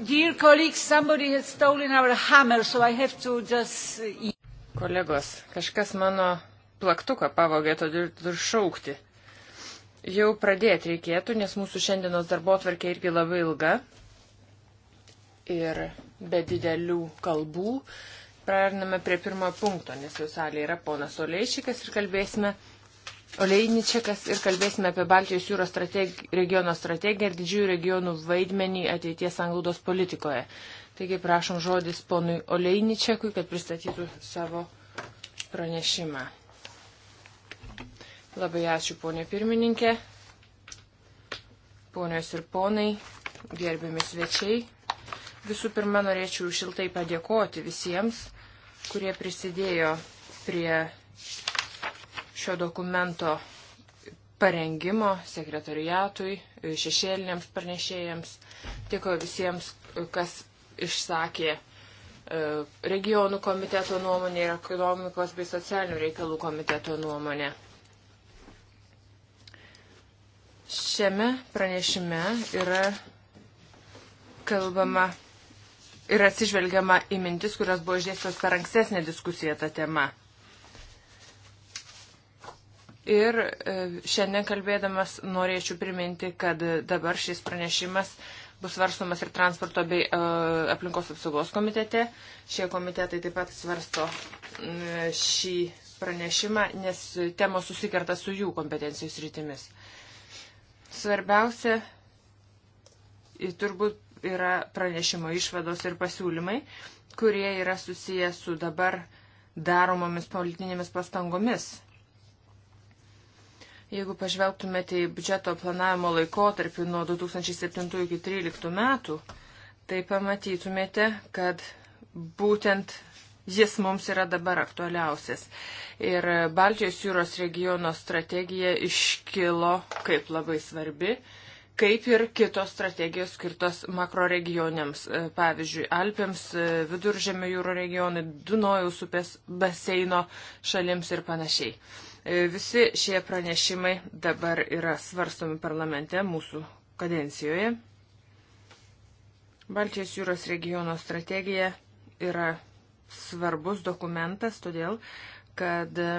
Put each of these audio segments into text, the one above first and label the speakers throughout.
Speaker 1: Dear colleagues, somebody has stolen our hammer, so I have to just... Uh, Kolegos, kažkas mano plaktuką pavogė, todėl turiu šaukti. Jau pradėti reikėtų, nes mūsų šiandienos darbo tvarkė irgi labai ilga. Ir be didelių kalbų prarandame prie pirmo punkto, nes jau salėje yra ponas Oleišikas ir kalbėsime Oleiničiakas ir kalbėsime apie Baltijos jūros strategi regiono strategiją ir didžiųjų regionų vaidmenį ateities anglaudos politikoje. Taigi prašom žodis ponui Oleiničiakui, kad pristatytų savo pranešimą. Labai ačiū, ponė pirmininkė, ponios ir ponai, gerbiami svečiai. Visų pirma, norėčiau šiltai padėkoti visiems, kurie prisidėjo prie šio dokumento parengimo sekretariatui, šešėliniams pranešėjams, tiko visiems, kas išsakė e, regionų komiteto nuomonė ir ekonomikos bei socialinių reikalų komiteto nuomonė. Šiame pranešime yra kalbama ir atsižvelgiama į mintis, kurios buvo išdėstos per ankstesnę diskusiją tą temą. Ir e, šiandien kalbėdamas norėčiau priminti, kad dabar šis pranešimas bus svarstomas ir transporto bei e, aplinkos apsaugos komitete. Šie komitetai taip pat svarsto e, šį pranešimą, nes temos susikerta su jų kompetencijos rytimis. Svarbiausia turbūt yra pranešimo išvados ir pasiūlymai, kurie yra susiję su dabar daromomis politinėmis pastangomis Jeigu pažvelgtumėte į biudžeto planavimo laikotarpį nuo 2007 iki 2013 metų, tai pamatytumėte, kad būtent jis mums yra dabar aktualiausias. Ir Baltijos jūros regiono strategija iškilo kaip labai svarbi kaip ir kitos strategijos skirtos makroregioniams, e, pavyzdžiui, Alpėms, e, Viduržėmio jūro regionai, Dunojaus upės baseino šalims ir panašiai. E, visi šie pranešimai dabar yra svarstomi parlamente mūsų kadencijoje. Baltijos jūros regiono strategija yra svarbus dokumentas, todėl kad e,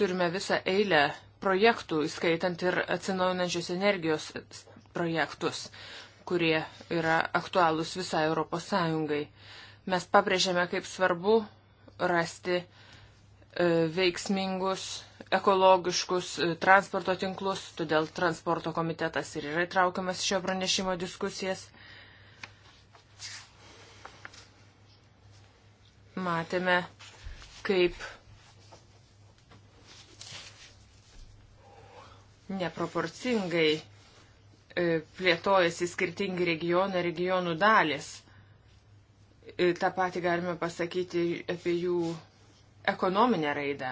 Speaker 1: turime visą eilę projektų, įskaitant ir atsinaujinančios energijos projektus, kurie yra aktualūs visai Europos Sąjungai. Mes pabrėžiame, kaip svarbu rasti uh, E, veiksmingus ekologiškus e, transporto tinklus, todėl transporto komitetas ir yra įtraukiamas šio pranešimo diskusijas. Matėme, kaip neproporcingai e, plėtojasi skirtingi regionai, regionų dalis. Ta pati galime pasakyti apie jų ekonominę raidą.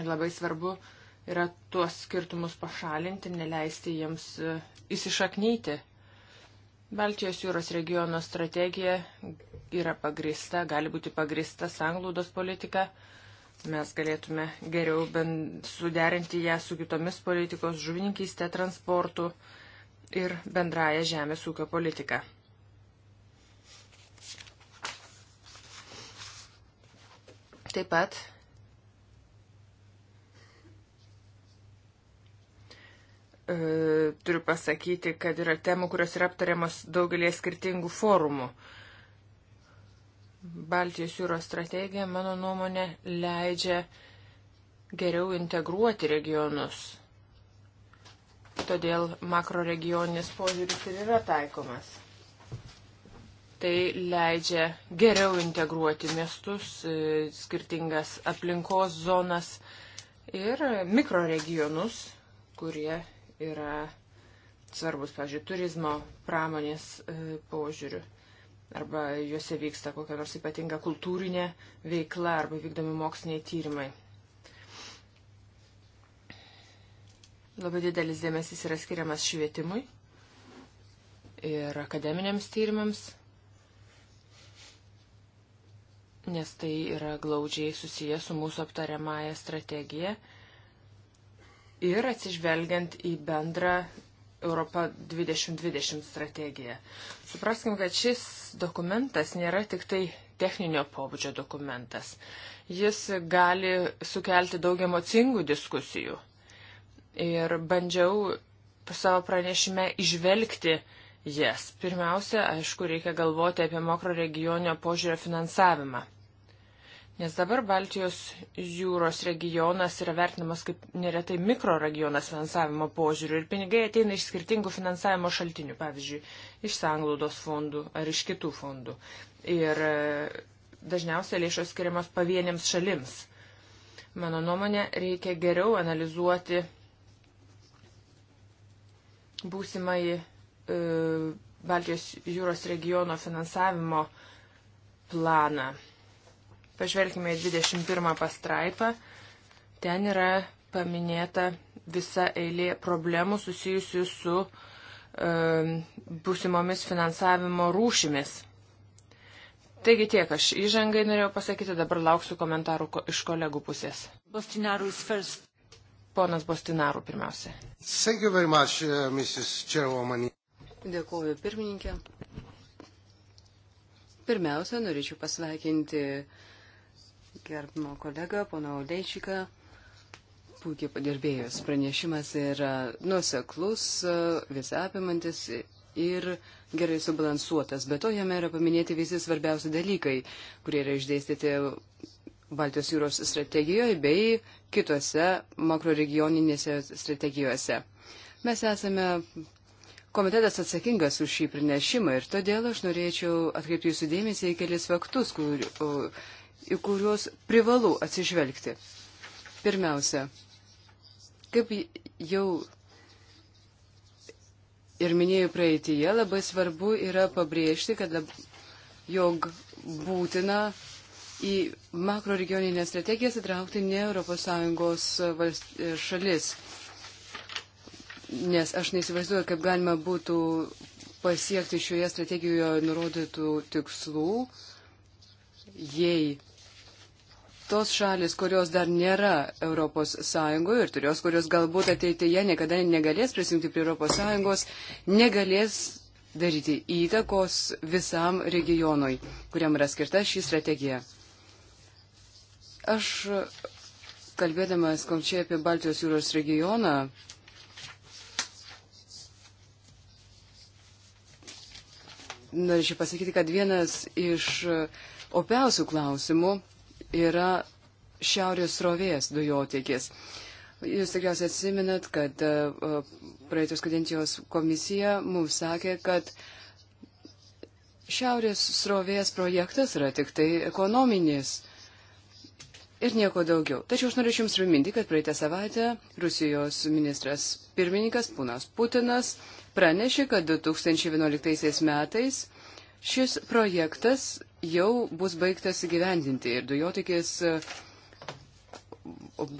Speaker 1: Ir labai svarbu yra tuos skirtumus pašalinti, neleisti jiems e, įsišaknyti. Baltijos jūros regiono strategija yra pagrista, gali būti pagrista sanglaudos politika. Mes galėtume geriau suderinti ją su kitomis politikos žuvininkystė, transportu ir bendraja žemės ūkio politika. taip pat e, turiu pasakyti, kad yra temų, kurios yra aptariamas daugelie skirtingų forumų. Baltijos jūros strategija, mano nuomonė, leidžia geriau integruoti regionus. Todėl makroregioninis požiūris ir yra taikomas. Tai leidžia geriau integruoti miestus, e, skirtingas aplinkos zonas ir mikroregionus, kurie yra svarbus, pavyzdžiui, turizmo pramonės e, požiūriu arba juose vyksta kokia nors ypatinga kultūrinė veikla arba vykdomi moksliniai tyrimai. Labai didelis dėmesys yra skiriamas švietimui ir akademiniams tyrimams nes tai yra glaudžiai susiję su mūsų aptariamąją strategiją ir atsižvelgiant į bendrą Europa 2020 strategiją. Supraskim, kad šis dokumentas nėra tik tai techninio pobūdžio dokumentas. Jis gali sukelti daug emocingų diskusijų. Ir bandžiau savo pranešime išvelgti jas. Pirmiausia, aišku, reikia galvoti apie makro regionio požiūrio finansavimą. Nes dabar Baltijos jūros regionas yra vertinamas kaip neretai mikroregionas finansavimo požiūriu ir pinigai ateina iš skirtingų finansavimo šaltinių, pavyzdžiui, iš sanglaudos fondų ar iš kitų fondų. Ir e, dažniausiai lėšos skiriamos pavieniams šalims. Mano nuomonė, reikia geriau analizuoti būsimai e, Baltijos jūros regiono finansavimo planą Pažvelkime į 21 pastraipą. Ten yra paminėta visa eilė problemų susijusių su e, būsimomis finansavimo rūšimis. Taigi tiek aš įžangai norėjau pasakyti, dabar lauksiu komentarų ko, iš kolegų pusės. Bostinarus first. Ponas Bostinarų pirmiausia. Thank
Speaker 2: you very much, uh, Mrs. Chairwoman.
Speaker 1: Dėkuoju, pirmininkė.
Speaker 3: Pirmiausia, norėčiau pasveikinti uh, gerbimo kolega, pono Oleičiką. Puikiai padirbėjus. Pranešimas yra nuseklus, visapimantis ir gerai subalansuotas. Be to jame yra paminėti visi svarbiausi dalykai, kurie yra išdėstyti Baltijos jūros strategijoje bei kitose makroregioninėse strategijose. Mes esame komitetas atsakingas už šį pranešimą ir todėl aš norėčiau atkreipti jūsų dėmesį į kelis faktus, kur, į kuriuos privalu atsižvelgti. Pirmiausia, kaip jau ir minėjau praeitįje, labai svarbu yra pabrėžti, kad jog būtina į makro regioninę strategiją sitraukti ne ES šalis. Nes aš neįsivaizduoju, kaip galima būtų pasiekti šioje strategijoje nurodytų tikslų, jei tos šalis, kurios dar nėra ES ir turios, kurios galbūt ateityje niekada negalės prisijungti prie ES, negalės daryti įtakos visam regionui, kuriam yra skirta ši strategija. Aš, kalbėdamas konkrečiai apie Baltijos jūros regioną, norėčiau pasakyti, kad vienas iš opiausių klausimų yra šiaurės rovės dujotiekis. Jūs tikriausiai atsiminat, kad e, e, praeitos kadencijos komisija mums sakė, kad šiaurės srovės projektas yra tik tai ekonominis ir nieko daugiau. Tačiau aš norėčiau Jums priminti, kad praeitą savaitę Rusijos ministras pirmininkas Punas Putinas pranešė, kad 2011 metais šis projektas jau bus baigtas įgyvendinti ir dujotikis e,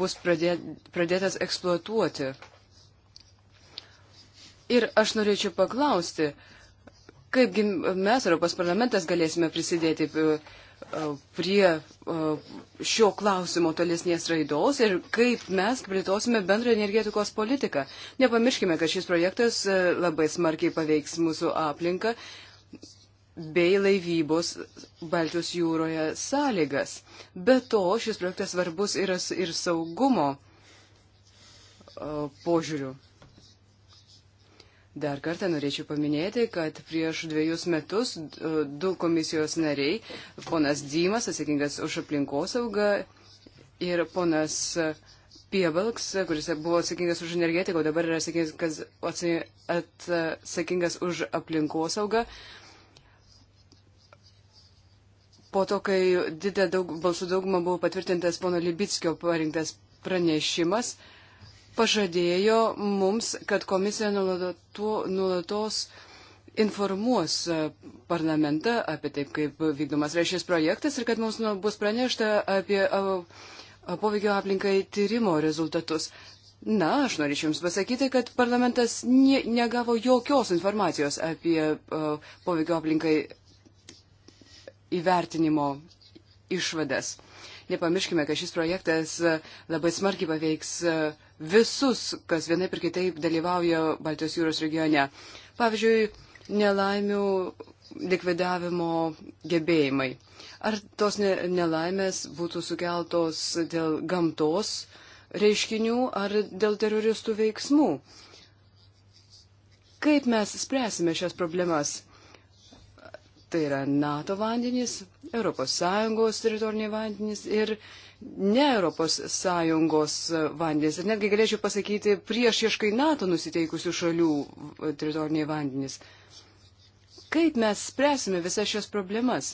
Speaker 3: bus pradėtas eksploatuoti. Ir aš norėčiau paklausti, kaipgi mes, Europos parlamentas, galėsime prisidėti e, e, prie šio klausimo tolesnės raidos ir kaip mes plėtosime bendrą energetikos politiką. Nepamirškime, kad šis projektas labai smarkiai paveiks mūsų aplinką bei laivybos Baltijos jūroje sąlygas. Be to, šis projektas svarbus yra ir saugumo požiūrių. Dar kartą norėčiau paminėti, kad prieš dviejus metus du komisijos nariai, ponas Dymas, atsakingas už aplinkosaugą, ir ponas Piebalks, kuris buvo atsakingas už energetiką, o dabar yra atsakingas, atsakingas už aplinkosaugą, uh, po to, kai didelė daug, balsų dauguma buvo patvirtintas pono Libitskio parinktas pranešimas, pažadėjo mums, kad komisija nulatos informuos e, parlamentą apie taip, kaip vykdomas yra šis projektas ir kad mums nu, bus pranešta apie e, e, poveikio aplinkai tyrimo rezultatus. Na, aš norėčiau Jums pasakyti, kad parlamentas ne, negavo jokios informacijos apie poveikio aplinkai įvertinimo išvadas. Nepamirškime, kad šis projektas e, labai smarkiai paveiks e, visus, kas vienaip ir kitaip dalyvauja Baltijos jūros regione. Pavyzdžiui, nelaimių likvidavimo gebėjimai. Ar tos nelaimės būtų sukeltos dėl gamtos reiškinių ar dėl teroristų veiksmų? Kaip mes spręsime šias problemas? Tai yra NATO vandenys, ES teritoriniai vandenys ir ne ES vandenys. Ir netgi galėčiau pasakyti priešieškai NATO nusiteikusių šalių teritoriniai vandenys. Kaip mes spręsime visas šias problemas?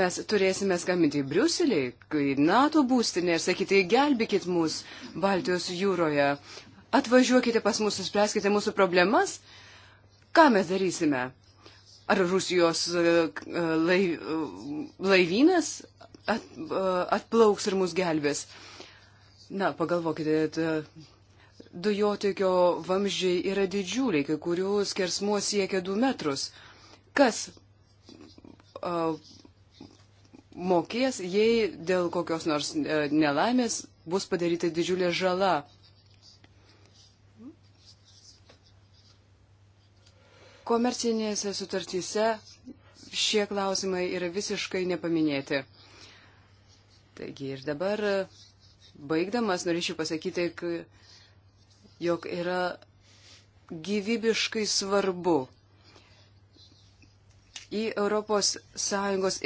Speaker 3: mes turėsime skambinti į Briuselį, į NATO būstinę ir sakyti, gelbėkit mus Baltijos jūroje, atvažiuokite pas mus, spręskite mūsų problemas. Ką mes darysime? ar Rusijos e, e, e, laivynas atplauks ir mus gelbės. Na, pagalvokite, dujotikio vamzdžiai yra didžiuliai, kai kurių skersmuo siekia 2 metrus. Kas a, mokės, jei dėl kokios nors nelaimės bus padaryta didžiulė žala Komercinėse sutartyse šie klausimai yra visiškai nepaminėti. Taigi ir dabar, baigdamas, norėčiau pasakyti, jog yra gyvybiškai svarbu į ES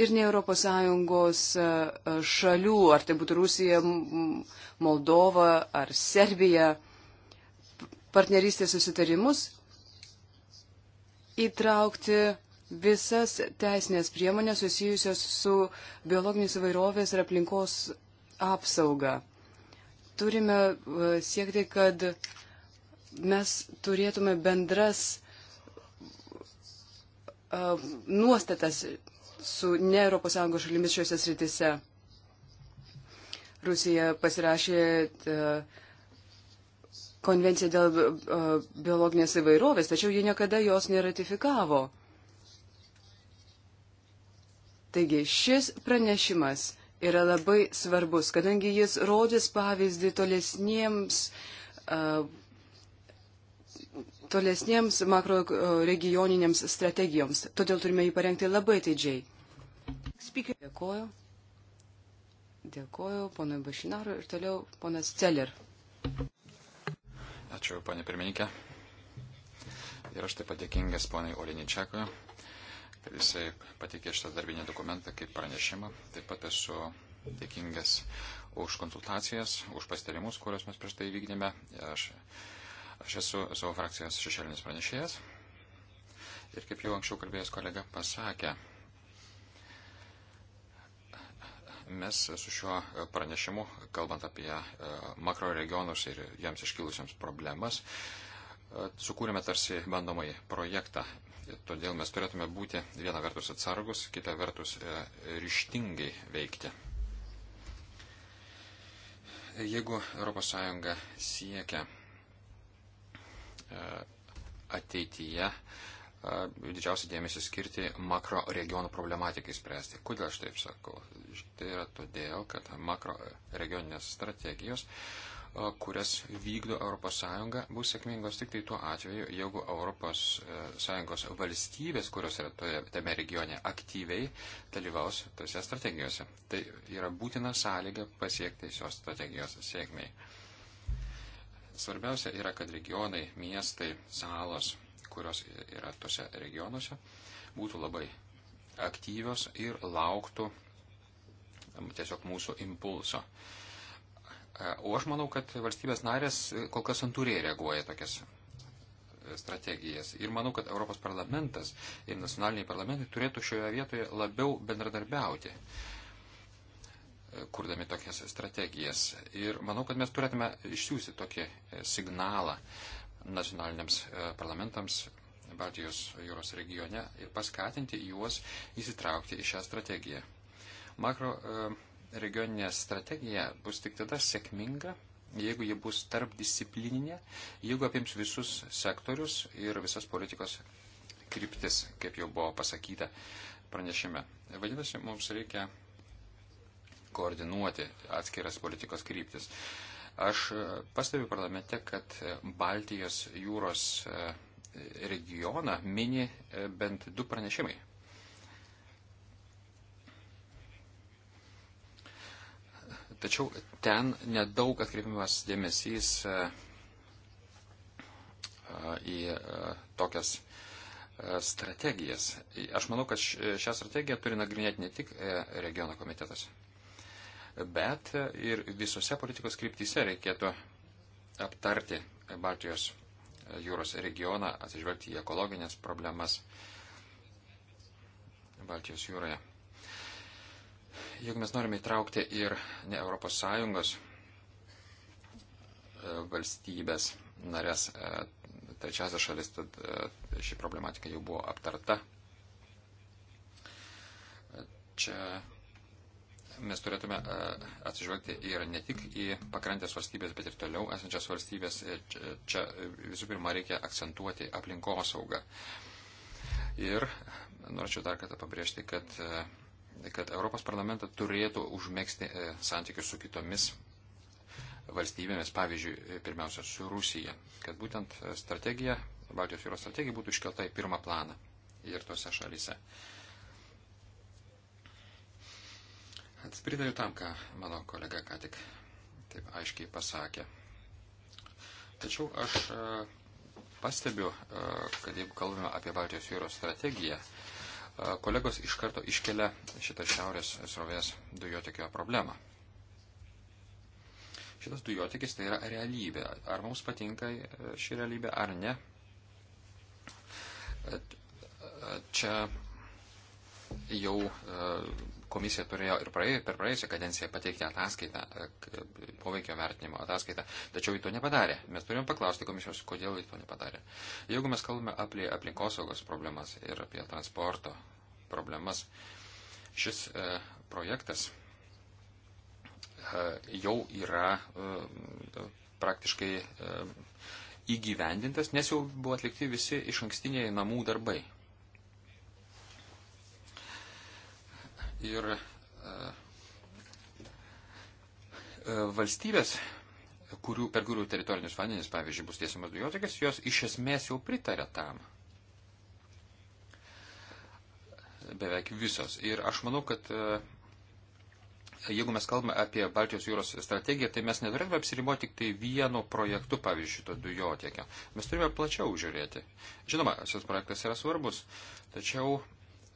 Speaker 3: ir ne ES e, e, šalių, ar tai būtų Rusija, Moldova ar Serbija, partnerystės susitarimus įtraukti visas teisinės priemonės susijusios su biologinės įvairovės ir aplinkos apsauga. Turime e, siekti, kad mes turėtume bendras e, nuostatas su ne ES šalimis šiuose sritise. Rusija pasirašė uh, konvenciją dėl biologinės įvairovės, tačiau ji niekada jos neratifikavo. Taigi šis pranešimas yra labai svarbus, kadangi jis rodys pavyzdį tolesniems, tolesniems makro regioniniams strategijoms. Todėl turime jį parengti labai teidžiai. Dėkoju. Dėkoju ponui Bašinarui ir toliau ponas Celler.
Speaker 2: Ačiū, panė pirmininkė. Ir aš taip pat dėkingas poniai Oliničiakui, kad jisai patikė šitą darbinį dokumentą kaip pranešimą. Taip pat esu dėkingas už konsultacijas, už pastarimus, kuriuos mes prieš tai vykdėme. Aš, aš esu savo frakcijos šešėlinis pranešėjas. Ir kaip jau anksčiau kalbėjęs kolega pasakė, Mes su šiuo e, pranešimu, kalbant apie e, makroregionus ir jiems iškilusiams problemas, e, sukūrėme tarsi bandomąjį projektą. Todėl mes turėtume būti viena vertus atsargus, kita vertus ryštingai veikti. Jeigu ES siekia ateityje didžiausią dėmesį skirti makro regionų problematikai spręsti. Kodėl aš taip sakau? Tai yra todėl, kad makro regioninės strategijos, kurias vykdo ES, bus sėkmingos tik tai tuo atveju, jeigu ES e, valstybės, kurios yra toje, tame regione, aktyviai dalyvaus tose strategijose. Tai yra būtina sąlyga pasiekti šios strategijos sėkmiai. Svarbiausia yra, kad regionai, miestai, salos kurios yra tose regionuose, būtų labai aktyvios ir lauktų tiesiog mūsų impulso. E, o aš manau, kad valstybės narės kol kas santūriai reaguoja tokias strategijas. Ir manau, kad Europos parlamentas ir nacionaliniai parlamentai turėtų šioje vietoje labiau bendradarbiauti, e, kurdami tokias strategijas. Ir manau, kad mes turėtume išsiųsti tokį signalą nacionaliniams e, parlamentams Baltijos jūros regione ir paskatinti juos įsitraukti į šią strategiją. Makro e, regioninė strategija bus tik tada sėkminga, jeigu ji bus tarpdisciplininė, jeigu apims visus sektorius ir visas politikos kryptis, kaip jau buvo pasakyta pranešime. Vadinasi, mums reikia koordinuoti atskiras politikos kryptis. Uh, Aš pastebiu parlamente, kad Baltijos jūros e, regioną mini e, bent du pranešimai. Tačiau ten nedaug atkreipimas dėmesys e, į tokias strategijas. Aš manau, kad šią strategiją turi nagrinėti ne tik regiono komitetas bet ir visose politikos kryptise reikėtų aptarti Baltijos jūros regioną, atsižvelgti į ekologinės problemas Baltijos jūroje. Juk mes norime įtraukti ir ne ES e, valstybės narės e, trečiasias šalis, tad e, ši problematika jau buvo aptarta. Čia mes turėtume e, atsižvelgti ir ne tik į pakrantės valstybės, bet ir toliau esančias valstybės. E, e, čia visų pirma reikia akcentuoti aplinkosaugą. Ir norėčiau dar kartą pabrėžti, kad, kad Europos parlamentą turėtų užmėgsti santykius su kitomis valstybėmis, pavyzdžiui, pirmiausia, su Rusija, kad būtent strategija, Baltijos jūros strategija būtų iškelta į pirmą planą ir tose šalyse. Uh, Pritariu tam, ką mano kolega ką tik taip aiškiai pasakė. Tačiau aš e, pastebiu, e, kad jeigu kalbame apie Baltijos jūros strategiją, e, kolegos iš karto iškelia šitą šiaurės srovės dujotekio problemą. Šitas dujotekis tai yra realybė. Ar mums patinka ši realybė ar ne? Čia jau komisija turėjo ir praėjus, per praėjusią kadenciją pateikti ataskaitą, e, poveikio vertinimo ataskaitą, tačiau jį to nepadarė. Mes turėjom paklausti komisijos, kodėl jį to nepadarė. Jeigu mes kalbame apie aplinkosaugos problemas ir apie transporto problemas, šis e, projektas e, jau yra e, praktiškai e, įgyvendintas, nes jau buvo atlikti visi iš ankstiniai namų darbai ir e, e, valstybės, kurių, per kurių teritorinius vandenis, pavyzdžiui, bus tiesiamas dujotekis, jos iš esmės jau pritarė tam. Beveik visos. Ir aš manau, kad e, jeigu mes kalbame apie Baltijos jūros strategiją, tai mes neturėtume apsiriboti tik tai vienu projektu, pavyzdžiui, to dujotiekio. Mes turime plačiau žiūrėti. Žinoma, šis projektas yra svarbus, tačiau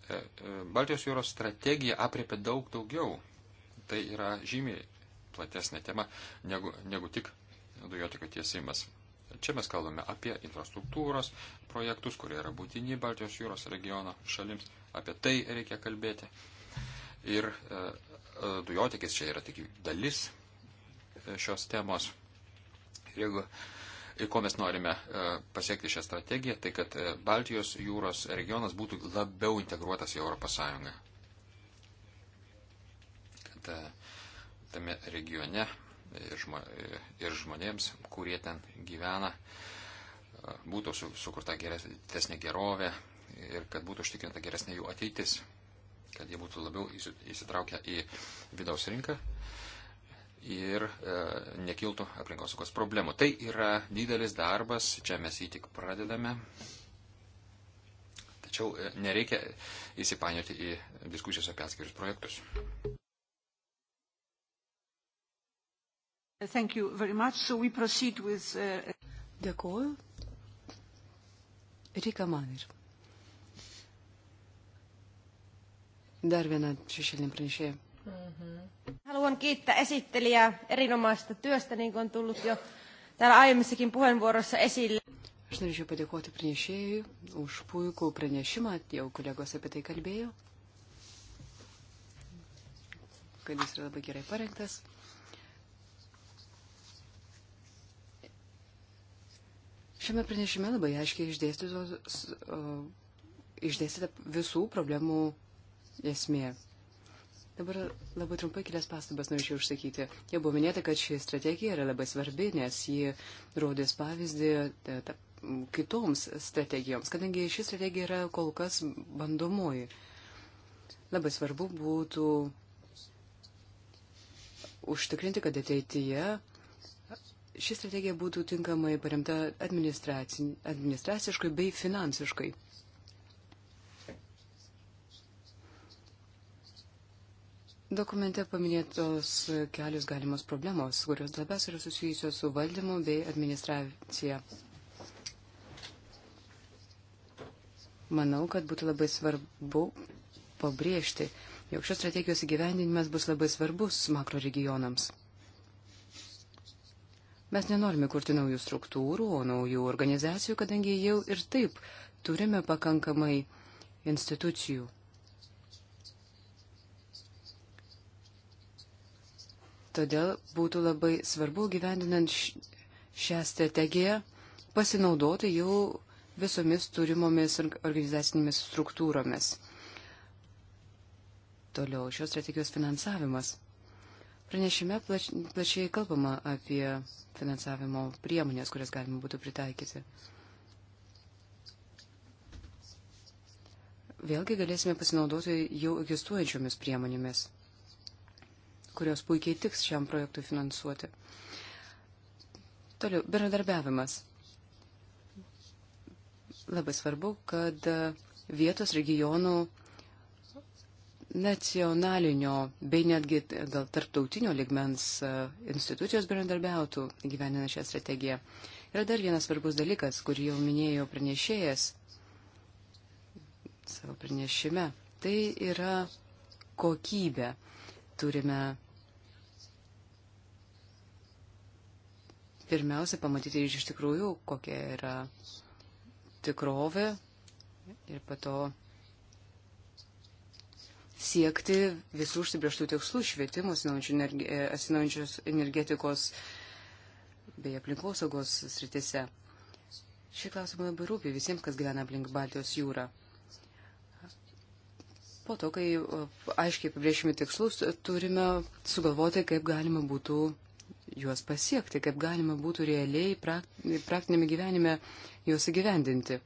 Speaker 2: E, e, Baltijos jūros strategija apriepia daug daugiau. Tai yra žymiai platesnė tema negu, negu tik dujotikio tiesimas. Čia mes kalbame apie infrastruktūros projektus, kurie yra būtini Baltijos jūros regiono šalims. Apie tai reikia kalbėti. Ir e, e dujotikis čia yra tik dalis šios temos. Ir jeigu Ir ko mes norime e, pasiekti šią strategiją, tai kad e, Baltijos jūros regionas būtų labiau integruotas į Europos Sąjungą. Kad e, tame regione ir žmonėms, kurie ten gyvena, būtų sukurta geresnė gerovė ir kad būtų užtikrinta geresnė jų ateitis, kad jie būtų labiau įsitraukę į vidaus rinką. Uh, ir e, nekiltų aplinkosaugos problemų. Tai yra didelis darbas, čia mes jį tik pradedame. Tačiau e, nereikia įsipainioti į diskusijas apie atskirius projektus.
Speaker 3: So with, uh... Dėkuoju. Rika Manir. Dar viena šešėlinė pranešėja. Mm-hmm. Haluan kiittää esittelijää erinomaisesta työstä, niin kuin on tullut jo täällä aiemmissakin puheenvuorossa esille. Aš norėčiau padėkoti pranešėjui už puikų pranešimą, jau kolegos apie tai kalbėjo, kad jis yra labai gerai parengtas. Šiame pranešime labai aiškiai išdėstyta visų problemų esmė. Dabar labai trumpai kelias pastabas norėčiau užsakyti. Jau buvo minėta, kad ši strategija yra labai svarbi, nes ji rodės pavyzdį ta, ta, kitoms strategijoms, kadangi ši strategija yra kol kas bandomoji. Labai svarbu būtų užtikrinti, kad ateityje ši strategija būtų tinkamai paremta administraciškai bei finansiškai. Dokumente paminėtos kelios galimos problemos, kurios labiausiai yra susijusios su valdymu bei administracija. Manau, kad būtų labai svarbu pabrėžti, jog šios strategijos įgyvendinimas bus labai svarbus makro regionams. Mes nenorime kurti naujų struktūrų, o naujų organizacijų, kadangi jau ir taip turime pakankamai institucijų Todėl būtų labai svarbu gyvendinant šią strategiją pasinaudoti jau visomis turimomis organizacinėmis struktūromis. Toliau šios strategijos finansavimas. Pranešime plač, plačiai kalbama apie finansavimo priemonės, kurias galima būtų pritaikyti. Vėlgi galėsime pasinaudoti jau egzistuojančiomis priemonėmis kurios puikiai tiks šiam projektui finansuoti. Toliau, bendradarbiavimas. Labai svarbu, kad vietos regionų nacionalinio bei netgi gal tarptautinio ligmens e, institucijos bendradarbiautų gyvenina šią strategiją. Yra dar vienas svarbus dalykas, kurį jau minėjo pranešėjas savo pranešime. Tai yra kokybė. Turime pirmiausia pamatyti iš tikrųjų, kokia yra tikrovė ir pato siekti visų užsibrieštų tikslų švietimo atsinaujančios e, energetikos bei aplinkosaugos sritise. Šį klausimą labai rūpi visiems, kas gyvena aplink Baltijos jūrą. Po to, kai e, aiškiai apibrėšime tikslus, turime sugalvoti, kaip galima būtų juos pasiekti, kaip galima būtų realiai praktinėme gyvenime juos įgyvendinti.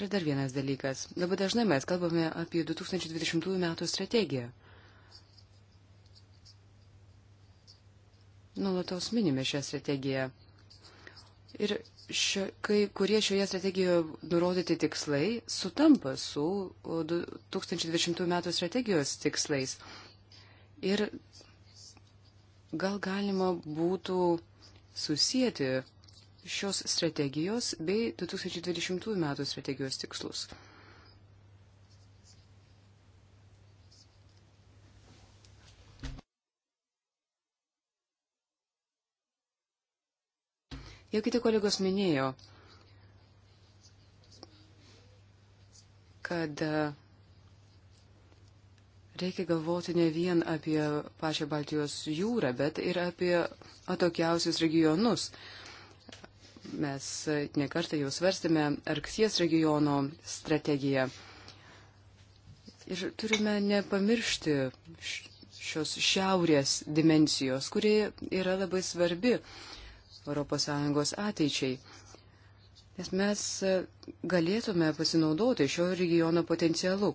Speaker 3: Ir dar vienas dalykas. Labai dažnai mes kalbame apie 2020 metų strategiją. Nulatos minime šią strategiją. Ir šio, kai kurie šioje strategijoje nurodyti tikslai sutampa su 2020 metų strategijos tikslais. Ir gal galima būtų susijęti šios strategijos bei 2020 metų strategijos tikslus. Jau kiti kolegos minėjo, kad reikia galvoti ne vien apie pačią Baltijos jūrą, bet ir apie atokiausius regionus. Mes nekartą jau svarstėme Arkties regiono strategiją. Ir turime nepamiršti šios šiaurės dimensijos, kuri yra labai svarbi ES ateičiai. Nes mes galėtume pasinaudoti šio regiono potencialu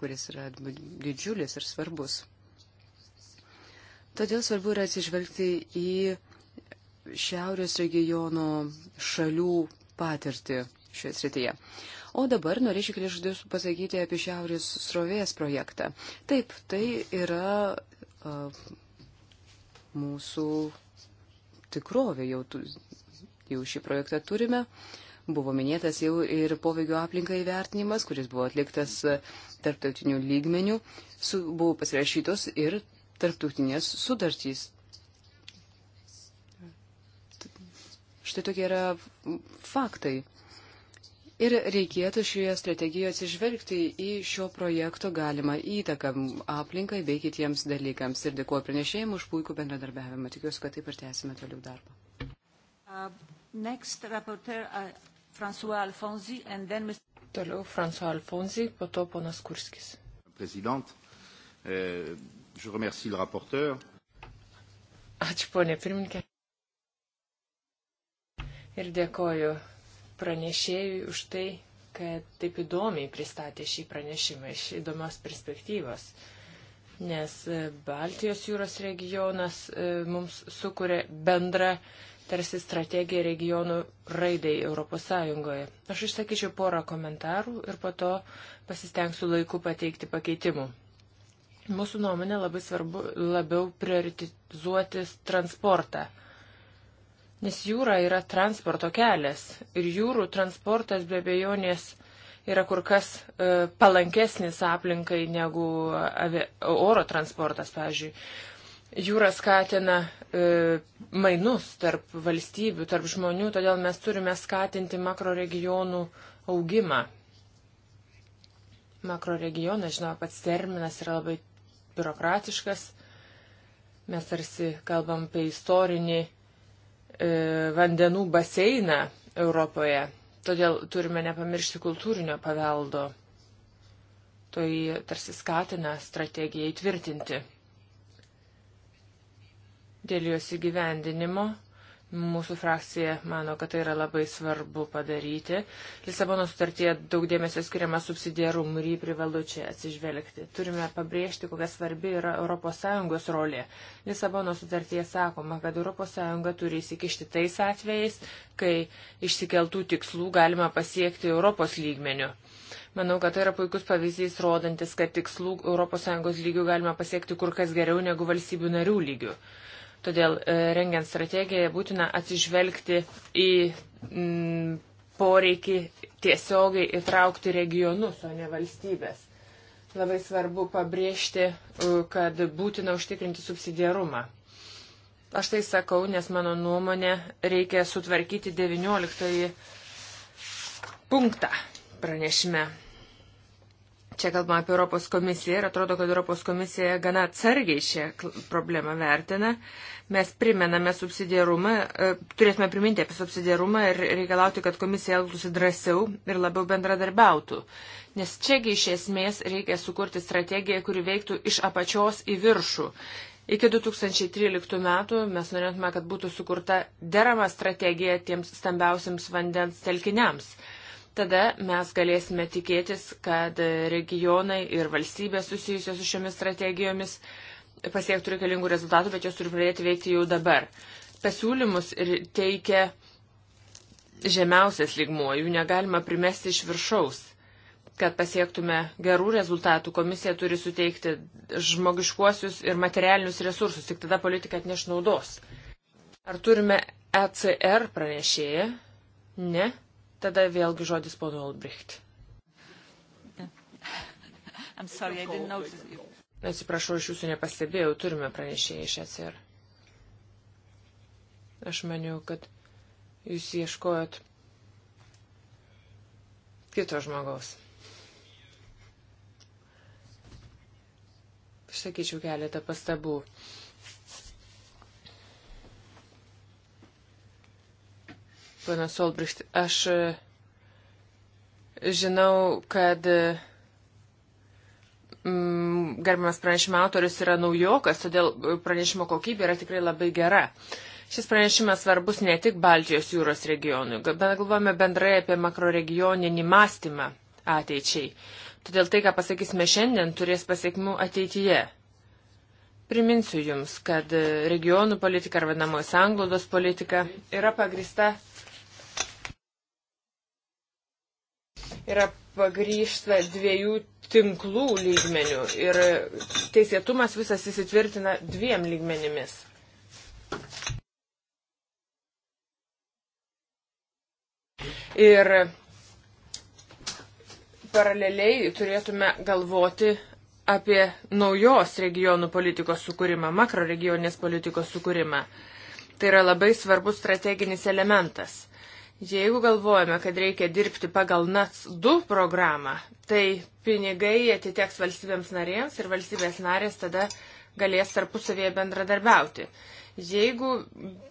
Speaker 3: kuris yra didžiulis ir svarbus. Todėl svarbu yra atsižvelgti į šiaurės regiono šalių patirtį šioje srityje. O dabar norėčiau kelias žodžius pasakyti apie šiaurės srovės projektą. Taip, tai yra uh, mūsų tikrovė, jau, tu, jau šį projektą turime. Buvo minėtas jau ir poveikio aplinkai vertinimas, kuris buvo atliktas tarptautinių lygmenių su, buvo pasirašytos ir tarptautinės sudartys. Štai tokie yra faktai. Ir reikėtų šioje strategijoje atsižvelgti į šio projekto galimą įtaką aplinkai bei kitiems dalykams. Ir dėkuoju pranešėjimui už puikų bendradarbiavimą. Tikiuosi, kad taip ir tęsime toliau darbą. Uh, next,
Speaker 1: rapporteur, uh, Alfonsi, then... Toliau François Alfonsi, po to ponas Kurskis.
Speaker 2: Eh,
Speaker 1: Ačiū, ponė pirmininkė. Ir dėkoju pranešėjui už tai, kad taip įdomiai pristatė šį pranešimą iš įdomios perspektyvos. Nes Baltijos jūros regionas eh, mums sukuria bendrą tarsi strategija regionų raidai Europos Sąjungoje. Aš išsakyčiau porą komentarų ir po to pasistengsiu laiku pateikti pakeitimų. Mūsų nuomonė labai svarbu labiau prioritizuoti transportą. Nes jūra yra transporto kelias ir jūrų transportas be bejonės yra kur kas e, palankesnis aplinkai negu avi, oro transportas, pavyzdžiui. Jūra skatina e, mainus tarp valstybių, tarp žmonių, todėl mes turime skatinti makroregionų augimą. Makroregionas, žinoma, pats terminas yra labai biurokratiškas. Mes tarsi kalbam apie istorinį e, vandenų baseiną Europoje. Todėl turime nepamiršti kultūrinio paveldo. Tai tarsi skatina strategiją įtvirtinti dėl jos įgyvendinimo. Mūsų frakcija mano, kad tai yra labai svarbu padaryti. Lisabono sutartyje daug dėmesio skiriama subsidiarumui ir jį privalu čia atsižvelgti. Turime pabrėžti, kokia svarbi yra ES rolė. Lisabono sutartyje sakoma, kad ES turi įsikišti tais atvejais, kai išsikeltų tikslų galima pasiekti Europos lygmeniu. Manau, kad tai yra puikus pavyzdys, rodantis, kad tikslų ES lygių galima pasiekti kur kas geriau negu valstybių narių lygių. Todėl e, rengiant strategiją būtina atsižvelgti į m, mm, poreikį tiesiogiai įtraukti regionus, o ne valstybės. Labai svarbu pabrėžti, e, kad būtina užtikrinti subsidiarumą. Aš tai sakau, nes mano nuomonė reikia sutvarkyti 19 punktą pranešime. Čia kalbama apie Europos komisiją ir atrodo, kad Europos komisija gana atsargiai šią problemą vertina. Mes primename subsidiarumą, e, turėtume priminti apie subsidiarumą ir reikalauti, kad komisija elgtųsi drąsiau ir labiau bendradarbiautų. Nes čiagi iš esmės reikia sukurti strategiją, kuri veiktų iš apačios į viršų. Iki 2013 metų mes norėtume, kad būtų sukurta derama strategija tiems stambiausiams vandens telkiniams tada mes galėsime tikėtis, kad regionai ir valstybės susijusios su šiomis strategijomis pasiektų reikalingų rezultatų, bet jos turi pradėti veikti jau dabar. Pasiūlymus teikia žemiausias lygmuo, jų negalima primesti iš viršaus. Kad pasiektume gerų rezultatų, komisija turi suteikti žmogiškuosius ir materialinius resursus, tik tada politika atneš naudos. Ar turime ECR pranešėją? Ne. Tada vėlgi žodis pono Olbricht. Atsiprašau, iš jūsų nepastebėjau, turime pranešėjai iš ECR. Aš maniau, kad jūs ieškojot kito žmogaus. Sakyčiau keletą pastabų. Uh, panas Olbricht, aš e, žinau, kad mm, gerbiamas pranešimo autorius yra naujokas, todėl pranešimo kokybė yra tikrai labai gera. Šis pranešimas svarbus ne tik Baltijos jūros regionui, bet galvojame bendrai apie makroregioninį mąstymą ateičiai. Todėl tai, ką pasakysime šiandien, turės pasiekmių ateityje. Priminsiu Jums, kad e, regionų politika ar vadinamoji sanglaudos politika yra pagrista yra pagrįžta dviejų tinklų lygmenių ir teisėtumas visas įsitvirtina dviem lygmenimis. Ir paraleliai turėtume galvoti apie naujos regionų politikos sukūrimą, makroregioninės politikos sukūrimą. Tai yra labai svarbus strateginis elementas. Jeigu galvojame, kad reikia dirbti pagal NATS 2 programą, tai pinigai atiteks valstybėms narėms ir valstybės narės tada galės tarpusavėje bendradarbiauti. Jeigu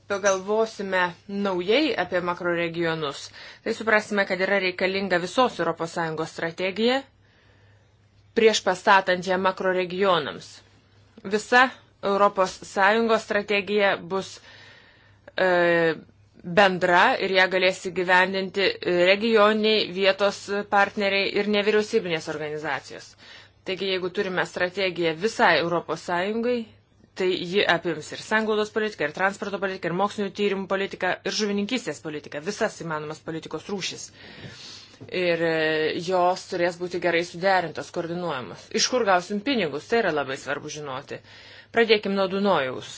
Speaker 1: pagalvosime naujai apie makroregionus, tai suprasime, kad yra reikalinga visos ES strategija prieš pastatant ją makroregionams. Visa ES strategija bus e, bendra ir ją galės įgyvendinti regioniniai, vietos partneriai ir nevyriausybinės organizacijos. Taigi, jeigu turime strategiją visai ES, tai ji apims ir sanglaudos politiką, ir transporto politiką, ir mokslinių tyrimų politiką, ir žuvininkystės politiką, visas įmanomas politikos rūšis. Ir e, jos turės būti gerai suderintos, koordinuojamos. Iš kur gausim pinigus, tai yra labai svarbu žinoti. Pradėkim nuo Dunojaus.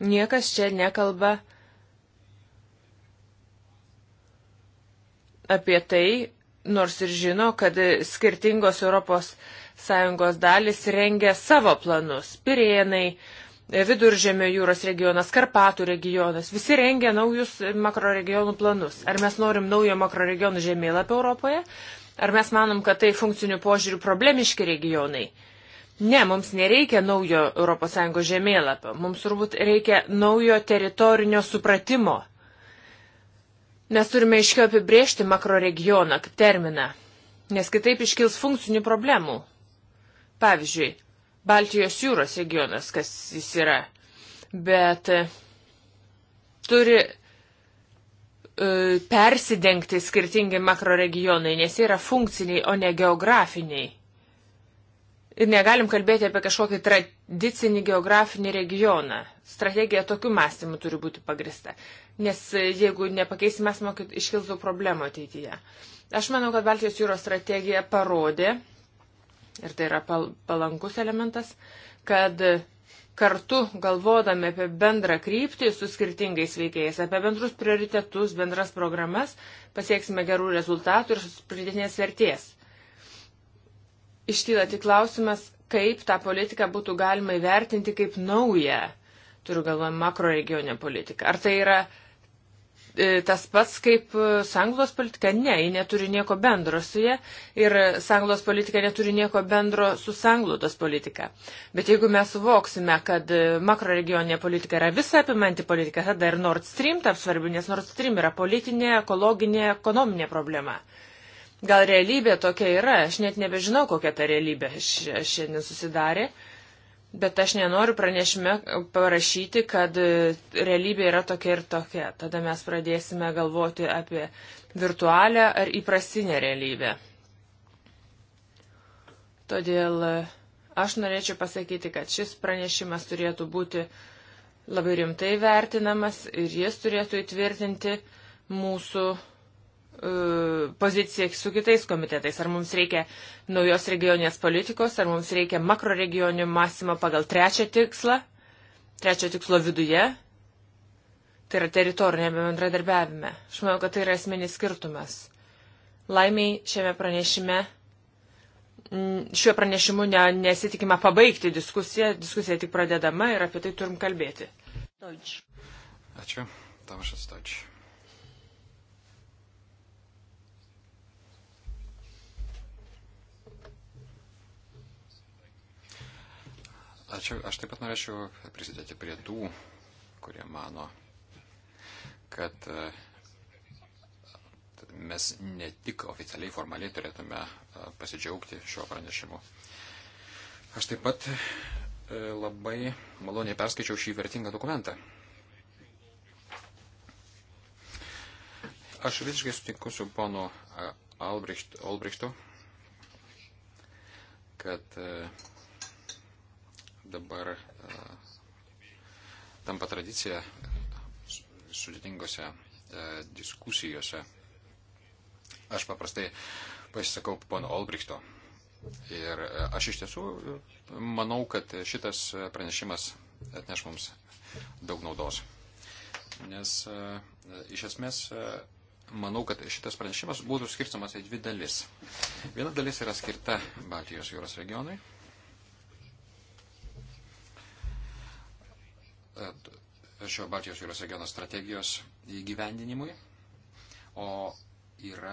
Speaker 1: Niekas čia nekalba apie tai, nors ir žino, kad skirtingos ES dalis rengia savo planus. Pirėnai, Viduržėmio jūros regionas, Karpatų regionas, visi rengia naujus makroregionų planus. Ar mes norim naujo makroregionų žemėlapio Europoje? Ar mes manom, kad tai funkcinių požiūrių problemiški regionai? Ne, mums nereikia naujo ES žemėlapio, mums turbūt reikia naujo teritorinio supratimo Mes turime iškiau apibriežti makroregioną kaip terminą, nes kitaip iškils funkcinių problemų. Pavyzdžiui, Baltijos jūros regionas, kas jis yra, bet e, turi e, persidengti skirtingi makroregionai, nes jie yra funkciniai, o ne geografiniai. Ir negalim kalbėti apie kažkokį tradicinį geografinį regioną strategija tokiu mąstymu turi būti pagrista. Nes jeigu nepakeisime mąstymo, iškils daug problemų ateityje. Aš manau, kad Baltijos jūros strategija parodė, ir tai yra pal palankus elementas, kad kartu galvodami apie bendrą kryptį su skirtingais veikėjais, apie bendrus prioritetus, bendras programas, pasieksime gerų rezultatų ir pridėtinės vertės. Iškyla tik klausimas, kaip tą politiką būtų galima įvertinti kaip naują Turiu galvoje makroregioninę politiką. Ar tai yra e, tas pats kaip e, sanglos politika? Ne, ji neturi nieko bendro su jie ir sanglos politika neturi nieko bendro su sanglotos politika. Bet jeigu mes suvoksime, kad e, makroregioninė politika yra visa apimanti politika, tada ir Nord Stream taps svarbi, nes Nord Stream yra politinė, ekologinė, ekonominė problema. Gal realybė tokia yra, aš net nebežinau, kokia ta realybė šiandien susidarė. Bet aš nenoriu pranešime parašyti, kad realybė yra tokia ir tokia. Tada mes pradėsime galvoti apie virtualią ar įprastinę realybę. Todėl e, aš norėčiau pasakyti, kad šis pranešimas turėtų būti labai rimtai vertinamas ir jis turėtų įtvirtinti mūsų E, poziciją su kitais komitetais. Ar mums reikia naujos regioninės politikos, ar mums reikia makroregioninių mąstymo pagal trečią tikslą, trečio tikslo viduje, tai yra teritorinėme bendradarbiavime. Aš manau, kad tai yra esminis skirtumas. Laimiai šiame pranešime, šiuo pranešimu ne, nesitikima pabaigti diskusiją, diskusija tik pradedama ir apie tai turim kalbėti. Deutsch.
Speaker 2: Ačiū, Tamašas Deutsch. Ačiū. Aš taip pat norėčiau prisidėti prie tų, kurie mano, kad e, mes ne tik oficialiai, formaliai turėtume e, pasidžiaugti šiuo pranešimu. Aš taip pat e, labai maloniai perskaičiau šį vertingą dokumentą. Aš visiškai sutinku su ponu Albrecht, Albrecht, Albrechtu, kad uh, dabar e, tampa tradicija sudėtingose e, diskusijose. Aš paprastai pasisakau pono Olbrichto. Ir e, aš iš tiesų manau, kad šitas pranešimas atneš mums daug naudos. Nes iš esmės manau, kad šitas pranešimas būtų skirstamas į dvi dalis. Viena dalis yra skirta Baltijos jūros regionui šio Baltijos jūros regiono strategijos įgyvendinimui, o yra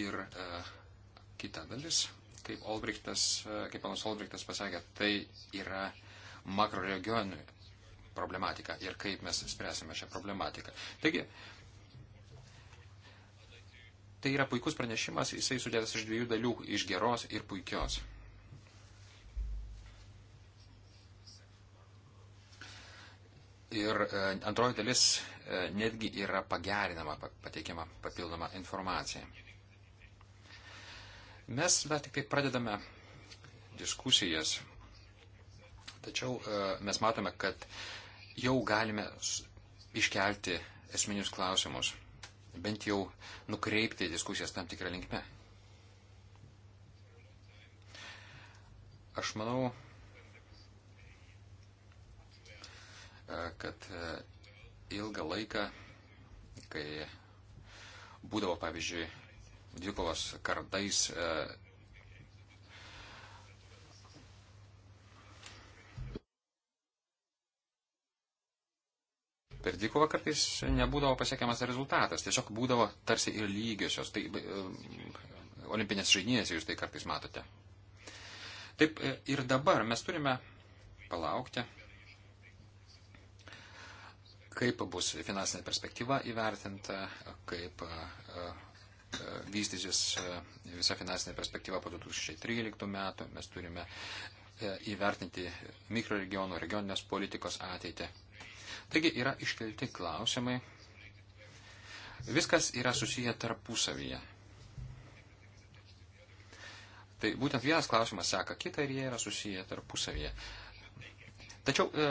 Speaker 2: ir e, kita dalis, kaip Olbrichtas, e, kaip panas Olbrichtas pasakė, tai yra makroregionų problematika ir kaip mes spręsime šią problematiką. Taigi, tai yra puikus pranešimas, jisai sudėtas iš dviejų dalių - iš geros ir puikios. Ir e, antroji dalis e, netgi yra pagerinama, pateikiama papildoma informacija. Mes dar tik tai pradedame diskusijas, tačiau e, mes matome, kad jau galime iškelti esminius klausimus, bent jau nukreipti diskusijas tam tikrą linkmę. Aš manau, E, kad e, ilgą laiką, kai būdavo, pavyzdžiui, dvikovos kardais, e, per dvikovą kartais nebūdavo pasiekiamas rezultatas, tiesiog būdavo tarsi ir lygiosios. Tai olimpinės žaidynės jūs tai kartais matote. Taip ir dabar mes turime palaukti kaip bus finansinė perspektyva įvertinta, kaip e, e, vystysis e, visa finansinė perspektyva po 2013 metų. Mes turime įvertinti mikroregionų, regioninės politikos ateitį. Taigi yra iškelti klausimai. Viskas yra susiję tarpusavyje. Tai būtent vienas klausimas seka kitą ir jie yra susiję tarpusavyje. Uh, Tačiau e,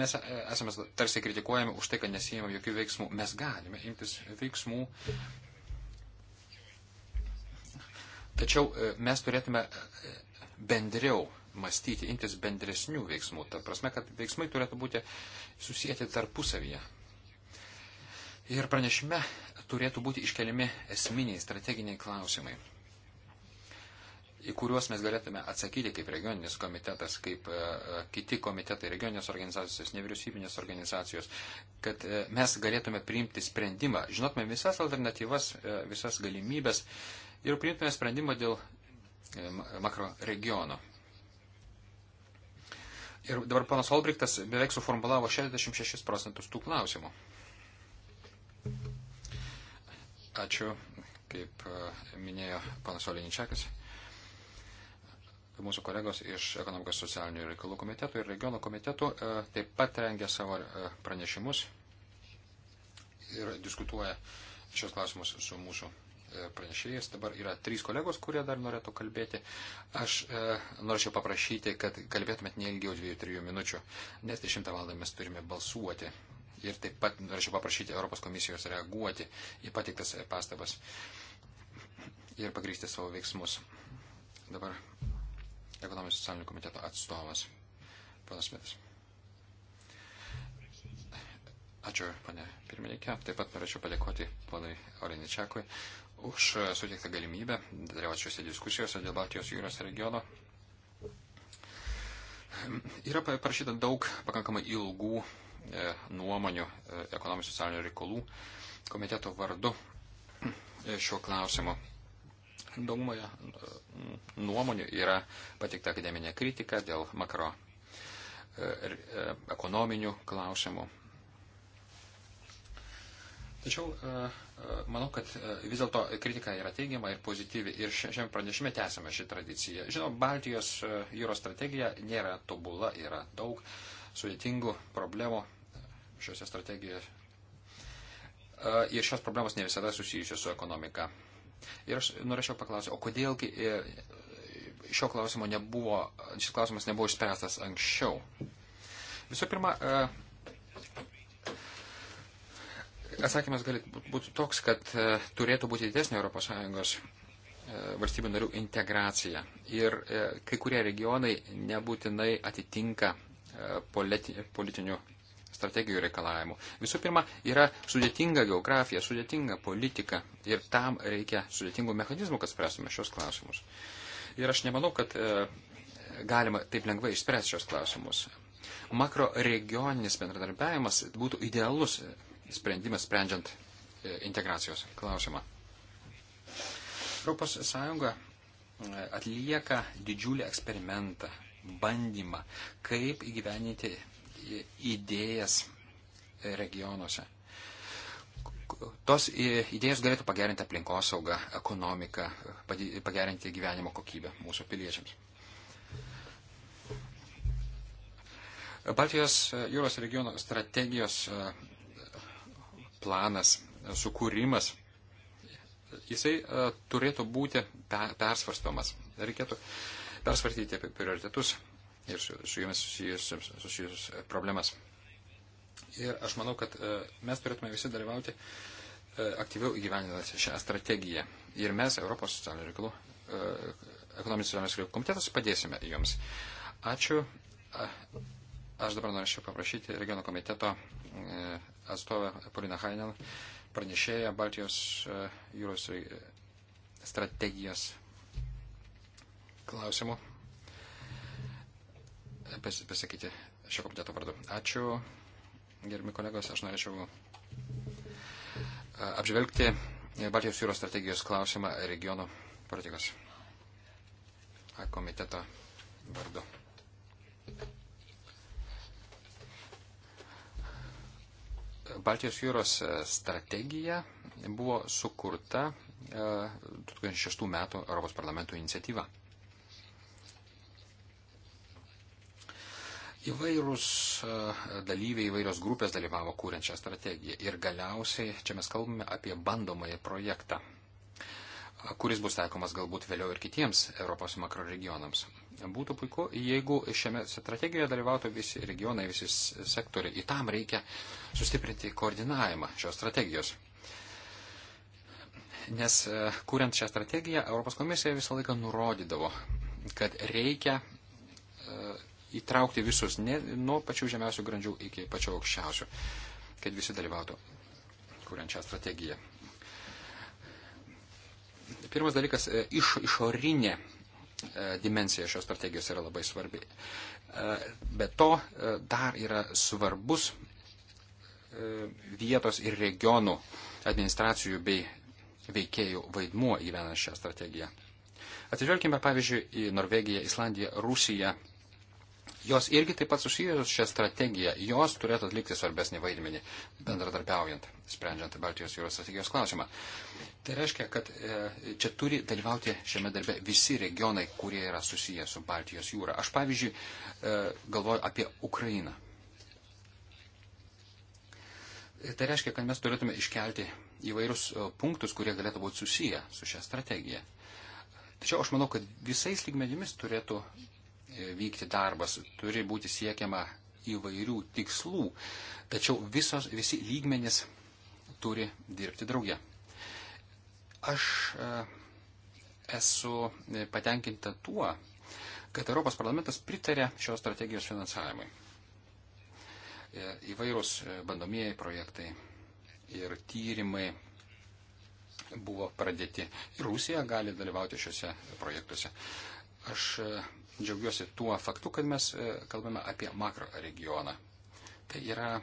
Speaker 2: mes e, esame tarsi kritikuojami už tai, kad nesijėmėm jokių veiksmų. Mes galime imtis veiksmų. Tačiau e, mes turėtume bendriau mąstyti, imtis bendresnių veiksmų. Ta prasme, kad veiksmai turėtų būti susijęti tarpusavyje. Ir pranešime turėtų būti iškeliami esminiai strateginiai klausimai į kuriuos mes galėtume atsakyti kaip regioninis komitetas, kaip e, e, kiti komitetai, regioninės organizacijos, nevyriausybinės organizacijos, kad e, mes galėtume priimti sprendimą, žinotume visas alternatyvas, visas galimybės ir priimtume sprendimą dėl makro regiono. Ir dabar panas Olbriktas beveik suformulavo 66 procentus tų klausimų. Ačiū, kaip minėjo panas Oliničiakas mūsų kolegos iš ekonomikos socialinių reikalų komitetų ir regionų komitetų e, taip pat rengia savo e, pranešimus ir diskutuoja šios klausimus su mūsų e, pranešėjais. Dabar yra trys kolegos, kurie dar norėtų kalbėti. Aš e, norėčiau paprašyti, kad kalbėtumėt neilgiau 2-3 minučių, nes 10 val. mes turime balsuoti. Ir taip pat norėčiau paprašyti Europos komisijos reaguoti į patiktas pastabas ir pagrysti savo veiksmus. Dabar ekonomijos socialinio komiteto tai atstovas, panas Mitas. Ačiū, pane pirmininkė. Taip pat norėčiau padėkoti ponui Oriničiakui už e, suteiktą galimybę dalyvauti šiuose diskusijose dėl Baltijos jūros regiono. Yra parašyta daug pakankamai ilgų e, nuomonių e, ekonominio socialinio reikalų komiteto vardu e, šiuo klausimu daugumoje nuomonių yra patikta akademinė kritika dėl makro e, e, ekonominių klausimų. Tačiau e, manau, kad vis dėlto kritika yra teigiama ir pozityvi ir šiame pranešime tęsime šį tradiciją. Žinoma, Baltijos jūros strategija nėra tobula, yra daug sudėtingų problemų šiuose strategijoje. Ir šios problemos ne visada susijusios su ekonomika. Ir aš norėčiau paklausyti, o kodėl e, šio klausimo nebuvo, šis klausimas nebuvo išspręstas anksčiau? Visų pirma, e, atsakymas gali būti toks, kad e, turėtų būti didesnė ES valstybių narių integracija. Ir kai kurie regionai nebūtinai atitinka politi, politinių strategijų reikalavimų. Visų pirma, yra sudėtinga geografija, sudėtinga politika ir tam reikia sudėtingų mechanizmų, kad spręstume šios klausimus. Ir aš nemanau, kad e, galima taip lengvai išspręsti šios klausimus. Makro regioninis bendradarbiavimas būtų idealus sprendimas sprendžiant e, integracijos klausimą. Europos Sąjunga e, atlieka didžiulį eksperimentą, bandymą, kaip įgyveninti idėjas e, regionuose. Tos idėjos galėtų pagerinti aplinkosaugą, ekonomiką, pagerinti gyvenimo kokybę mūsų piliečiams. Baltijos e, jūros regiono strategijos e, planas, sukūrimas, jisai turėtų būti persvarstomas. Reikėtų persvarstyti apie prioritetus, ir su, su jomis susijusius, susijusius e, problemas. Ir aš manau, kad e, mes turėtume visi dalyvauti e, aktyviau įgyvendinant šią strategiją. Ir mes, Europos socialinių reikalų, ekonominis socialinių reikalų komitetas, padėsime jums. Ačiū. Aš dabar norėčiau paprašyti regiono komiteto atstovę Poliną Hainel, pranešėją Baltijos jūros strategijos klausimų pasakyti šio komiteto vardu. Ačiū, gerbimi kolegos, aš norėčiau apžvelgti Baltijos jūros strategijos klausimą regionų politikos komiteto vardu. Baltijos jūros strategija buvo sukurta 2006 metų Europos parlamento iniciatyva. Įvairūs e, dalyviai, įvairios grupės dalyvavo kūrent šią strategiją. Ir galiausiai čia mes kalbame apie bandomąjį projektą, e, kuris bus taikomas galbūt vėliau ir kitiems Europos makroregionams. Būtų puiku, jeigu šiame strategijoje dalyvautų visi regionai, visi sektoriai. Į tam reikia sustiprinti koordinavimą šios strategijos. Nes e, kuriant šią strategiją, Europos komisija visą laiką nurodydavo, kad reikia įtraukti visus, ne, nuo pačių žemiausių grandžių iki pačių aukščiausių, kad visi dalyvautų kuriant šią strategiją. Pirmas dalykas e, - iš, išorinė e, dimensija šios strategijos yra labai svarbi. E, be to dar yra svarbus vietos ir regionų administracijų bei veikėjų vaidmuo įvenant šią strategiją. Atsižvelgime, pavyzdžiui, į Norvegiją, Islandiją, Rusiją, Jos irgi taip pat susijusios šią strategiją, jos turėtų atlikti svarbesnį vaidmenį, bendradarbiaujant, sprendžiant Baltijos jūros strategijos klausimą. Tai reiškia, kad e, čia turi dalyvauti šiame darbe visi regionai, kurie yra susiję su Baltijos jūra. Aš pavyzdžiui e, galvoju apie Ukrainą. Tai reiškia, kad mes turėtume iškelti įvairius e, punktus, kurie galėtų būti susiję su šią strategiją. Tačiau aš manau, kad visais lygmenimis turėtų vykti darbas, turi būti siekiama įvairių tikslų, tačiau visos, visi lygmenys turi dirbti drauge. Aš e, esu patenkinta tuo, kad Europos parlamentas pritarė šios strategijos finansavimui. E, įvairūs e, bandomieji projektai ir tyrimai buvo pradėti. Rusija gali dalyvauti šiuose projektuose. Aš džiaugiuosi tuo faktu, kad mes e, kalbame apie makro regioną. Tai yra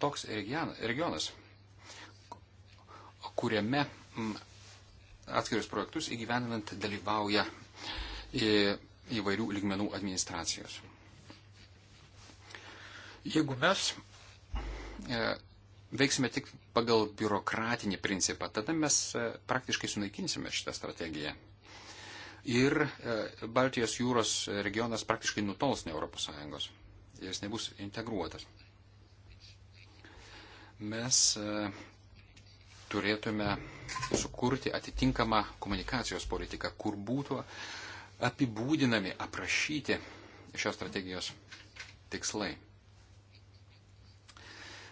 Speaker 2: toks regionas, kuriame atskirius projektus įgyvendinant dalyvauja įvairių lygmenų administracijos. Jeigu mes e, veiksime tik pagal biurokratinį principą, tada mes e, praktiškai sunaikinsime šitą strategiją ir e, Baltijos jūros regionas praktiškai nutols nuo Europos Sąjungos. Jis nebus integruotas. Mes e, turėtume sukurti atitinkamą komunikacijos politiką, kur būtų apibūdinami, aprašyti šios strategijos tikslai.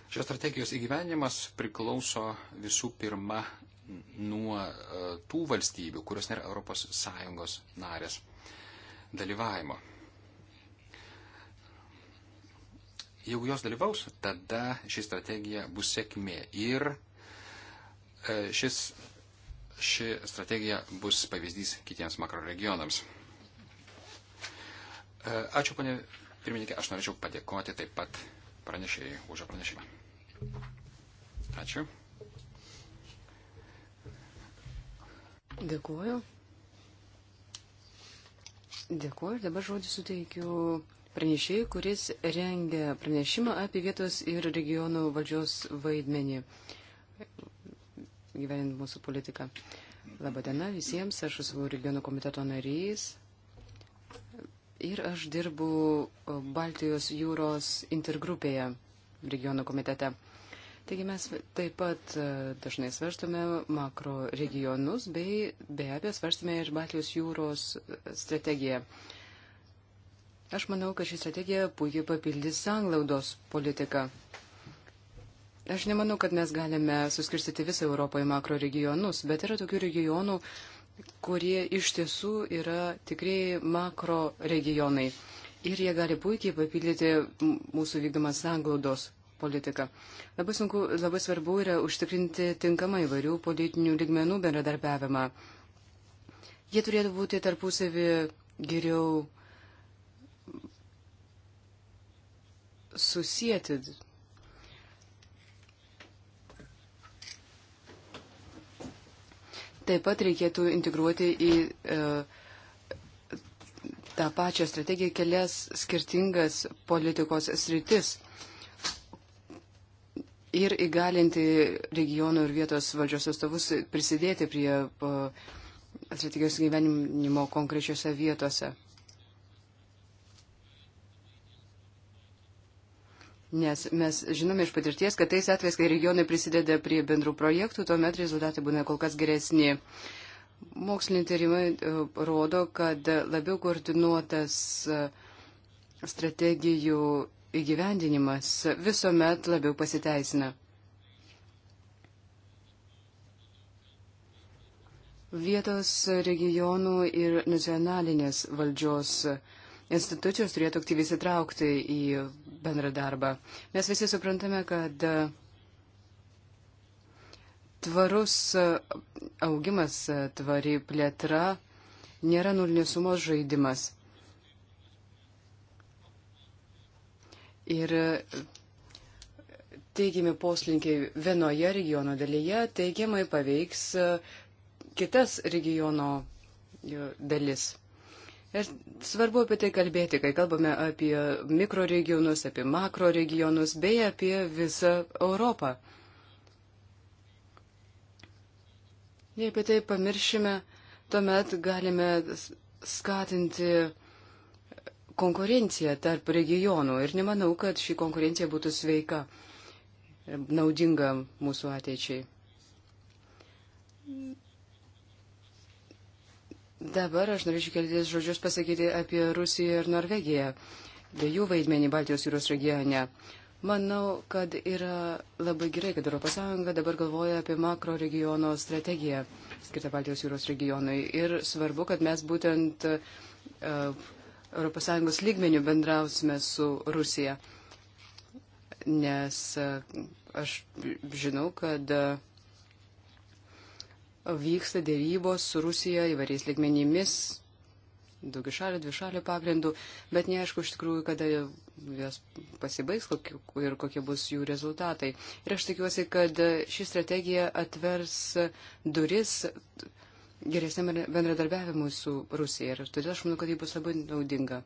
Speaker 2: Šios strategijos įgyvenimas priklauso visų pirma nuo e, tų valstybių, kurios nėra ES narės dalyvavimo. Jeigu jos dalyvaus, tada ši strategija bus sėkmė ir e, šis, ši strategija bus pavyzdys kitiems makroregionams. E, ačiū, ponė pirmininkė, aš norėčiau padėkoti taip pat pranešėjai už pranešimą. Ačiū.
Speaker 3: Dėkuoju. Dėkuoju ir dabar žodį suteikiu pranešėjai, kuris rengia pranešimą apie vietos ir regionų valdžios vaidmenį gyvenint mūsų politiką. Labadiena visiems, aš esu regionų komiteto narys ir aš dirbu Baltijos jūros intergrupėje regionų komitete. Taigi mes taip pat e, dažnai svarstome makro regionus, bei be abejo svarstame ir Baltijos jūros e, strategiją. Aš manau, kad ši strategija puikiai papildys sanglaudos politiką. Aš nemanau, kad mes galime suskirstyti visą Europą į makro regionus, bet yra tokių regionų, kurie iš tiesų yra tikrai makro regionai. Ir jie gali puikiai papildyti mūsų vykdomą sanglaudos politiką. Labai, sunku, labai svarbu yra užtikrinti tinkamą įvairių politinių ligmenų bendradarbiavimą. Jie turėtų būti tarpusavį geriau susijęti. Taip pat reikėtų integruoti į e, tą pačią strategiją kelias skirtingas politikos sritis ir įgalinti regionų ir vietos valdžios atstovus prisidėti prie strategijos gyvenimo konkrečiose vietose. Nes mes žinome iš patirties, kad tais atvejais, kai regionai prisideda prie bendrų projektų, tuomet rezultatai būna kol kas geresni. Moksliniai tyrimai e, rodo, kad labiau koordinuotas e, strategijų įgyvendinimas visuomet labiau pasiteisina. Vietos regionų ir nacionalinės valdžios institucijos turėtų aktyviai sitraukti į bendrą darbą. Mes visi suprantame, kad tvarus augimas, tvari plėtra nėra nulinės sumos žaidimas. Ir e, teigiami poslinkiai vienoje regiono dalyje teigiamai paveiks e, kitas regiono dalis. Ir svarbu apie tai kalbėti, kai kalbame apie mikroregionus, apie makroregionus bei apie visą Europą. Jei apie tai pamiršime, tuomet galime skatinti konkurencija tarp regionų ir nemanau, kad ši konkurencija būtų sveika, naudinga mūsų ateičiai. Dabar aš norėčiau kelis žodžius pasakyti apie Rusiją ir Norvegiją, bei jų vaidmenį Baltijos jūros regione. Manau, kad yra labai gerai, kad ES dabar galvoja apie makro regiono strategiją skirtą Baltijos jūros regionui. Ir svarbu, kad mes būtent uh, ES lygmenių bendrausime su Rusija. Nes e, aš žinau, kad e, vyksta dėrybos su Rusija įvairiais lygmenimis, daugišalio, dvišalio pagrindų, bet neaišku iš tikrųjų, kada jos pasibaigs kokiu, ir kokie bus jų rezultatai. Ir aš tikiuosi, kad e, ši strategija atvers duris geresniam bendradarbiavimui su Rusija ir todėl aš manau, kad jį bus labai naudinga.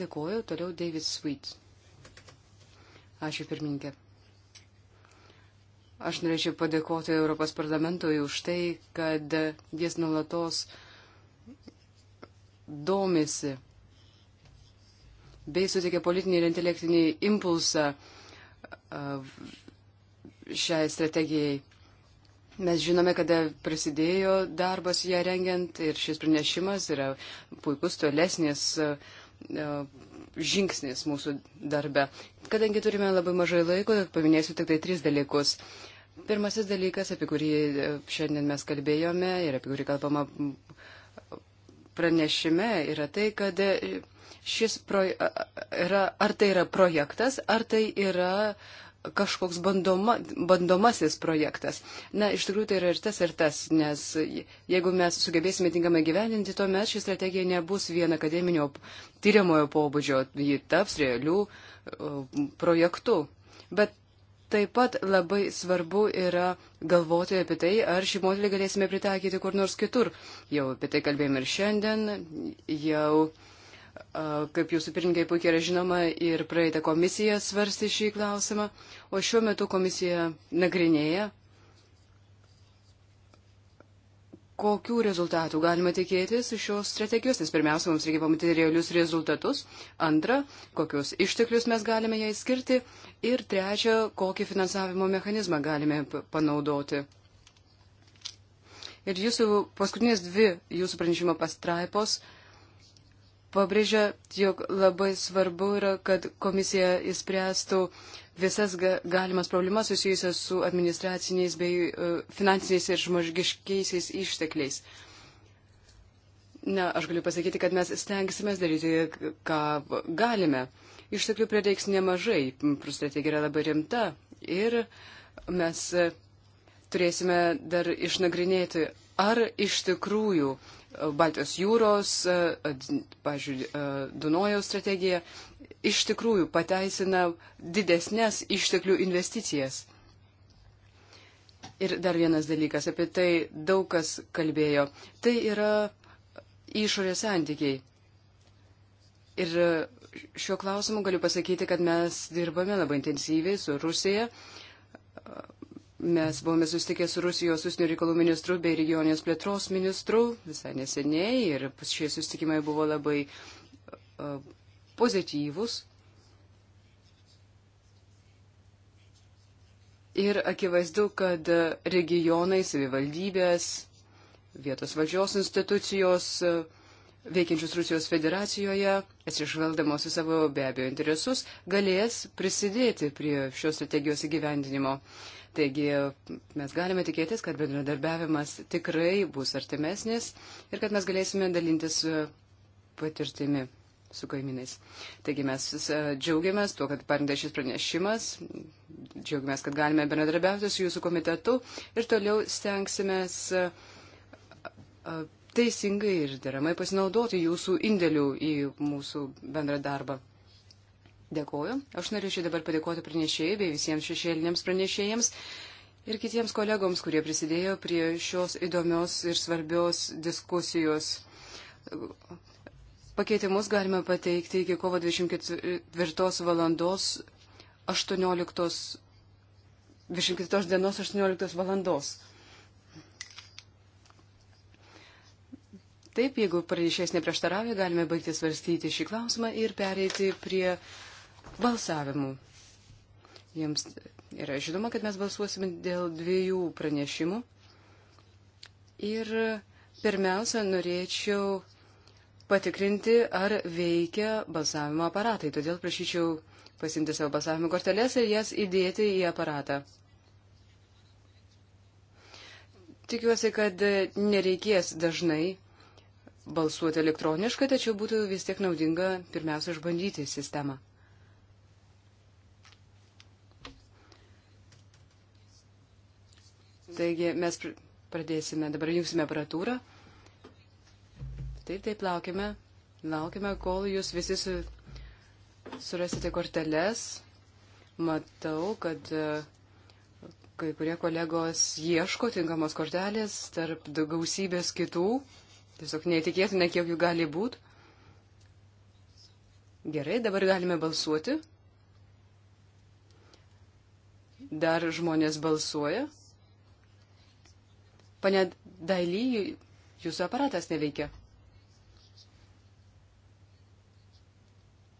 Speaker 3: Dėkuoju, toliau David Sweet. Ačiū pirmininkė. Aš norėčiau padėkoti Europos parlamentui už tai, kad jis nulatos domisi bei suteikia politinį ir intelektinį impulsą šiai strategijai. Mes žinome, kada prasidėjo darbas ją rengiant ir šis pranešimas yra puikus tolesnis e, e, žingsnis mūsų darbe. Kadangi turime labai mažai laiko, paminėsiu tik tai tris dalykus. Pirmasis dalykas, apie kurį e, šiandien mes kalbėjome ir apie kurį kalbama pranešime, yra tai, kad šis pro, yra, ar tai yra projektas, ar tai yra uh, kažkoks bandoma, bandomasis projektas. Na, iš tikrųjų tai yra ir tas, ir tas, nes jeigu mes sugebėsime tinkamai gyveninti, tuomet ši strategija nebus vien akademinio tyriamojo pobūdžio, ji taps realių projektų. Bet taip pat labai svarbu yra galvoti apie tai, ar šį modelį galėsime pritaikyti kur nors kitur. Jau apie tai kalbėjome ir šiandien, jau Kaip jūsų pirmininkai puikiai yra žinoma, ir praeitą komisiją svarsti šį klausimą, o šiuo metu komisija nagrinėja, kokių rezultatų galima tikėtis iš šios strategijos, nes pirmiausia, mums reikia pamatyti realius rezultatus, antra, kokius išteklius mes galime jai skirti ir trečia, kokį finansavimo mechanizmą galime panaudoti. Ir jūsų paskutinės dvi jūsų pranešimo pastraipos uh, pabrėžia, jog labai svarbu yra, kad komisija įspręstų visas galimas problemas susijusias su administraciniais bei e, finansiniais ir žmogiškiaisiais ištekliais. Na, aš galiu pasakyti, kad mes stengsimės daryti, ką galime. Išteklių prireiks nemažai, strategija yra labai rimta ir mes turėsime dar išnagrinėti, ar iš tikrųjų uh, Baltijos jūros, e, e, pažiūrėjau, e, Dunojaus strategija iš tikrųjų pateisina didesnės išteklių investicijas. Ir dar vienas dalykas, apie tai daug kas kalbėjo, tai yra išorės santykiai. Ir šiuo klausimu galiu pasakyti, kad mes dirbame labai intensyviai su Rusija Mes buvome susitikę su Rusijos užsienio reikalų ministru bei regionės plėtros ministru visai neseniai ir šie susitikimai buvo labai uh, pozityvus. Ir akivaizdu, kad regionai, savivaldybės, vietos valdžios institucijos uh, veikiančius Rusijos federacijoje, atsižvelgdamos į savo be abejo interesus, galės prisidėti prie šios strategijos įgyvendinimo. Uh, Taigi mes galime tikėtis, kad bendradarbiavimas tikrai bus artimesnis ir kad mes galėsime dalintis patirtimi su kaimynais. Taigi mes e, džiaugiamės tuo, kad parengta šis pranešimas, džiaugiamės, kad galime bendradarbiauti su jūsų komitetu ir toliau stengsimės e, e, teisingai ir deramai pasinaudoti jūsų indėlių į mūsų bendrą darbą. Dėkuoju. Aš norėčiau dabar padėkoti pranešėjai bei visiems šešėliniams pranešėjams ir kitiems kolegoms, kurie prisidėjo prie šios įdomios ir svarbios diskusijos. Pakeitimus galime pateikti iki kovo 24 valandos 18, 24 dienos 18 valandos. Taip, jeigu pranešės neprieštaravė, galime baigti svarstyti šį klausimą ir pereiti prie balsavimu. Jiems yra žinoma, kad mes balsuosime dėl dviejų pranešimų. Ir pirmiausia, norėčiau patikrinti, ar veikia balsavimo aparatai. Todėl prašyčiau pasimti savo balsavimo korteles ir jas įdėti į aparatą. Tikiuosi, kad nereikės dažnai balsuoti elektroniškai, tačiau būtų vis tiek naudinga pirmiausia išbandyti sistemą. Taigi mes pradėsime, dabar jungsime aparatūrą. Taip, taip, laukime, laukime, kol jūs visi su, surasite korteles. Matau, kad e, kai kurie kolegos ieško tinkamos kortelės tarp gausybės kitų. Tiesiog neįtikėtina, kiek jų gali būti. Gerai, dabar galime balsuoti. Dar žmonės balsuoja. Pane Daily, jūsų aparatas neveikia.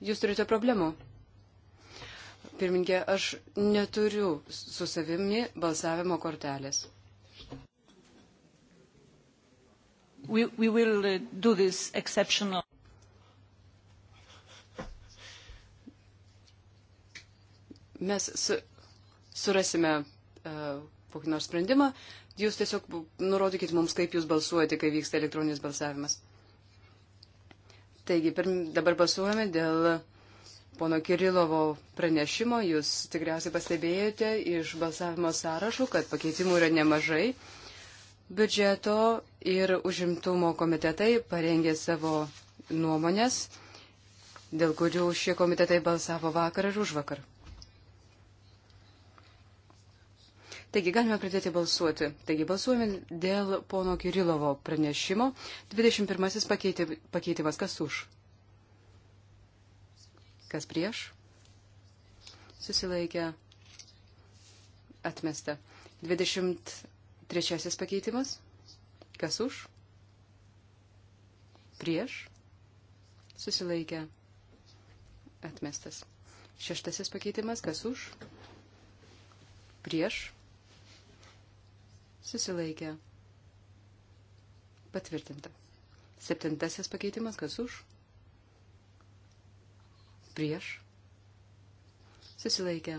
Speaker 3: Jūs turite problemų. Pirminkė, aš neturiu su savimi balsavimo kortelės. We, we will uh, do this exceptional. Mes su, surasime uh, kokį nors sprendimą, jūs tiesiog nurodykite mums, kaip jūs balsuojate, kai vyksta elektroninis balsavimas. Taigi, per, dabar balsuojame dėl pono Kirilovo pranešimo. Jūs tikriausiai pastebėjote iš balsavimo sąrašų, kad pakeitimų yra nemažai. Biudžeto ir užimtumo komitetai parengė savo nuomonės, dėl kurių šie komitetai balsavo vakar ir už vakar. Taigi galime pradėti balsuoti. Taigi balsuojame dėl pono Kirilovo pranešimo. 21 pakeitė, pakeitimas. Kas už? Kas prieš? Susilaikė. Atmesta. 23 pakeitimas. Kas už? Prieš? Susilaikė. Atmestas. Šeštasis pakeitimas. Kas už? Prieš? susilaikė, patvirtinta. Septintasis pakeitimas, kas už, prieš, susilaikė,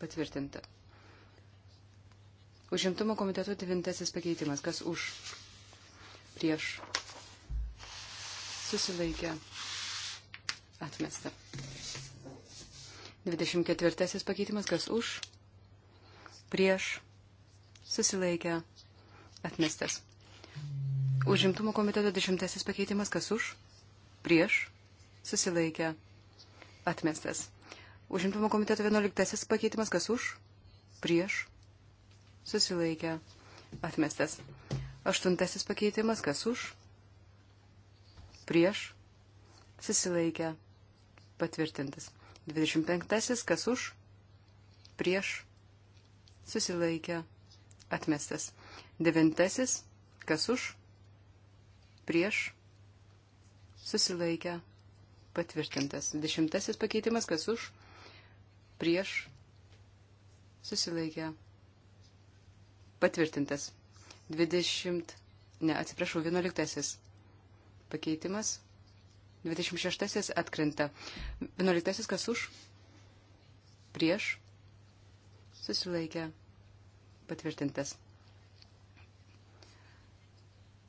Speaker 3: patvirtinta. Užimtumo komiteto devintasis pakeitimas, kas už, prieš, susilaikė, atmesta. 24 pakeitimas, kas už, prieš, susilaikė, atmestas. Užimtumo komiteto dešimtasis pakeitimas, kas už, prieš, susilaikė, atmestas. Užimtumo komiteto vienuoliktasis pakeitimas, kas už, prieš, susilaikė, atmestas. Aštuntasis pakeitimas, kas už, prieš, susilaikė, patvirtintas. Dvidešimt penktasis, kas už, prieš, susilaikė, atmestas atmestas. Devintasis, kas už, prieš, susilaikę, patvirtintas. Dešimtasis pakeitimas, kas už, prieš, susilaikę, patvirtintas. Dvidešimt, ne, atsiprašau, vienuoliktasis pakeitimas. Dvidešimt šeštasis atkrinta. Vienuoliktasis, kas už, prieš, susilaikę, patvirtintas patvirtintas.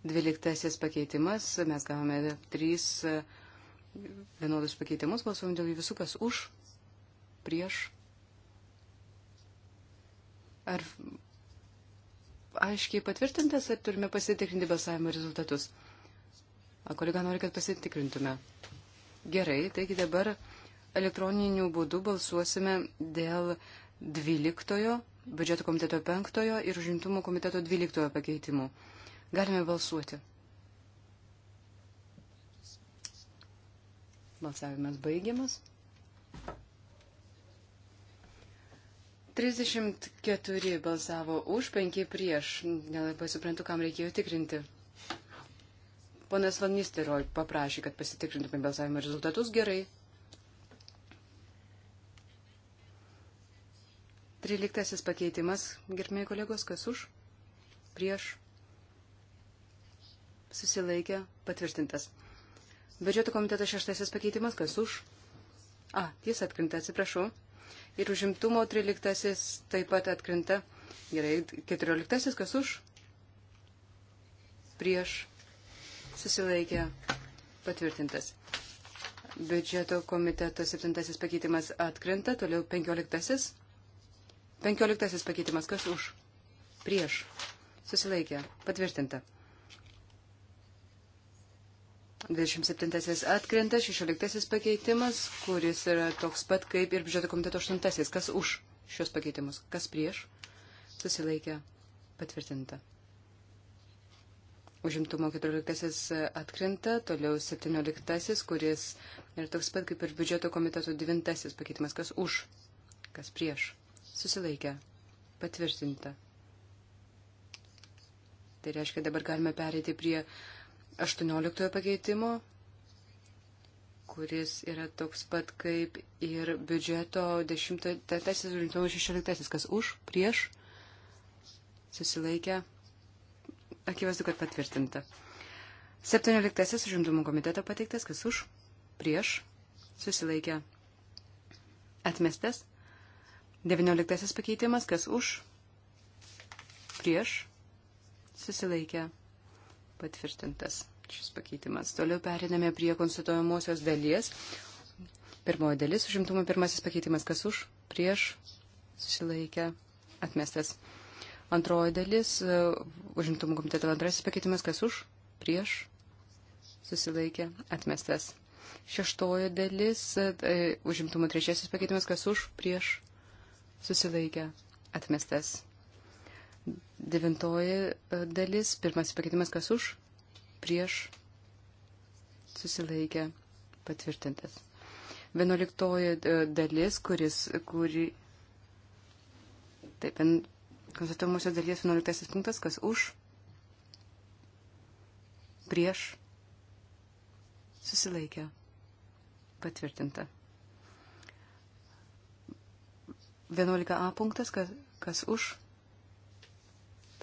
Speaker 3: Dvyliktasis pakeitimas, mes gavome trys e, vienodus pakeitimus, balsuom dėl jų visų, kas už, prieš. Ar aiškiai patvirtintas, ar turime pasitikrinti balsavimo rezultatus? A, kolega nori, kad pasitikrintume. Gerai, taigi dabar elektroniniu būdu balsuosime dėl dvyliktojo biudžeto komiteto penktojo ir žimtumo komiteto dvyliktojo pakeitimų. Galime balsuoti. Balsavimas baigiamas. 34 balsavo už, 5 prieš. Nelabai suprantu, kam reikėjo tikrinti. Ponas Valnisteroj paprašė, kad pasitikrintume balsavimo rezultatus gerai. Tryliktasis pakeitimas, gerbėjai kolegos, kas už, prieš, susilaikė, patvirtintas. Biudžeto komiteto šeštasis pakeitimas, kas už, a, jis atkrinta, atsiprašau. Ir užimtumo tryliktasis taip pat atkrinta. Gerai, keturioliktasis, kas už, prieš, susilaikė, patvirtintas. Biudžeto komiteto septintasis pakeitimas atkrinta, toliau penkioliktasis Penkioliktasis pakeitimas. Kas už? Prieš. Susilaikė. Patvirtinta. 27 atkrenta, 16 pakeitimas, kuris yra toks pat kaip ir biudžeto komiteto 8. Kas už šios pakeitimus? Kas prieš? Susilaikė. Patvirtinta. Užimtumo 14 atkrenta, toliau 17, kuris yra toks pat kaip ir biudžeto komiteto 9 pakeitimas. Kas už? Kas prieš? susilaikę, patvirtinta. Tai reiškia, dabar galime pereiti prie 18 pakeitimo, kuris yra toks pat kaip ir biudžeto 10.16, kas už, prieš, susilaikę, akivaizdu, kad patvirtinta. 17. užimtumo komiteto pateiktas, kas už, prieš, susilaikę, atmestas. 19 pakeitimas, kas už, prieš, susilaikė patvirtintas šis pakeitimas. Toliau periname prie konstituojamosios dalies. Pirmoji dalis, užimtumo pirmasis pakeitimas, kas už, prieš, susilaikė, atmestas. Antroji dalis, užimtumo komiteto antrasis pakeitimas, kas už, prieš, susilaikė, atmestas. Šeštoji dalis, tai užimtumo trečiasis pakeitimas, kas už, prieš, susilaikė, atmestas. Devintoji e, dalis, pirmasis pakeitimas, kas už, prieš, susilaikė, patvirtintas. Vienuoliktoji e, dalis, kuris, kuri, taip, konstatuomosios dalies vienuoliktasis punktas, kas už, prieš, susilaikė, patvirtinta. 11a punktas, kas, kas už,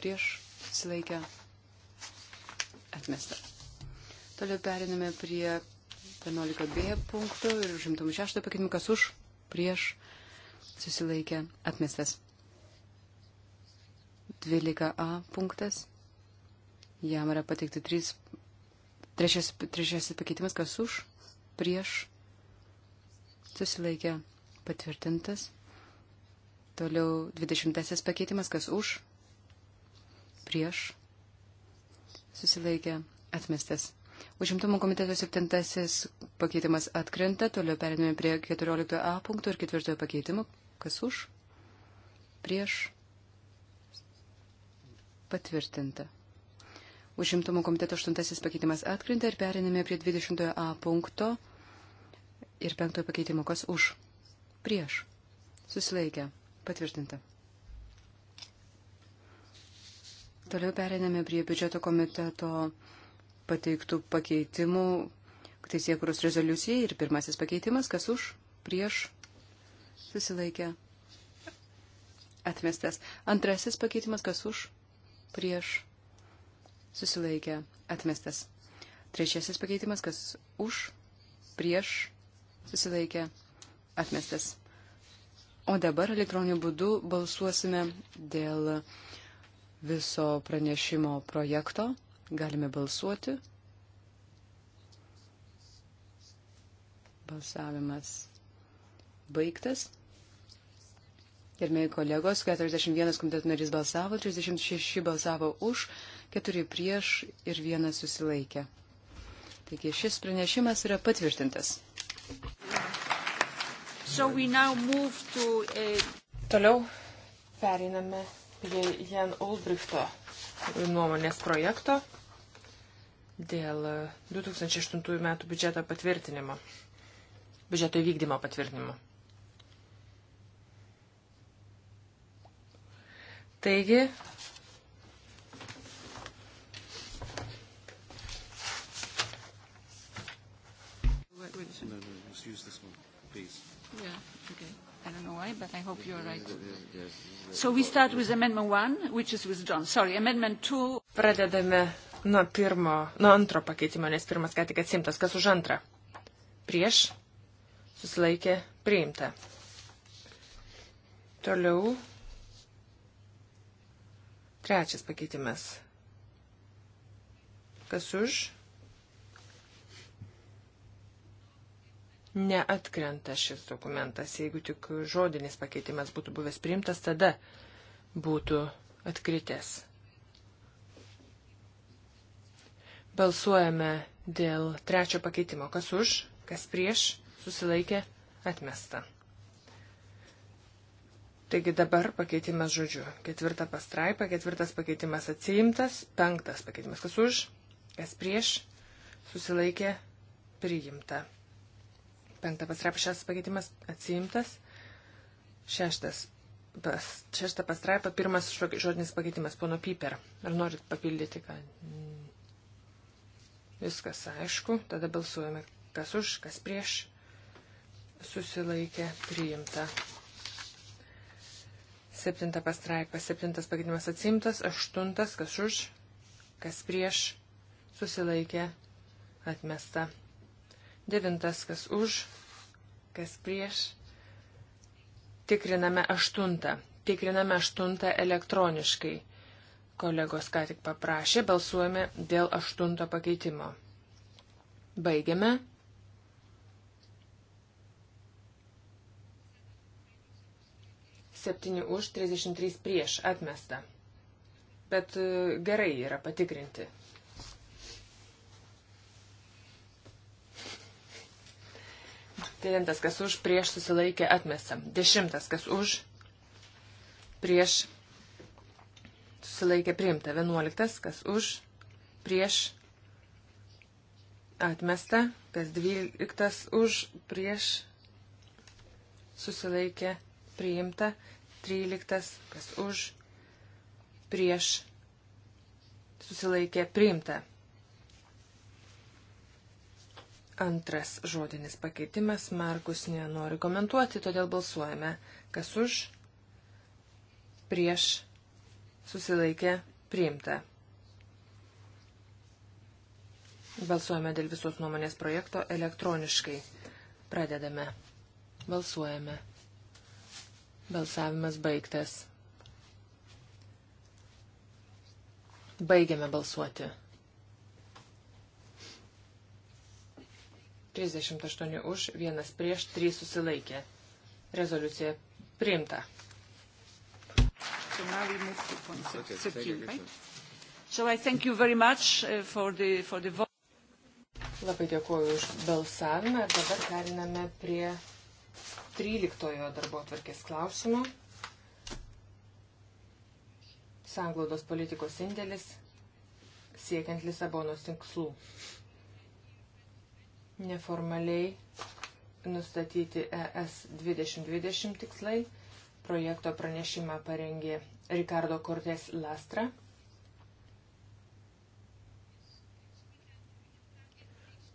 Speaker 3: prieš, silaikę, atmesta. Toliau periname prie 11b punktų ir žimtum šešto pakeitimų, kas už, prieš, susilaikė, atmestas. 12a punktas, jam yra pateikti 3, trečias, trečiasis pakeitimas, kas už, prieš, susilaikė, patvirtintas. Toliau 20 pakeitimas, kas už, prieš, susilaikė, atmestas. Užimtumo komiteto 7 pakeitimas atkrenta, toliau perinėme prie 14a punktų ir 4 pakeitimo, kas už, prieš, patvirtinta. Užimtumo komiteto 8 pakeitimas atkrenta ir perinėme prie 20a punkto ir 5 pakeitimo, kas už, prieš, susilaikė Patvirtinta. Toliau periname prie biudžeto komiteto pateiktų pakeitimų teisėkuros rezoliucijai ir pirmasis pakeitimas, kas už, prieš, susilaikė, atmestas. Antrasis pakeitimas, kas už, prieš, susilaikė, atmestas. Trečiasis pakeitimas, kas už, prieš, susilaikė, atmestas. O dabar elektroniniu būdu balsuosime dėl viso pranešimo projekto. Galime balsuoti. Balsavimas baigtas. Gerbėjai kolegos, 41 komiteto narys balsavo, 36 balsavo už, 4 prieš ir 1 susilaikė. Taigi šis pranešimas yra patvirtintas.
Speaker 1: So to, uh... Toliau periname prie Jan Ulbrichto nuomonės projekto dėl 2008 e, metų biudžeto patvirtinimo, biudžeto įvykdymo patvirtinimo. Taigi,
Speaker 3: No, no, just use this one, please. Yeah, okay. I don't know why, but I hope you are right. So we start with amendment one, which is
Speaker 1: withdrawn. Sorry, amendment two. Pradedame nuo pirmo, nuo antro pakeitimo, nes pirmas ką tik atsimtas. Kas už antrą? Prieš susilaikė priimta. Toliau. Trečias pakeitimas. Kas už? neatkrenta šis dokumentas. Jeigu tik žodinis pakeitimas būtų buvęs priimtas, tada būtų atkritęs. Balsuojame dėl trečio pakeitimo. Kas už, kas prieš, susilaikė, atmesta. Taigi dabar pakeitimas žodžiu. Ketvirta pastraipa, ketvirtas pakeitimas atsiimtas, penktas pakeitimas kas už, kas prieš, susilaikė, priimta. Penktą pastraipą šeštas pakeitimas atsiimtas. Šeštas. Pas, šeštą pastraipą pirmas žodinis pakeitimas, pono Piper. Ar norit papildyti, ką? Mm, viskas aišku, tada balsuojame, kas už, kas prieš. Susilaikė priimta. Septinta pastraipa, septintas pakeitimas atsimtas, aštuntas, kas už, kas prieš, susilaikė, atmesta. Devintas, kas už, kas prieš. Tikriname aštuntą. Tikriname aštuntą elektroniškai. Kolegos ką tik paprašė, balsuojame dėl aštunto pakeitimo. Baigiame. Septyni už, 33 prieš, atmesta. Bet e, gerai yra patikrinti. Devintas, kas už, prieš susilaikė atmesta. Dešimtas, kas už, prieš susilaikė priimta. Vienuoliktas, kas už, prieš atmesta. Kas dvyliktas, už, prieš susilaikė priimta. Tryliktas, kas už, prieš susilaikė priimta. Antras žodinis pakeitimas. Markus nenori komentuoti, todėl balsuojame. Kas už? Prieš. Susilaikė. Priimta. Balsuojame dėl visos nuomonės projekto elektroniškai. Pradedame. Balsuojame. Balsavimas baigtas. Baigiame balsuoti. 38 už, 1 prieš, 3 susilaikė. Rezoliucija priimta. So now we move to point 13, right?
Speaker 3: So I thank you very much uh, for the, for the vote.
Speaker 1: Labai dėkuoju už balsavimą. Dabar periname prie 13 darbo atvarkės klausimo. Sanglaudos politikos indėlis siekiant Lisabonos tikslų neformaliai nustatyti ES 2020 tikslai. Projekto pranešimą parengė Ricardo Cortés Lastra.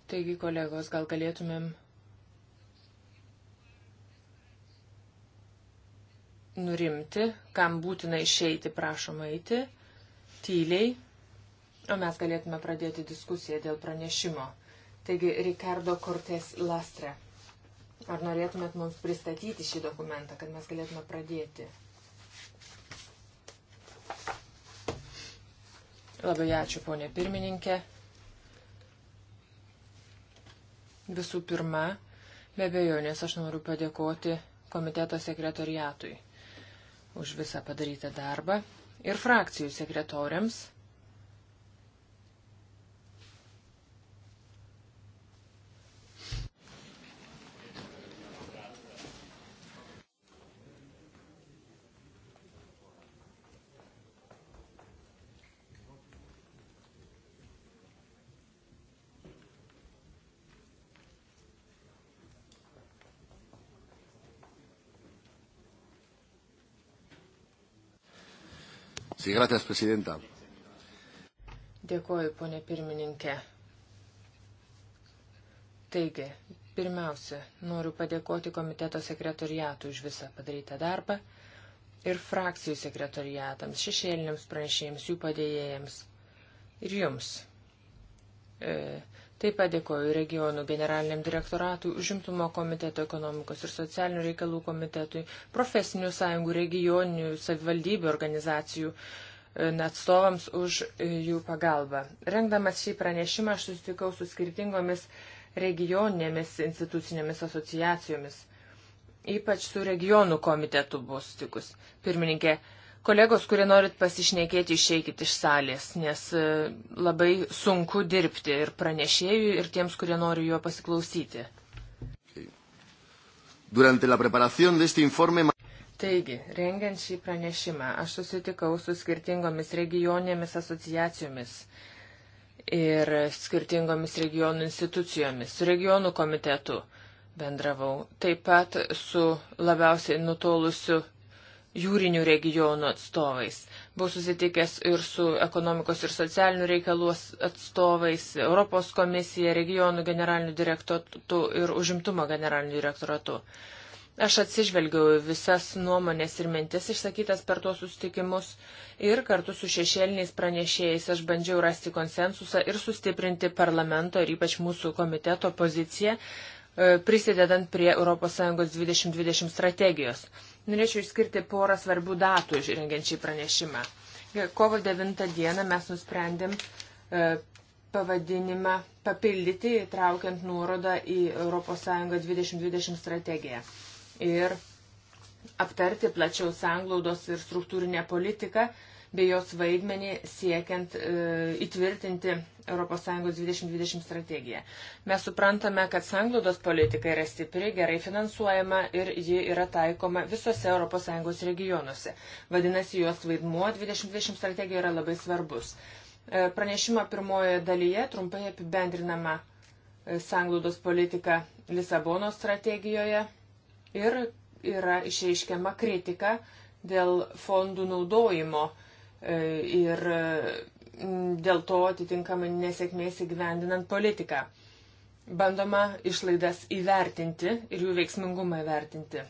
Speaker 1: Taigi, kolegos, gal galėtumėm nurimti, kam būtina išeiti, prašom eiti, tyliai, o mes galėtume pradėti diskusiją dėl pranešimo. Taigi, Ricardo Cortes Lastra, ar norėtumėt mums pristatyti šį dokumentą, kad mes galėtume pradėti? Labai ačiū, ponė pirmininkė. Visų pirma, be abejonės aš noriu padėkoti komiteto sekretoriatui už visą padarytą darbą ir frakcijų sekretoriams
Speaker 3: Sí, gracias, prezidenta.
Speaker 1: Dėkuoju, ponė pirmininkė. Taigi, pirmiausia, noriu padėkoti komiteto sekretoriatų už visą padarytą darbą ir frakcijų sekretoriatams, šešėliniams pranešėjams, jų padėjėjams ir jums. E, Taip pat dėkoju regionų generaliniam direktoratui, užimtumo komiteto ekonomikos ir socialinių reikalų komitetui, profesinių sąjungų, regioninių savivaldybių organizacijų e, atstovams už e, jų pagalbą. Rengdamas šį pranešimą aš susitikau su skirtingomis regioninėmis institucinėmis asociacijomis, ypač su regionų komitetu bus tikus. Pirmininkė, Kolegos, kurie norit pasišnekėti, išeikit iš salės, nes e, labai sunku dirbti ir pranešėjui, ir tiems, kurie nori juo pasiklausyti. Informe... Taigi, rengiant šį pranešimą, aš susitikau su skirtingomis regioninėmis asociacijomis ir skirtingomis regionų institucijomis, su regionų komitetu bendravau, taip pat su labiausiai nutolusiu jūrinių regionų atstovais. Buvau susitikęs ir su ekonomikos ir socialinių reikalų atstovais, Europos komisija, regionų generaliniu direktoratu ir užimtumo generaliniu direktoratu. Aš atsižvelgiau visas nuomonės ir mintis išsakytas per tuos susitikimus ir kartu su šešėliniais pranešėjais aš bandžiau rasti konsensusą ir sustiprinti parlamento ir ypač mūsų komiteto poziciją e, prisidedant prie ES 2020 strategijos. Norėčiau išskirti porą svarbių datų rengiant šį pranešimą. Kovo 9 dieną mes nusprendėm e, pavadinimą papildyti, traukiant nuorodą į ES 2020 strategiją. Ir aptarti plačiau sanglaudos ir struktūrinę politiką bei jos vaidmenį siekiant e, įtvirtinti ES 2020 strategiją. Mes suprantame, kad sanglaudos politika yra stipri, gerai finansuojama ir ji yra taikoma visose ES regionuose. Vadinasi, jos vaidmuo 2020 strategijoje yra labai svarbus. E, pranešimo pirmojoje dalyje trumpai apibendrinama e, sanglaudos politika Lisabono strategijoje ir yra išreiškiama kritika dėl fondų naudojimo E, ir dėl to atitinkamai nesėkmės įgyvendinant politiką. Bandoma išlaidas įvertinti ir jų veiksmingumą įvertinti.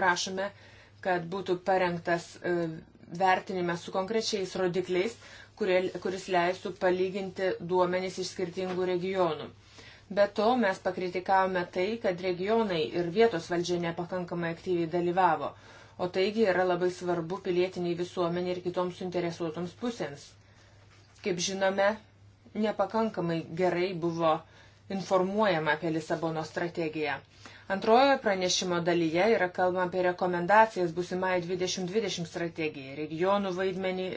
Speaker 1: Prašome, kad būtų parengtas e, vertinimas su konkrečiais rodikliais, kurie, kuris leistų palyginti duomenys iš skirtingų regionų. Be to mes pakritikavome tai, kad regionai ir vietos valdžia nepakankamai aktyviai dalyvavo o taigi yra labai svarbu pilietiniai visuomeniai ir kitoms suinteresuotoms pusėms. Kaip žinome, nepakankamai gerai buvo informuojama apie Lisabono strategiją. Antrojoje pranešimo dalyje yra kalbama apie rekomendacijas busimai 2020 strategijai, regionų vaidmenį,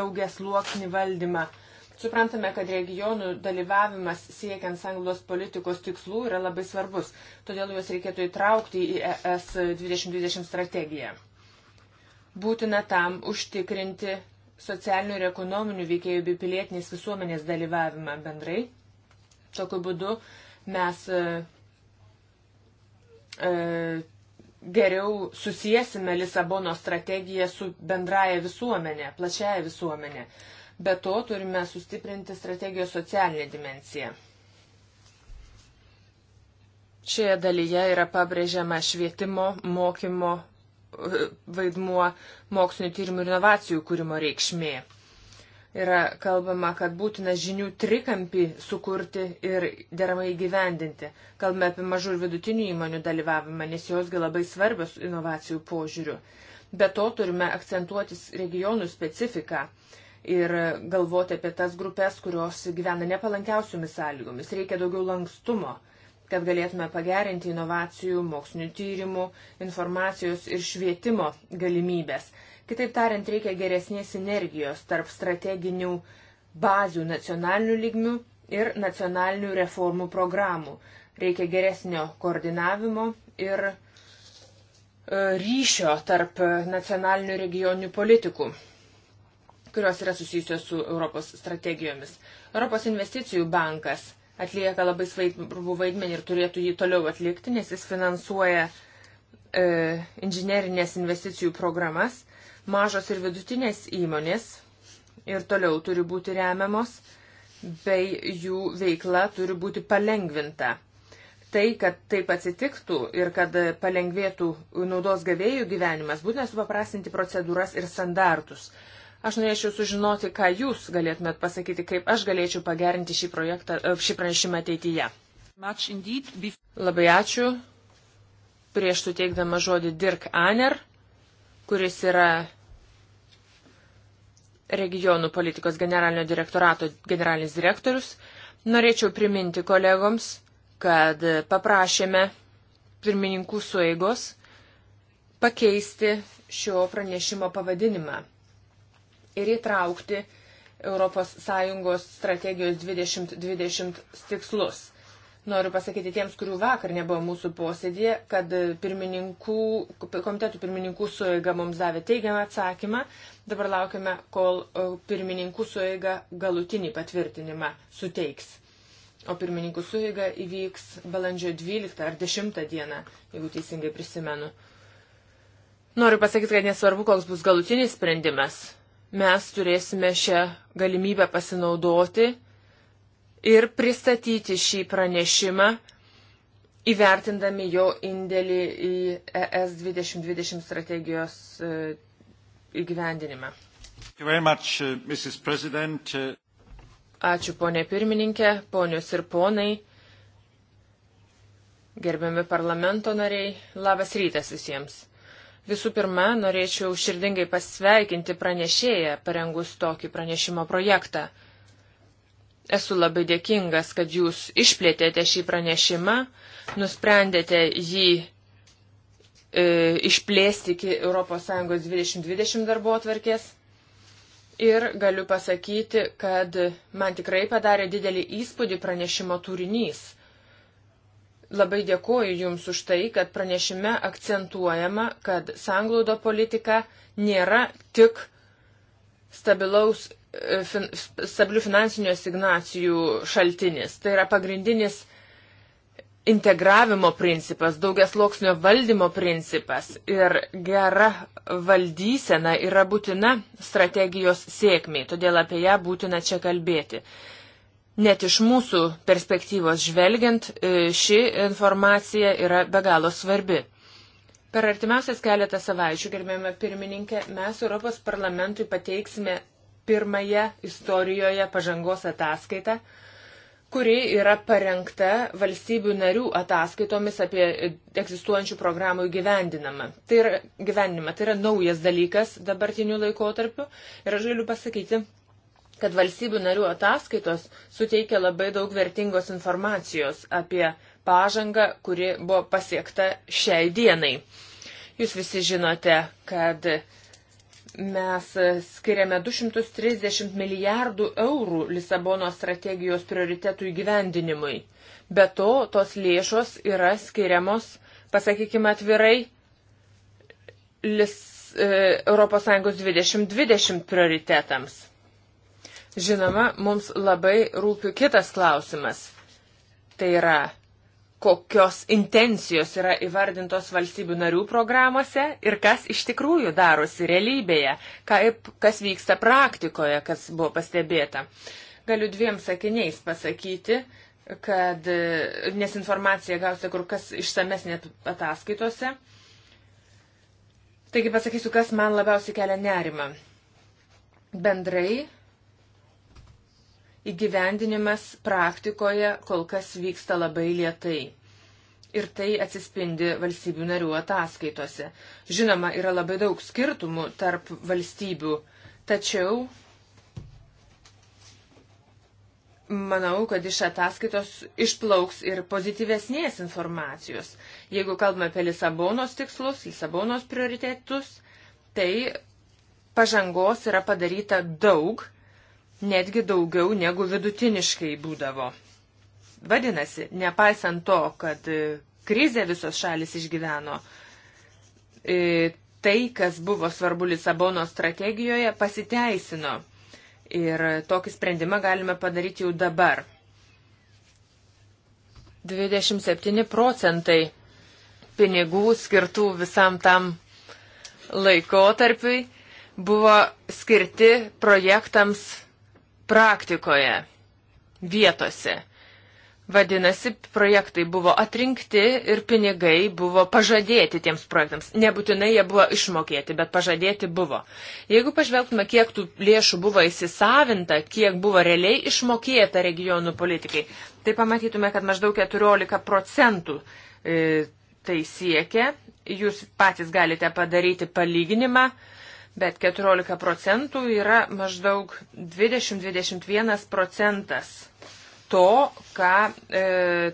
Speaker 1: daugias luoksnį valdymą Suprantame, kad regionų dalyvavimas siekiant sanglos politikos tikslų yra labai svarbus, todėl juos reikėtų įtraukti į ES 2020 strategiją. Būtina tam užtikrinti socialinių ir ekonominių veikėjų bei pilietinės visuomenės dalyvavimą bendrai. Tokiu būdu mes e, e geriau susijęsime Lisabono strategiją su bendraja visuomenė, plačiaja visuomenė. E, Be to turime sustiprinti strategijos socialinę dimenciją. Šioje dalyje yra pabrėžiama švietimo, mokymo e, vaidmuo, mokslinio tyrimų ir inovacijų kūrimo reikšmė. Yra kalbama, kad būtina žinių trikampį sukurti ir deramai gyvendinti. Kalbame apie mažų ir vidutinių įmonių dalyvavimą, nes josgi labai svarbios inovacijų požiūrių. Be to turime akcentuotis regionų specifiką ir galvoti apie tas grupės, kurios gyvena nepalankiausiomis sąlygomis. Reikia daugiau lankstumo, kad galėtume pagerinti inovacijų, mokslinių tyrimų, informacijos ir švietimo galimybės. Kitaip tariant, reikia geresnės sinergijos tarp strateginių bazių nacionalinių lygmių ir nacionalinių reformų programų. Reikia geresnio koordinavimo ir e, ryšio tarp nacionalinių regioninių politikų kurios yra susijusios su Europos strategijomis. Europos investicijų bankas atlieka labai svarbų vaidmenį ir turėtų jį toliau atlikti, nes jis finansuoja e, inžinerinės investicijų programas. Mažos ir vidutinės įmonės ir toliau turi būti remiamos, bei jų veikla turi būti palengvinta. Tai, kad taip atsitiktų ir kad palengvėtų naudos gavėjų gyvenimas, būtina supaprastinti procedūras ir standartus. Aš norėčiau sužinoti, ką jūs galėtumėt pasakyti, kaip aš galėčiau pagerinti šį, projektą, e, šį pranešimą ateityje. Labai ačiū. Prieš suteikdama žodį Dirk Aner, kuris yra regionų politikos generalinio direktorato generalinis direktorius, norėčiau priminti kolegoms, kad paprašėme pirmininkų sueigos pakeisti šio pranešimo pavadinimą ir įtraukti ES strategijos 2020 tikslus. Noriu pasakyti tiems, kurių vakar nebuvo mūsų posėdėje, kad pirmininkų, komitetų pirmininkų suėga mums davė teigiamą atsakymą. Dabar laukiame, kol e, pirmininkų suėga galutinį patvirtinimą suteiks. O pirmininkų suėga įvyks balandžio 12 ar 10 dieną, jeigu teisingai prisimenu. Noriu pasakyti, kad nesvarbu, koks bus galutinis sprendimas mes turėsime šią galimybę pasinaudoti ir pristatyti šį pranešimą, įvertindami jo indėlį į ES 2020 strategijos e, įgyvendinimą.
Speaker 2: Much, uh, uh,
Speaker 1: Ačiū ponė pirmininkė, ponios ir ponai, gerbiami parlamento nariai, labas rytas visiems. Visų pirma, norėčiau širdingai pasveikinti pranešėją, parengus tokį pranešimo projektą. Esu labai dėkingas, kad jūs išplėtėte šį pranešimą, nusprendėte jį e, išplėsti iki ES 2020 darbo atvarkės. Ir galiu pasakyti, kad man tikrai padarė didelį įspūdį pranešimo turinys – Labai dėkoju Jums už tai, kad pranešime akcentuojama, kad sanglaudo politika nėra tik stabilaus, e, fin, stabilių finansinių asignacijų šaltinis. Tai yra pagrindinis integravimo principas, daugias loksnio valdymo principas ir gera valdysena yra būtina strategijos sėkmiai, todėl apie ją būtina čia kalbėti. Net iš mūsų perspektyvos žvelgiant, e, ši informacija yra be galo svarbi. Per artimiausias keletą savaičių, gerbėjame pirmininkę, mes Europos parlamentui pateiksime pirmąją istorijoje pažangos ataskaitą, kuri yra parengta valstybių narių ataskaitomis apie egzistuojančių programų įgyvendinimą. Tai yra, gyvenimą, tai yra naujas dalykas dabartiniu laikotarpiu ir aš galiu pasakyti, kad valstybių narių ataskaitos suteikia labai daug vertingos informacijos apie pažangą, kuri buvo pasiekta šiai dienai. Jūs visi žinote, kad mes skiriame 230 milijardų eurų Lisabono strategijos prioritetų įgyvendinimui. Be to, tos lėšos yra skiriamos, pasakykime atvirai, Lis, e, ES 2020 prioritetams. Žinoma, mums labai rūpi kitas klausimas. Tai yra, kokios intencijos yra įvardintos valstybių narių programuose ir kas iš tikrųjų darosi realybėje, kaip, kas vyksta praktikoje, kas buvo pastebėta. Galiu dviem sakiniais pasakyti, kad e, nes informacija gausite kur kas išsamesnė ataskaitose. Taigi pasakysiu, kas man labiausiai kelia nerimą. Bendrai įgyvendinimas praktikoje kol kas vyksta labai lietai. Ir tai atsispindi valstybių narių ataskaitose. Žinoma, yra labai daug skirtumų tarp valstybių, tačiau manau, kad iš ataskaitos išplauks ir pozityvesnės informacijos. Jeigu kalbame apie Lisabonos tikslus, Lisabonos prioritetus, tai pažangos yra padaryta daug netgi daugiau negu vidutiniškai būdavo. Vadinasi, nepaisant to, kad e, krizę visos šalis išgyveno, e, tai, kas buvo svarbu Lisabono strategijoje, pasiteisino. Ir tokį sprendimą galime padaryti jau dabar. 27 procentai pinigų skirtų visam tam laikotarpiui buvo skirti projektams praktikoje, vietose. Vadinasi, projektai buvo atrinkti ir pinigai buvo pažadėti tiems projektams. Nebūtinai jie buvo išmokėti, bet pažadėti buvo. Jeigu pažvelgtume, kiek tų lėšų buvo įsisavinta, kiek buvo realiai išmokėta regionų politikai, tai pamatytume, kad maždaug 14 procentų e, tai siekia. Jūs patys galite padaryti palyginimą bet 14 procentų yra maždaug 20-21 procentas to, ką e,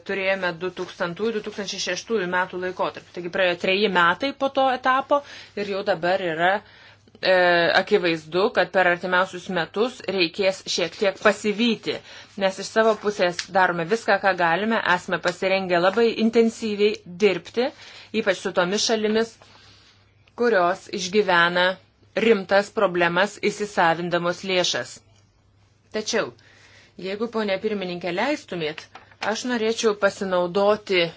Speaker 1: turėjome 2000-2006 metų laikotarpį. Taigi praėjo treji metai po to etapo ir jau dabar yra e, akivaizdu, kad per artimiausius metus reikės šiek tiek pasivyti, nes iš savo pusės darome viską, ką galime, esame pasirengę labai intensyviai dirbti, ypač su tomis šalimis, kurios išgyvena rimtas problemas įsisavindamos lėšas. Tačiau, jeigu ponė pirmininkė leistumėt, aš norėčiau pasinaudoti e,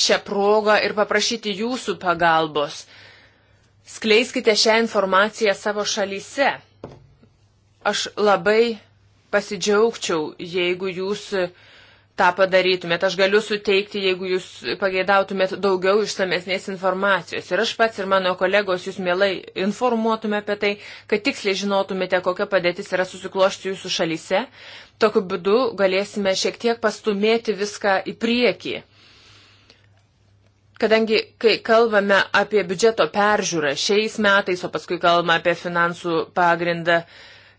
Speaker 1: šią progą ir paprašyti jūsų pagalbos. Skleiskite šią informaciją savo šalyse. Aš labai pasidžiaugčiau, jeigu jūs uh, tą padarytumėt. Aš galiu suteikti, jeigu jūs pageidautumėt daugiau išsamesnės informacijos. Ir aš pats ir mano kolegos jūs mielai informuotume apie tai, kad tiksliai žinotumėte, kokia padėtis yra susiklošti jūsų šalyse. Tokiu būdu galėsime šiek tiek pastumėti viską į priekį. Kadangi, kai kalbame apie biudžeto peržiūrą šiais metais, o paskui kalbame apie finansų pagrindą,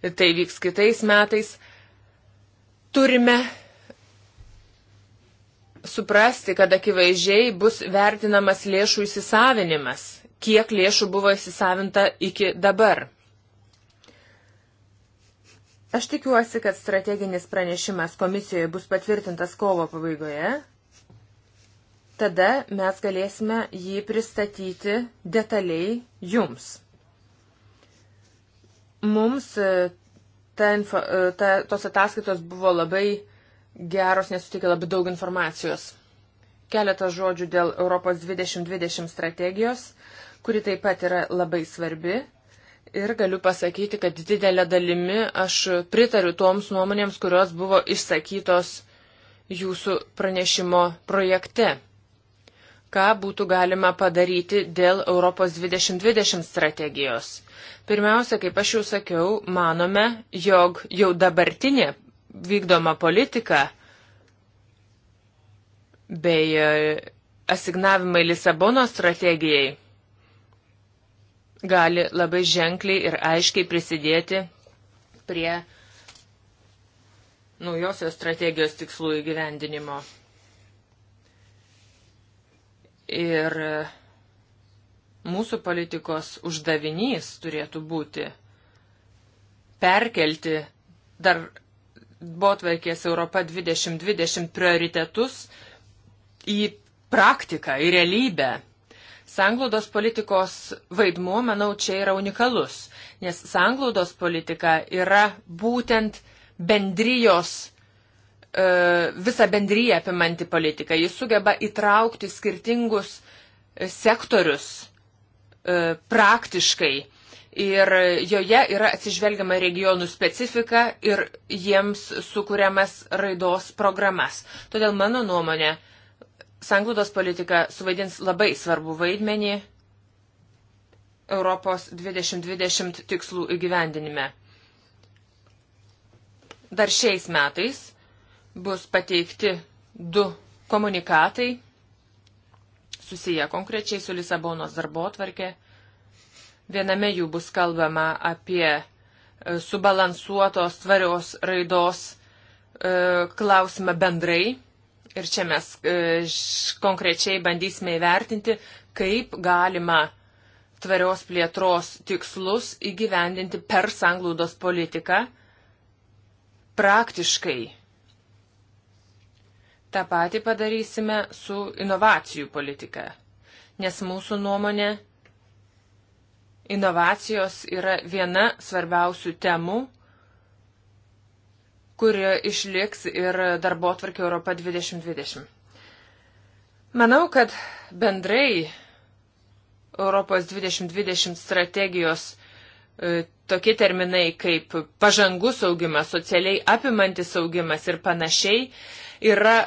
Speaker 1: tai vyks kitais metais, turime suprasti, kad akivaizdžiai bus vertinamas lėšų įsisavinimas, kiek lėšų buvo įsisavinta iki dabar. Aš tikiuosi, kad strateginis pranešimas komisijoje bus patvirtintas kovo pabaigoje. Tada mes galėsime jį pristatyti detaliai jums. Mums e, ta info, e, ta, tos ataskaitos buvo labai geros, nes suteikia labai daug informacijos. Keletas žodžių dėl Europos 2020 strategijos, kuri taip pat yra labai svarbi. Ir galiu pasakyti, kad didelė dalimi aš pritariu toms nuomonėms, kurios buvo išsakytos jūsų pranešimo projekte. Ką būtų galima padaryti dėl Europos 2020 strategijos? Pirmiausia, kaip aš jau sakiau, manome, jog jau dabartinė vykdomą politiką bei e, asignavimai Lisabono strategijai gali labai ženkliai ir aiškiai prisidėti prie naujosios strategijos tikslų įgyvendinimo. Ir e, mūsų politikos uždavinys turėtų būti perkelti dar botvarkės Europa 2020 prioritetus į praktiką, į realybę. Sanglaudos politikos vaidmuo, manau, čia yra unikalus, nes sanglaudos politika yra būtent bendrijos, e, visą bendryją apimanti politika. Jis sugeba įtraukti skirtingus sektorius e, praktiškai ir joje yra atsižvelgiama regionų specifika ir jiems sukūriamas raidos programas. Todėl mano nuomonė, sanglūdos politika suvaidins labai svarbu vaidmenį Europos 2020 tikslų įgyvendinime. Dar šiais metais bus pateikti du komunikatai susiję konkrečiai su Lisabonos darbo atvarkė Viename jų bus kalbama apie e, subalansuotos tvarios raidos e, klausimą bendrai. Ir čia mes e, konkrečiai bandysime įvertinti, kaip galima tvarios plėtros tikslus įgyvendinti per sanglaudos politiką praktiškai. Ta pati padarysime su inovacijų politika, nes mūsų nuomonė Inovacijos yra viena svarbiausių temų, kuri išliks ir darbo atvarkė Europa 2020. Manau, kad bendrai Europos 2020 strategijos e, tokie terminai kaip pažangus augimas, socialiai apimantis augimas ir panašiai yra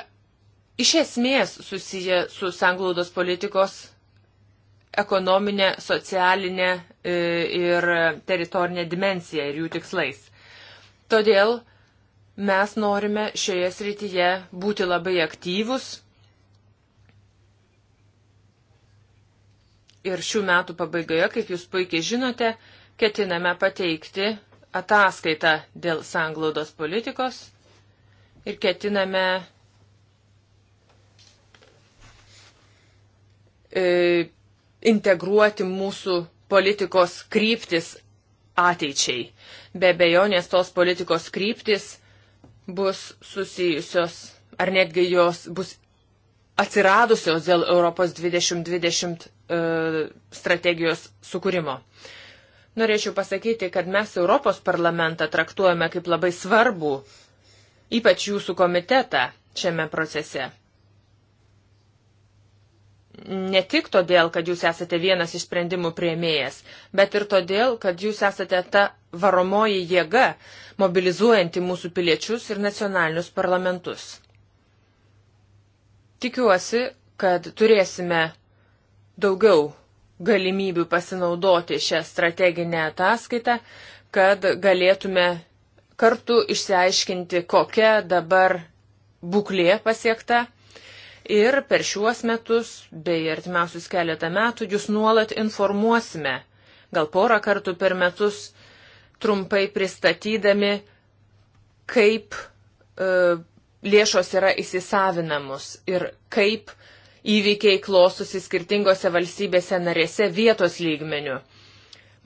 Speaker 1: iš esmės susiję su sanglaudos politikos ekonominę, socialinę e, ir teritorinę dimensiją ir jų tikslais. Todėl mes norime šioje srityje būti labai aktyvus ir šių metų pabaigoje, kaip jūs puikiai žinote, ketiname pateikti ataskaitą dėl sanglaudos politikos ir ketiname e, integruoti mūsų politikos kryptis ateičiai. Be bejonės tos politikos kryptis bus susijusios, ar netgi jos bus atsiradusios dėl Europos 2020 e, strategijos sukūrimo. Norėčiau pasakyti, kad mes Europos parlamentą traktuojame kaip labai svarbu, ypač jūsų komitetą šiame procese ne tik todėl, kad jūs esate vienas iš sprendimų prieimėjas, bet ir todėl, kad jūs esate ta varomoji jėga, mobilizuojanti mūsų piliečius ir nacionalinius parlamentus. Tikiuosi, kad turėsime daugiau galimybių pasinaudoti šią strateginę ataskaitą, kad galėtume kartu išsiaiškinti, kokia dabar būklė pasiekta ir per šiuos metus bei artimiausius keletą metų jūs nuolat informuosime, gal porą kartų per metus, trumpai pristatydami, kaip e, lėšos yra įsisavinamos ir kaip įvykiai klostosi skirtingose valstybėse narėse vietos lygmenių.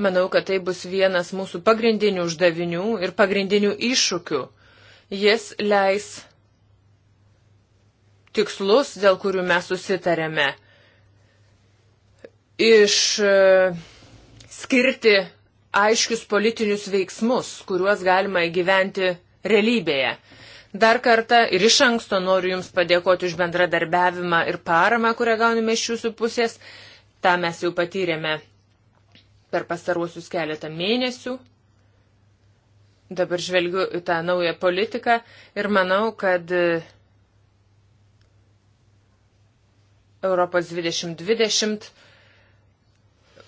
Speaker 1: Manau, kad tai bus vienas mūsų pagrindinių uždavinių ir pagrindinių iššūkių. Jis leis tikslus, dėl kurių mes susitarėme, išskirti e, aiškius politinius veiksmus, kuriuos galima įgyventi realybėje. Dar kartą ir iš anksto noriu Jums padėkoti už bendradarbiavimą ir paramą, kurią gauname iš Jūsų pusės. Ta mes jau patyrėme per pastaruosius keletą mėnesių. Dabar žvelgiu į tą naują politiką ir manau, kad Europos 2020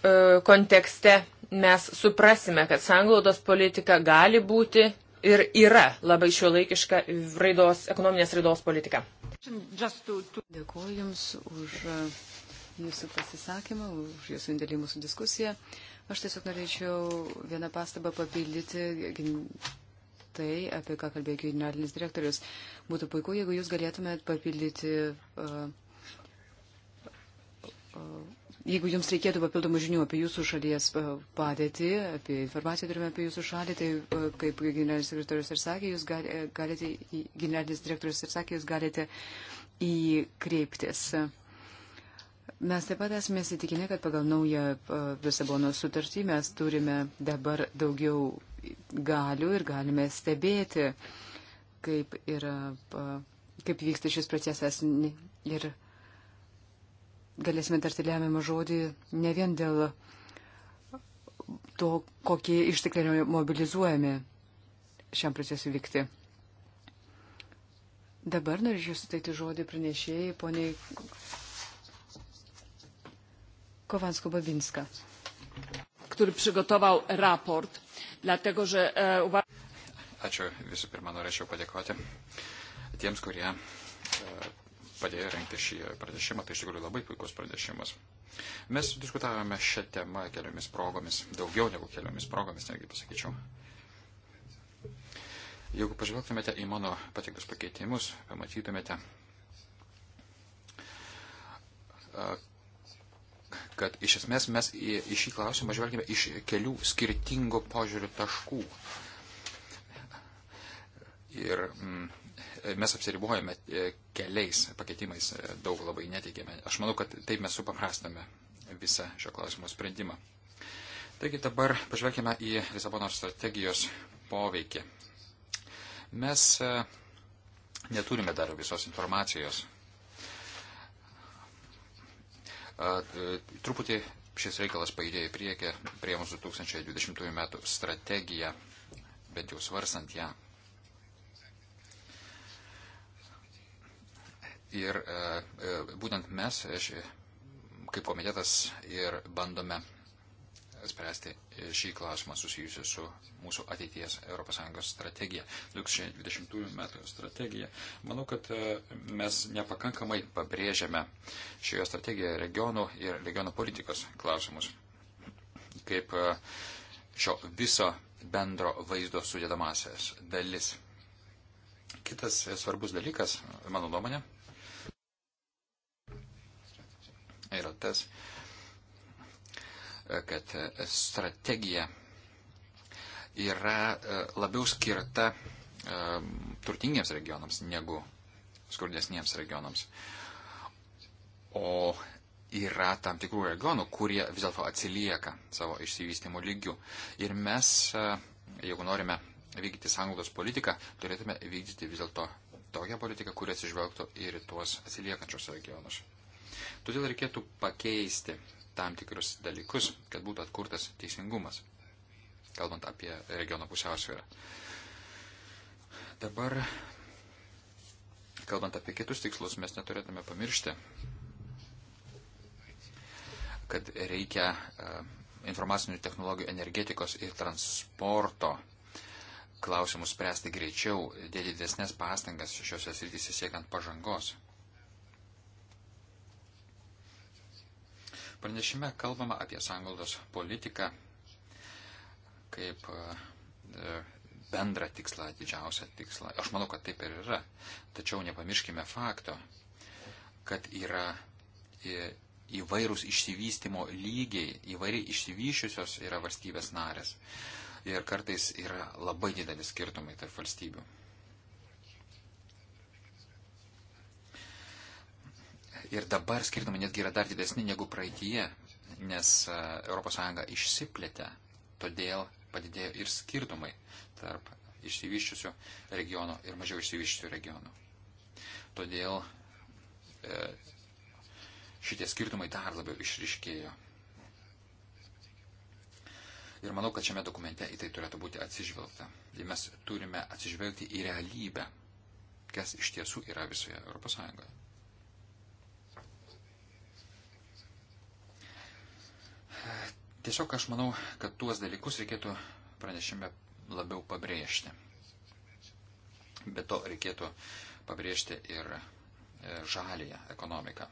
Speaker 1: e, kontekste mes suprasime, kad sanglaudos politika gali būti ir yra labai šiuolaikiška raidos, ekonominės raidos politika.
Speaker 3: Dėkuoju Jums už e, Jūsų pasisakymą, už Jūsų indėlį mūsų diskusiją. Aš tiesiog norėčiau vieną pastabą papildyti tai, apie ką kalbėjo generalinis direktorius. Būtų puiku, jeigu Jūs galėtumėt papildyti. Uh, Jeigu jums reikėtų papildomų žinių apie jūsų šalies e, padėtį, apie informaciją turime apie jūsų šalį, tai e, kaip generalinis sekretorius ir sakė, jūs e, galite, generalinis direktorius ir sakė, jūs galite į kreiptis. Mes taip pat esame įsitikinę, kad pagal naują Lisabono sutartį mes turime dabar daugiau galių ir galime stebėti, kaip, yra, kaip vyksta šis procesas ir galėsime tarti lemiamą žodį ne vien dėl to, kokie ištekliai mobilizuojami šiam procesui vykti. Dabar norėčiau suteikti žodį pranešėjai poniai Kovansko Babinska. Który przygotował
Speaker 1: raport, dlatego że. E,
Speaker 2: Ačiū visų pirma, norėčiau padėkoti tiems, kurie e, padėjo renkti šį pranešimą, tai iš tikrųjų labai puikus pranešimas. Mes diskutavome šią temą keliomis progomis, daugiau negu keliomis progomis, netgi pasakyčiau. Jeigu pažvelgtumėte į mano patiktus pakeitimus, pamatytumėte, kad iš esmės mes į, į šį klausimą žvelgime iš kelių skirtingų požiūrių taškų. Ir mm, mes apsiribojame e, keliais pakeitimais, e, daug labai neteikėme. Aš manau, kad taip mes supaprastame visą šio klausimo sprendimą. Taigi dabar pažvelgime į Lisabonos strategijos poveikį. Mes e, neturime dar visos informacijos. Truputį šis reikalas pajudėjo į priekį prie mūsų 2020 metų strategiją, bent jau svarstant ją. Ja Ir e, e, būtent mes, e, kaip komitetas, ir bandome spręsti šį klausimą susijusiu su mūsų ateities ES strategija, 2020 metų strategija. Manau, kad mes nepakankamai pabrėžiame šioje strategijoje regionų ir regionų politikos klausimus, kaip šio viso bendro vaizdo sudėdamasias dalis. Kitas svarbus dalykas, mano nuomonė, yra tas, kad strategija yra e, labiau skirta e, turtingiems regionams negu skurdesniems regionams. O yra tam tikrų regionų, kurie vis dėlto atsilieka savo išsivystimo lygių. Ir mes, e, jeigu norime vykdyti sąnaudos politiką, turėtume vykdyti vis dėlto tokią politiką, kuri atsižvelgtų ir į tuos atsiliekančius regionus. Todėl reikėtų pakeisti tam tikrus dalykus, kad būtų atkurtas teisingumas, kalbant apie regiono pusiausvyrą. Dabar, kalbant apie kitus tikslus, mes neturėtume pamiršti, kad reikia e, informacinių technologijų energetikos ir transporto klausimus spręsti greičiau, dėti didesnės pastangas šiuose srityse siekiant pažangos. Pranešime kalbama apie sąnglaudos politiką kaip e, bendrą tikslą, didžiausią tikslą. Aš manau, kad taip ir yra. Tačiau nepamirškime fakto, kad yra e, įvairūs išsivystimo lygiai, įvairiai išsivyšiusios yra valstybės narės. Ir kartais yra labai didelis skirtumai tarp valstybių. Ir dabar skirtumai netgi yra dar didesni negu praeitie, nes ES išsiplėtė, todėl padidėjo ir skirtumai tarp išsivyščiusių regionų ir mažiau išsivyščiusių regionų. Todėl e, šitie skirtumai dar labiau išriškėjo. Ir manau, kad šiame dokumente į tai turėtų būti atsižvelgta. Ir mes turime atsižvelgti į realybę, kas iš tiesų yra visoje Europos Sąjungoje. Tiesiog aš manau, kad tuos dalykus reikėtų pranešime labiau pabrėžti. Be to reikėtų pabrėžti ir e, žalėje ekonomiką.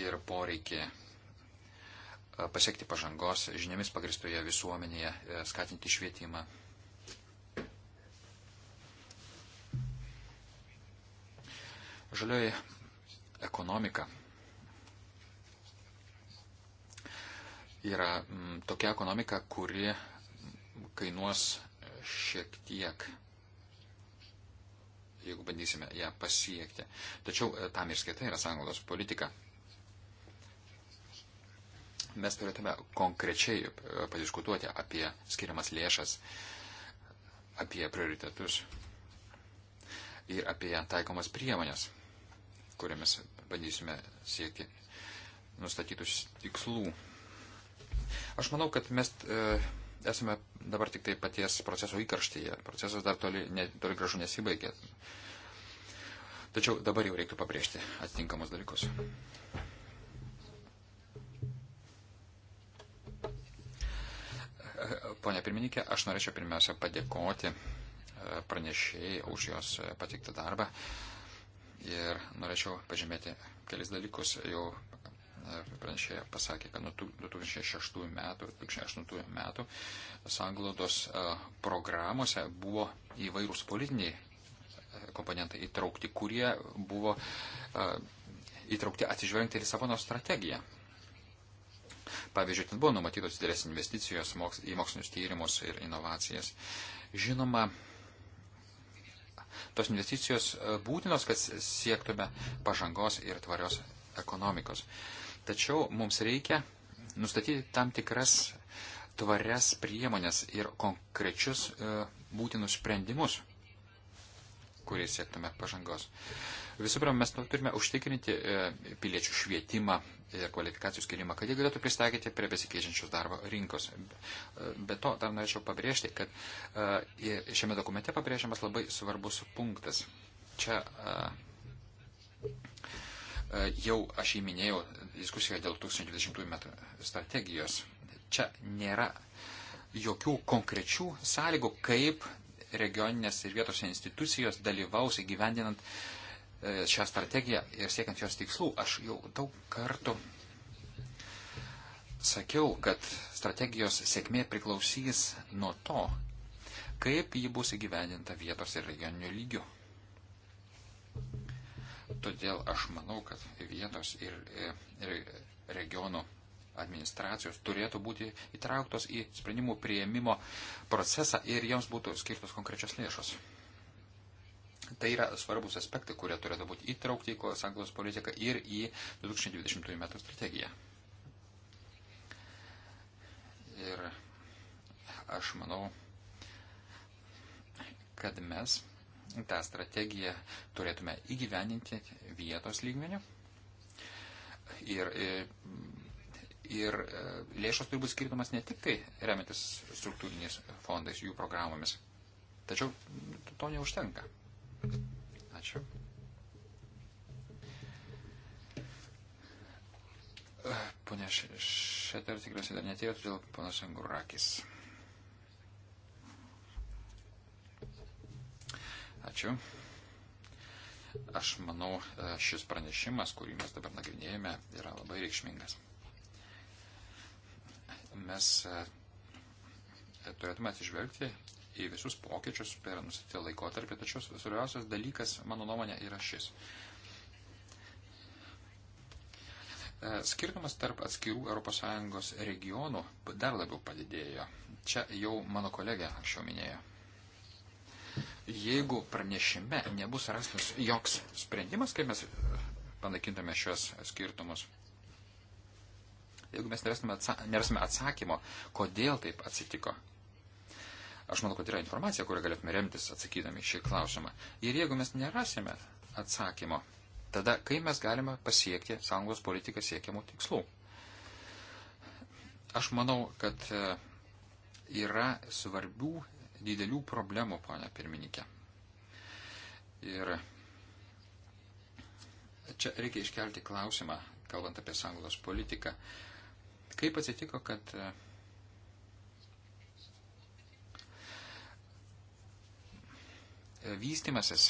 Speaker 2: Ir poreikį e, pasiekti pažangos žiniomis pagristoje visuomenėje, e, skatinti švietimą. Žalioji ekonomika yra mm, tokia ekonomika, kuri kainuos šiek tiek, jeigu bandysime ją pasiekti. Tačiau e, tam ir skirta yra sąnaudos politika. Mes turėtume konkrečiai e, padiskutuoti apie skiriamas lėšas, apie prioritetus ir apie taikomas priemonės, kuriamis bandysime siekti nustatytus tikslų. Aš manau, kad mes e, esame dabar tik tai paties proceso įkarštyje. Procesas dar toli, ne, toli gražu nesibaigė. Tačiau dabar jau reikia pabrėžti atitinkamus dalykus. Pone pirmininkė, aš norėčiau pirmiausia padėkoti e, pranešėjai už jos pateiktą darbą. Ir norėčiau pažymėti kelis dalykus. Jau pranešėja pasakė, kad nuo 2006 metų, 2008 metų sanglaudos e, programuose buvo įvairūs politiniai e, komponentai įtraukti, kurie buvo e, įtraukti atsižvelgti ir savo strategiją. Pavyzdžiui, ten buvo numatytos didelės investicijos moks, į mokslinius tyrimus ir inovacijas. Žinoma, tos investicijos būtinos, kad siektume pažangos ir tvarios ekonomikos. Uh, Tačiau mums reikia nustatyti tam tikras tvarias priemonės ir konkrečius e, būtinus sprendimus, kuriais siektume pažangos. Visų pirma, mes nu, turime užtikrinti e, piliečių švietimą ir kvalifikacijų skirimą, kad jie galėtų pristaikyti prie besikeičiančios darbo rinkos. E, be to, dar norėčiau pabrėžti, kad šiame dokumente pabrėžiamas labai svarbus punktas. Čia E, jau aš įminėjau diskusijoje dėl 2020 metų strategijos. Čia nėra jokių konkrečių sąlygų, kaip regioninės ir vietos institucijos dalyvaus įgyvendinant e, šią strategiją ir siekiant jos tikslų. Aš jau daug kartų sakiau, kad strategijos sėkmė priklausys nuo to, kaip ji bus įgyvendinta vietos ir regioninių lygių. Todėl aš manau, kad vietos ir, ir e, regionų administracijos turėtų būti įtrauktos į sprendimų prieimimo procesą ir jiems būtų skirtos konkrečios lėšos. Tai yra svarbus aspektai, kurie turėtų būti įtraukti į sanglos politiką ir į 2020 m. strategiją. Ir aš manau, kad mes tą strategiją turėtume įgyveninti vietos lygmenį. Ir, e, ir e, lėšos turi būti skirtumas ne tik tai remiantis struktūriniais fondais, jų programomis. Tačiau to neužtenka. Ačiū. Pone Šeter tikriausiai dar netėjo, todėl panas Angurakis. Ačiū. Aš manau, e, šis pranešimas, kurį mes dabar nagrinėjame, yra labai reikšmingas. Mes e, turėtume atsižvelgti į visus pokyčius per nusitį laikotarpį, tačiau svarbiausias dalykas, mano nuomonė, yra šis. E, skirtumas tarp atskirų ES regionų dar labiau padidėjo. Čia jau mano kolegė anksčiau minėjo jeigu pranešime nebus rastas joks sprendimas, kaip mes e, panaikintume šios skirtumus, jeigu mes nerasime, atsa nerasime atsakymo, kodėl taip atsitiko. Aš manau, kad yra informacija, kurią galėtume remtis atsakydami šį klausimą. Ir jeigu mes nerasime atsakymo, tada kaip mes galime pasiekti sąjungos politiką siekiamų tikslų? Aš manau, kad e, yra svarbių didelių problemų, ponia pirmininkė. Ir čia reikia iškelti klausimą, kalbant apie sanglos politiką. Kaip atsitiko, kad e, vystimasis,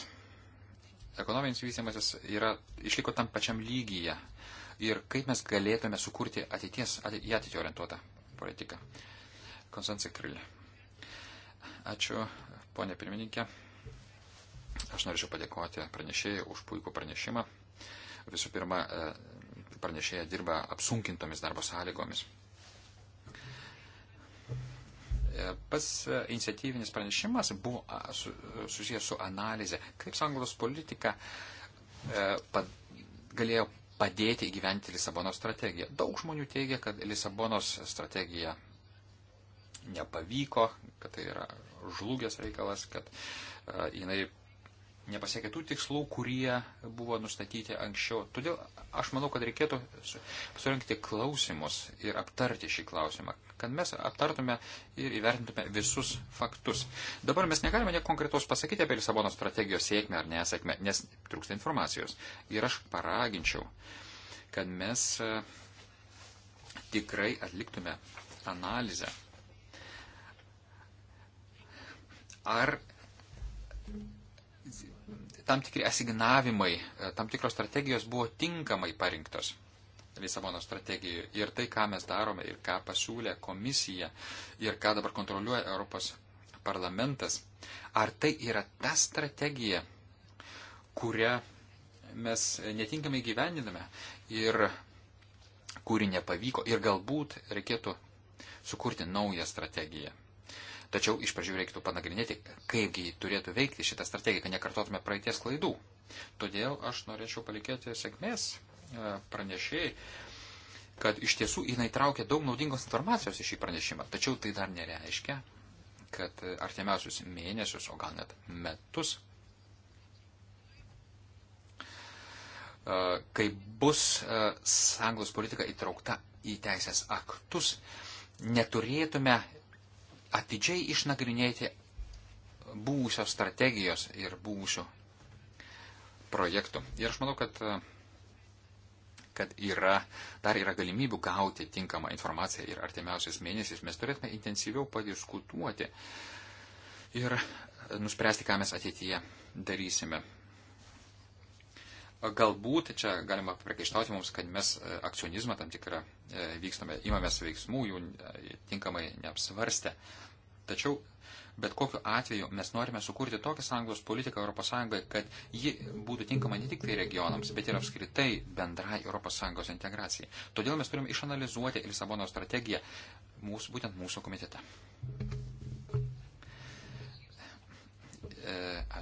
Speaker 2: ekonominis vystimasis yra, išliko tam pačiam lygyje ir kaip mes galėtume sukurti ateities, į ateitį orientuotą politiką. Konstancija Krilė. Ačiū, ponė pirmininkė. Aš norėčiau padėkoti pranešėjai už puikų pranešimą. Visų pirma, e, pranešėja dirba apsunkintomis darbo sąlygomis. E, pats e, iniciatyvinis pranešimas buvo susijęs su analize, kaip sanglos politika galėjo padėti įgyventi Lisabonos strategiją. Daug žmonių teigia, kad Lisabonos strategija nepavyko, kad tai yra žlugęs reikalas, kad e, jinai nepasiekė tų tikslų, kurie buvo nustatyti anksčiau. Todėl aš manau, kad reikėtų surinkti klausimus ir aptarti šį klausimą, kad mes aptartume ir įvertintume visus faktus. Dabar mes negalime nieko konkretaus pasakyti apie Lisabono strategijos sėkmę ar nesėkmę, nes trūksta informacijos. Ir aš paraginčiau, kad mes e, tikrai atliktume analizę ar tam tikri asignavimai, e, tam tikros strategijos buvo tinkamai parinktos Lisabono strategijoje. Ir tai, ką mes darome ir ką pasiūlė komisija ir ką dabar kontroliuoja Europos parlamentas, ar tai yra ta strategija, kurią mes netinkamai gyvendiname ir kuri nepavyko ir galbūt reikėtų sukurti naują strategiją. Tačiau iš pradžių reiktų panagrinėti, kaipgi turėtų veikti šitą strategiją, kad nekartotume praeities klaidų. Todėl aš norėčiau palikėti sėkmės e, pranešėjai, kad iš tiesų jinai traukia daug naudingos informacijos į šį pranešimą. Tačiau tai dar nereiškia, kad e, artimiausius mėnesius, o gal net metus, e, kai bus sanglos politika įtraukta į teisės aktus, neturėtume atidžiai išnagrinėti būsios strategijos ir būsių projektų. Ir aš manau, kad, kad yra, dar yra galimybių gauti tinkamą informaciją ir artimiausiais mėnesiais mes turėtume intensyviau padiskutuoti ir nuspręsti, ką mes ateityje darysime. Galbūt čia galima priekaištauti mums, kad mes e, akcionizmą tam tikrą e, vykstame, imamės veiksmų, jų e, tinkamai neapsvarstę. Tačiau bet kokiu atveju mes norime sukurti tokią sąjungos politiką ES, kad ji būtų tinkama ne tik tai regionams, bet ir apskritai bendrai ES integracijai. Todėl mes turime išanalizuoti Lisabono strategiją mūsų, būtent mūsų komitete.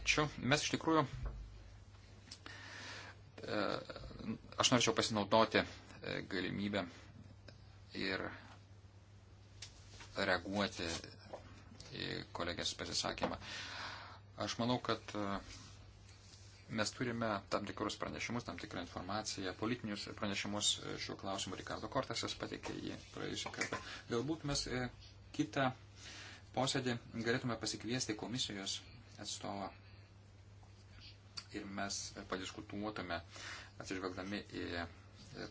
Speaker 2: Ačiū. Mes iš tikrųjų aš norėčiau pasinaudoti e, galimybę ir reaguoti į kolegės pasisakymą. Aš manau, kad e, mes turime tam tikrus pranešimus, tam tikrą informaciją, politinius pranešimus šiuo klausimu. Rikardo Kortesas pateikė jį praėjusį kartą. Galbūt mes e, kitą posėdį galėtume pasikviesti komisijos atstovą ir mes padiskutuotume, atsižvelgdami į e,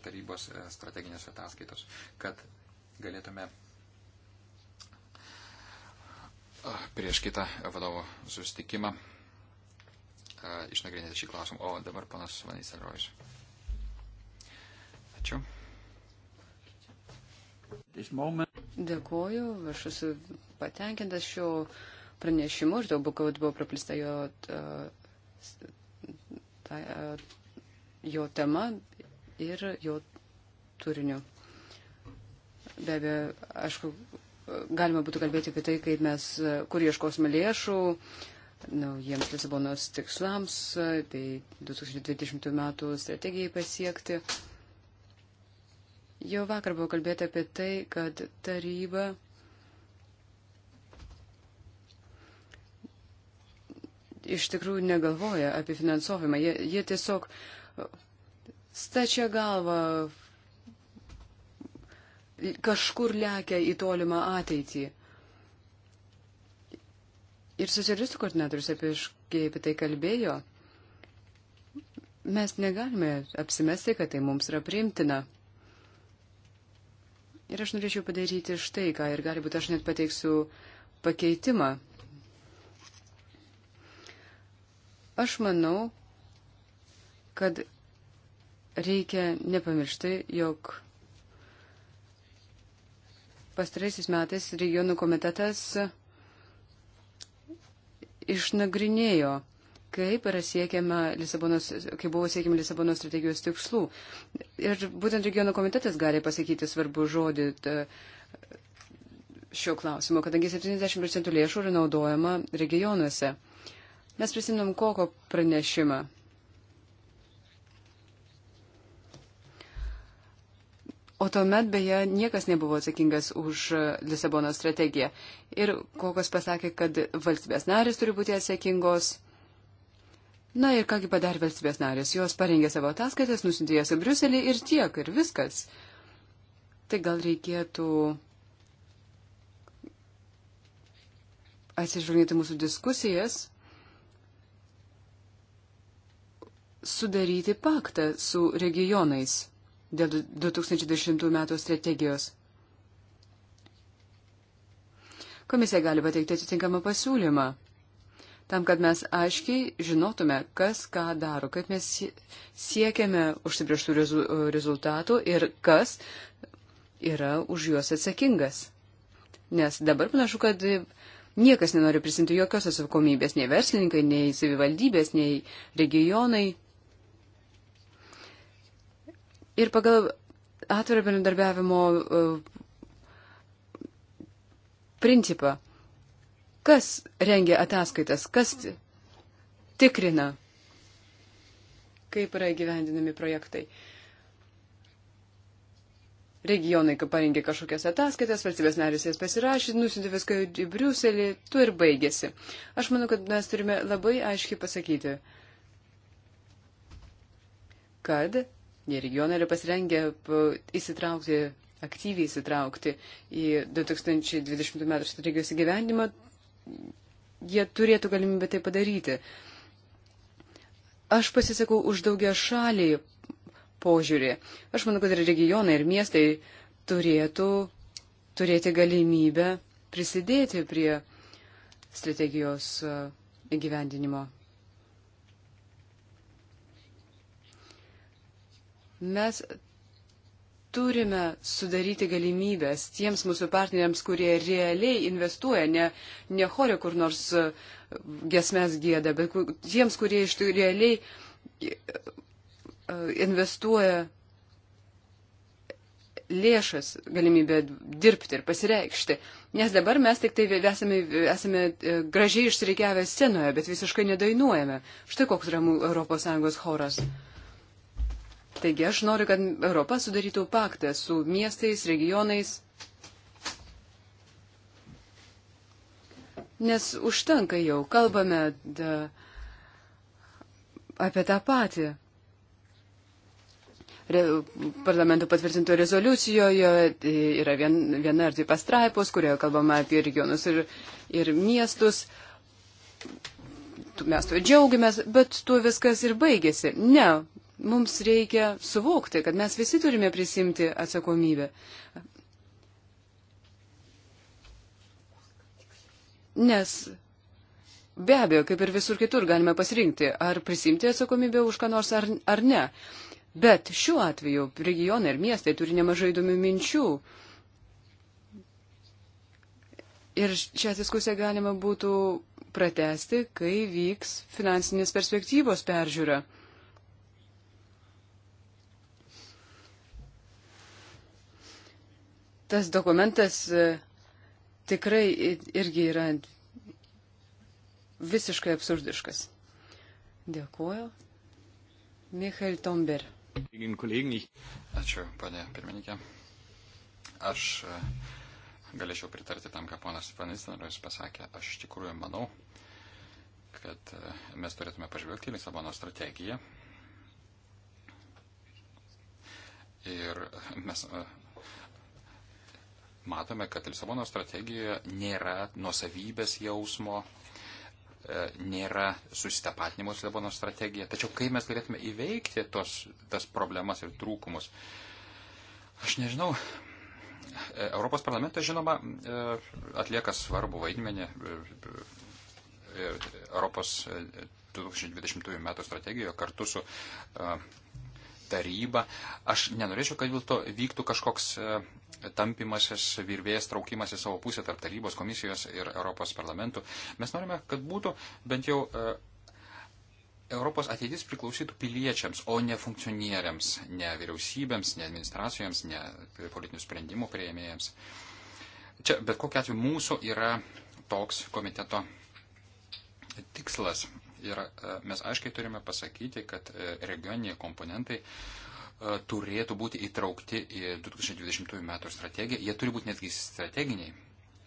Speaker 2: tarybos e, strateginės ataskaitos, kad galėtume e, prieš kitą vadovo susitikimą išnagrinėti šį klausimą. O dabar panas Vanys Elrojus.
Speaker 3: Ačiū. Dėkuoju, aš esu patenkintas šio pranešimu ir daug kad buvo praplista jo ta, e, jo tema ir jo turiniu. Be abejo, aišku, galima būtų kalbėti apie tai, kaip mes, e, kur ieškosime lėšų naujiems Lisabonos tikslams, e, tai 2020 metų strategijai pasiekti. Jau vakar buvo kalbėta apie tai, kad taryba iš tikrųjų negalvoja apie finansavimą. Jie, jie tiesiog stačia galva kažkur lekia į tolimą ateitį. Ir socialistų koordinatorius apie, apie tai kalbėjo. Mes negalime apsimesti, kad tai mums yra priimtina. Ir aš norėčiau padaryti štai ką, ir gali būti aš net pateiksiu pakeitimą. Aš manau, kad reikia nepamiršti, jog pastaraisiais metais regionų komitetas išnagrinėjo, kaip yra siekiama Lisabonos, kaip buvo siekiama Lisabonos strategijos tikslų. Ir būtent regionų komitetas gali pasakyti svarbu žodį šio klausimo, kadangi 70 procentų lėšų yra naudojama regionuose. Mes prisimnam kokio pranešimą. O tuomet beje niekas nebuvo atsakingas už Lisabono strategiją. Ir kokios pasakė, kad valstybės narės turi būti atsakingos. Na ir kągi padarė valstybės narės. Jos parengė savo ataskaitas, nusintėjo į Briuselį ir tiek, ir viskas. Tai gal reikėtų atsižvelgti mūsų diskusijas sudaryti paktą su regionais dėl 2010 metų strategijos. Komisija gali pateikti atitinkamą pasiūlymą, tam, kad mes aiškiai žinotume, kas ką daro, kaip mes siekiame užsibrieštų rezultatų ir kas yra už juos atsakingas. Nes dabar panašu, kad niekas nenori prisimti jokios atsakomybės, nei verslininkai, nei savivaldybės, nei regionai, Ir pagal atvirą bendradarbiavimo e, principą, kas rengia ataskaitas, kas tikrina, kaip yra įgyvendinami projektai. Regionai parengė kažkokias ataskaitas, valstybės narės jas pasirašė, nusintė viską į Briuselį, tu ir baigėsi. Aš manau, kad mes turime labai aiškiai pasakyti, kad regionai yra pasirengę įsitraukti, aktyviai įsitraukti į 2020 m. strategijos įgyvendimą, jie turėtų galimybę tai padaryti. Aš pasisakau už daugia šalį požiūrį. Aš manau, kad ir regionai, ir miestai turėtų turėti galimybę prisidėti prie strategijos įgyvendinimo. Uh, Mes turime sudaryti galimybės tiems mūsų partneriams, kurie realiai investuoja, ne, ne chore kur nors e, gesmes gėda, bet tiems, kurie iš tikrųjų realiai e, e, investuoja lėšas galimybę dirbti ir pasireikšti. Nes dabar mes tik tai esame, esame gražiai išsirikiavę scenoje, bet visiškai nedainuojame. Štai koks yra ES choras. Taigi aš noriu, kad Europa sudarytų paktą su miestais, regionais, nes užtenka jau, kalbame da, apie tą patį. Re, parlamento patvirtinto rezoliucijoje yra vien, viena ar dvi pastraipos, kurioje kalbama apie regionus ir, ir miestus. Mes tuo džiaugiamės, bet tuo viskas ir baigėsi. Ne, mums reikia suvokti, kad mes visi turime prisimti atsakomybę. Nes be abejo, kaip ir visur kitur, galime pasirinkti, ar prisimti atsakomybę už ką nors ar, ar ne. Bet šiuo atveju regionai ir miestai turi nemažai įdomių minčių. Ir šią diskusiją galima būtų pratesti, kai vyks finansinės perspektyvos peržiūra. tas dokumentas e, tikrai irgi yra visiškai absurdiškas. Dėkuoju. Michael Tomber.
Speaker 2: Ačiū, panė pirmininkė. Aš e, galėčiau pritarti tam, ką ponas Panistanaras pasakė. Aš iš tikrųjų manau, kad e, mes turėtume pažvelgti į Lisabono strategiją. Ir mes matome, kad Lisabono strategijoje nėra nuosavybės jausmo, e, nėra susitapatinimo su Lisabono strategija. Tačiau kaip mes galėtume įveikti tos, tas problemas ir trūkumus? Aš nežinau. E, Europos parlamentas, žinoma, e, atlieka svarbų vaidmenį Europos 2020 m. strategijoje kartu su taryba. Aš nenorėčiau, kad dėl to vyktų kažkoks e, tampimasis, virvės traukimas į savo pusę tarp tarybos komisijos ir Europos parlamentų. Mes norime, kad būtų bent jau e, Europos ateitis priklausytų piliečiams, o ne funkcionieriams, ne vyriausybėms, ne administracijoms, ne politinių sprendimų prieimėjams. Čia bet kokia atveju mūsų yra toks komiteto tikslas. Ir e, mes aiškiai turime pasakyti, kad e, regioniniai komponentai e, turėtų būti įtraukti į 2020 m. strategiją. Jie turi būti netgi strateginiai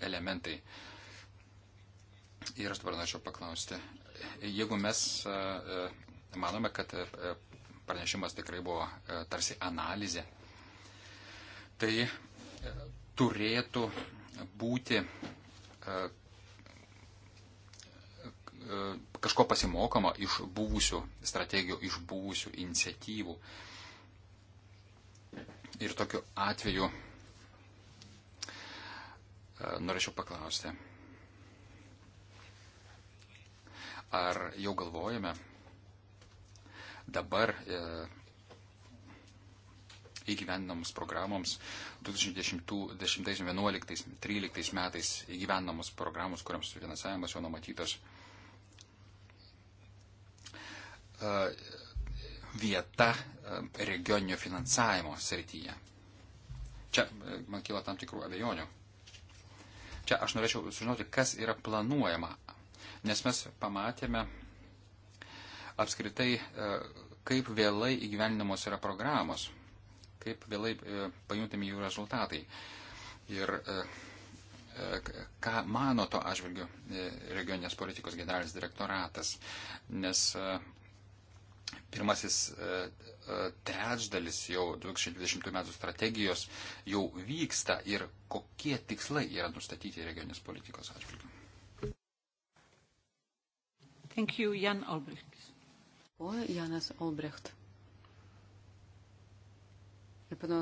Speaker 2: elementai. Ir aš dabar norėčiau paklausti, jeigu mes manome, kad pranešimas tikrai buvo tarsi analizė, tai turėtų būti E, kažko pasimokoma iš buvusių strategijų, iš buvusių iniciatyvų. Ir tokiu atveju e, norėčiau paklausti, ar jau galvojame dabar e, įgyvendinamos programoms 2010-2011-2013 metais įgyvendinamos programos, kuriams finansavimas jau numatytas E, vieta e, regioninio finansavimo srityje. Čia e, man kyla tam tikrų abejonių. Čia aš norėčiau sužinoti, kas yra planuojama, nes mes pamatėme apskritai, kaip vėlai įgyvendinamos yra programos, kaip vėlai pajuntami jų rezultatai. Ir ką mano to atžvilgiu regioninės politikos generalinis direktoratas, nes pirmasis e, e, trečdalis jau 2020 metų strategijos jau vyksta ir kokie tikslai yra nustatyti regioninės politikos atžvilgiu.
Speaker 3: Thank you, Jan Albrecht. O Janas Albrecht. Ir pano,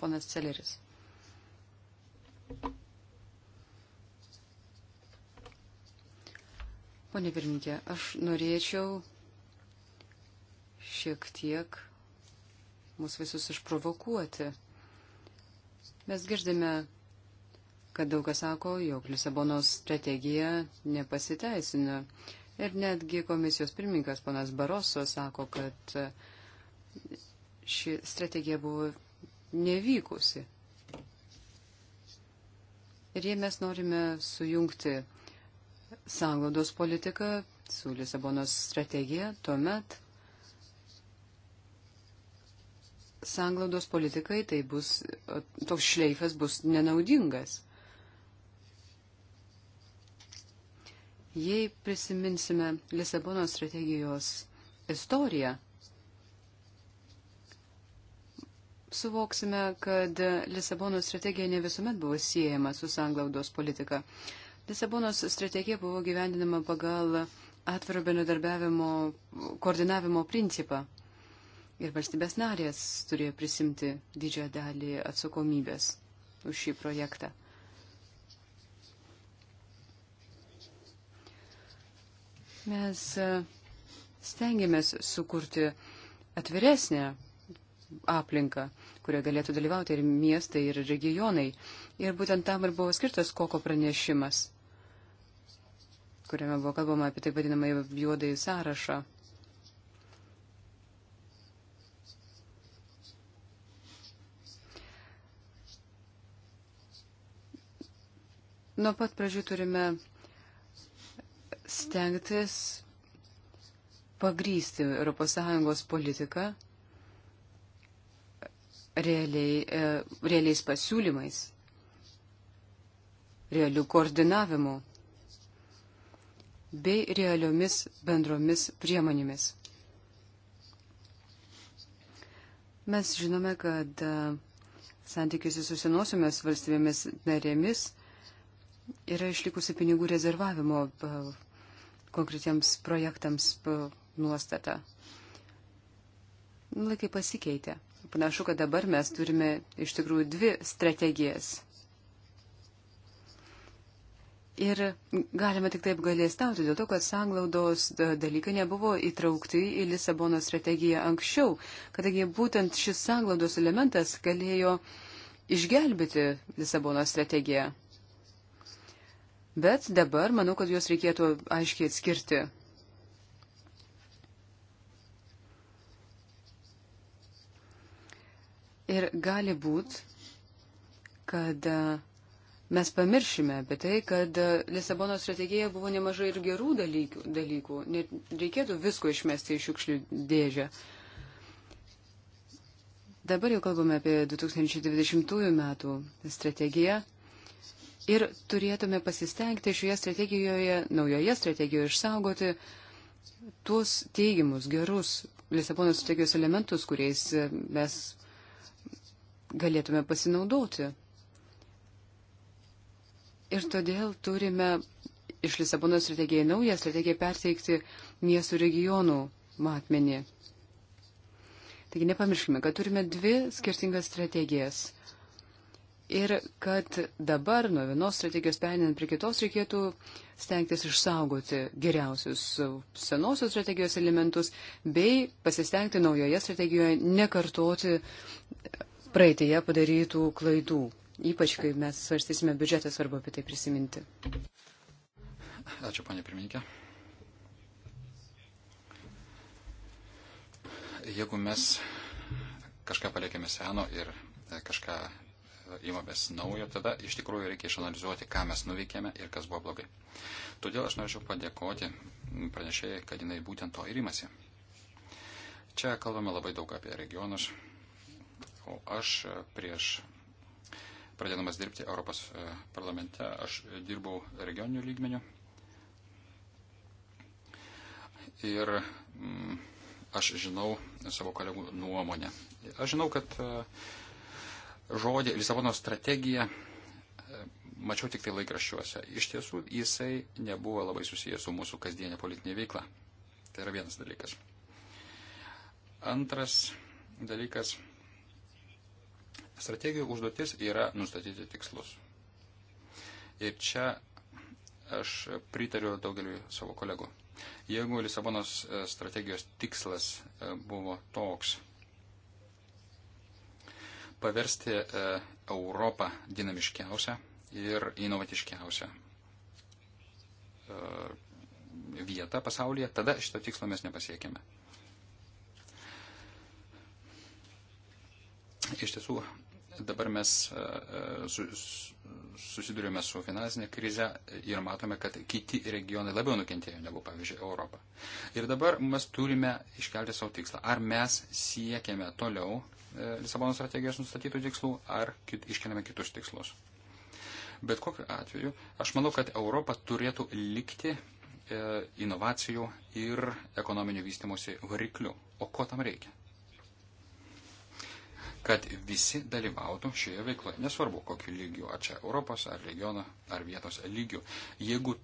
Speaker 3: ponas Celeris. Pone pirmininkė, aš norėčiau šiek tiek mus visus išprovokuoti. Mes girdime, kad daug kas sako, jog Lisabonos strategija nepasiteisina. Ir netgi komisijos pirmininkas panas Baroso sako, kad ši strategija buvo nevykusi. Ir jei mes norime sujungti sąnglaudos politiką su Lisabonos strategija, tuomet sanglaudos politikai tai bus, toks šleifas bus nenaudingas. Jei prisiminsime Lisabono strategijos istoriją, suvoksime, kad Lisabono strategija ne visuomet buvo siejama su sanglaudos politika. Lisabonos strategija buvo gyvendinama pagal atviro bendradarbiavimo koordinavimo principą. Ir valstybės narės turėjo prisimti didžiąją dalį atsakomybės už šį projektą. Mes e, stengiamės sukurti atviresnę aplinką, kurioje galėtų dalyvauti ir miestai, ir regionai. Ir būtent tam ir buvo skirtas koko pranešimas, kuriame buvo kalbama apie taip vadinamą juodąjį sąrašą. Nuo pat pradžių turime stengtis pagrysti ES politiką realiai, e, realiais pasiūlymais, realių koordinavimu bei realiomis bendromis priemonėmis. Mes žinome, kad e, santykiuose su senosiomis valstybėmis narėmis yra išlikusi pinigų rezervavimo konkretiems projektams nuostata. Laikai pasikeitė. Panašu, kad dabar mes turime iš tikrųjų dvi strategijas. Ir galime tik taip galėstauti dėl to, kad sanglaudos dalykai nebuvo įtraukti į Lisabono strategiją anksčiau, kadangi būtent šis sanglaudos elementas galėjo išgelbėti Lisabono strategiją. Bet dabar manau, kad juos reikėtų aiškiai atskirti. Ir gali būt, kad e, mes pamiršime apie tai, kad e, Lisabono strategija buvo nemažai ir gerų dalykų. dalykų. Reikėtų visko išmesti iš šiukšlių dėžę. Dabar jau kalbame apie 2020 metų strategiją ir turėtume pasistengti šioje strategijoje, naujoje strategijoje išsaugoti tuos teigiamus, gerus Lisabono strategijos elementus, kuriais e, mes galėtume pasinaudoti. Ir todėl turime iš Lisabono strategiją naują strategiją perteikti miestų regionų matmenį. Taigi nepamirškime, kad turime dvi skirtingas strategijas ir kad dabar nuo vienos strategijos perinant prie kitos reikėtų stengtis išsaugoti geriausius senosios strategijos elementus bei pasistengti naujoje strategijoje nekartoti praeitėje padarytų klaidų, ypač kai mes svarstysime biudžetą, svarbu apie tai prisiminti.
Speaker 2: Ačiū, panė pirmininkė. Jeigu mes kažką paliekame seno ir kažką imamės naujo, tada iš tikrųjų reikia išanalizuoti, ką mes nuveikėme ir kas buvo blogai. Todėl aš norėčiau padėkoti pranešėjai, kad jinai būtent to ir imasi. Čia kalbame labai daug apie regionus, o aš e, prieš pradėdamas dirbti Europos e, parlamente, aš dirbau regioninių lygmenių. Ir mm, aš žinau savo kolegų nuomonę. Aš žinau, kad uh, žodį Lisabono strategija mačiau tik tai laikraščiuose. Iš tiesų, jisai nebuvo labai susijęs su mūsų kasdienė politinė veikla. Tai yra vienas dalykas. Antras dalykas. Strategijų užduotis yra nustatyti tikslus. Ir čia aš pritariu daugeliu savo kolegų. Jeigu Lisabonos e, strategijos tikslas e, buvo toks, paversti e, Europą dinamiškiausią ir inovatiškiausią e, vietą pasaulyje, tada šito tikslo mes nepasiekėme. Iš tiesų, dabar mes e, susidurime su finansinė krize ir matome, kad kiti regionai labiau nukentėjo negu, pavyzdžiui, Europa. Ir dabar mes turime iškelti savo tikslą. Ar mes siekiame toliau E, Lisabono strategijos nustatytų tikslų ar kit, iškeliame kitus tikslus. Bet kokiu atveju, aš manau, kad Europa turėtų likti e, inovacijų ir ekonominio vystimosi varikliu. O ko tam reikia? Kad visi dalyvautų šioje veikloje, nesvarbu kokiu lygiu, ar čia Europos, ar regiono, ar vietos lygiu. Jeigu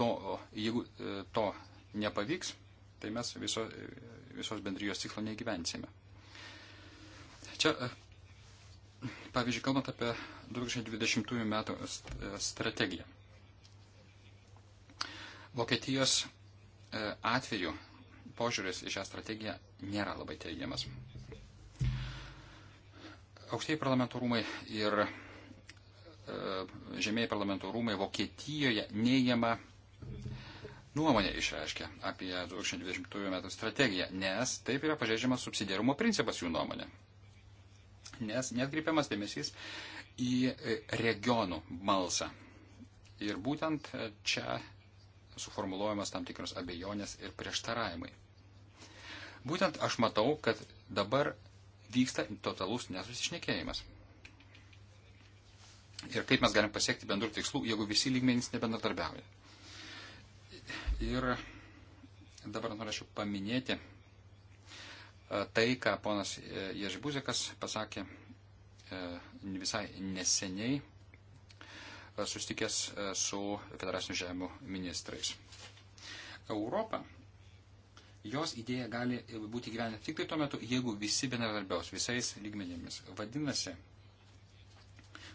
Speaker 2: to, jeigu e, to nepavyks, tai mes viso, visos bendrijos ciklo neįgyvensime. Čia, e, pavyzdžiui, kalbant apie 2020 metų e, strategiją. Vokietijos e, atveju požiūris į šią strategiją nėra labai teigiamas. Aukštieji parlamento rūmai ir e, žemieji parlamento rūmai Vokietijoje neįjama nuomonę išreiškia apie 2020 metų strategiją, nes taip yra pažeidžiamas subsidiarumo principas jų nuomonė nes netkreipiamas dėmesys į e, regionų balsą. Ir būtent e, čia suformuluojamas tam tikros abejonės ir prieštaravimai. Būtent aš matau, kad dabar vyksta totalus nesusišnekėjimas. Ir kaip mes galim pasiekti bendrų tikslų, jeigu visi lygmenys nebendradarbiauja. Ir dabar norėčiau paminėti tai, ką ponas e, Ježbuzikas pasakė e, visai neseniai e, sustikęs su federacinių žemų ministrais. Europa, jos idėja gali būti gyveninta tik tai tuo metu, jeigu visi bendradarbiaus visais lygmenėmis. Vadinasi,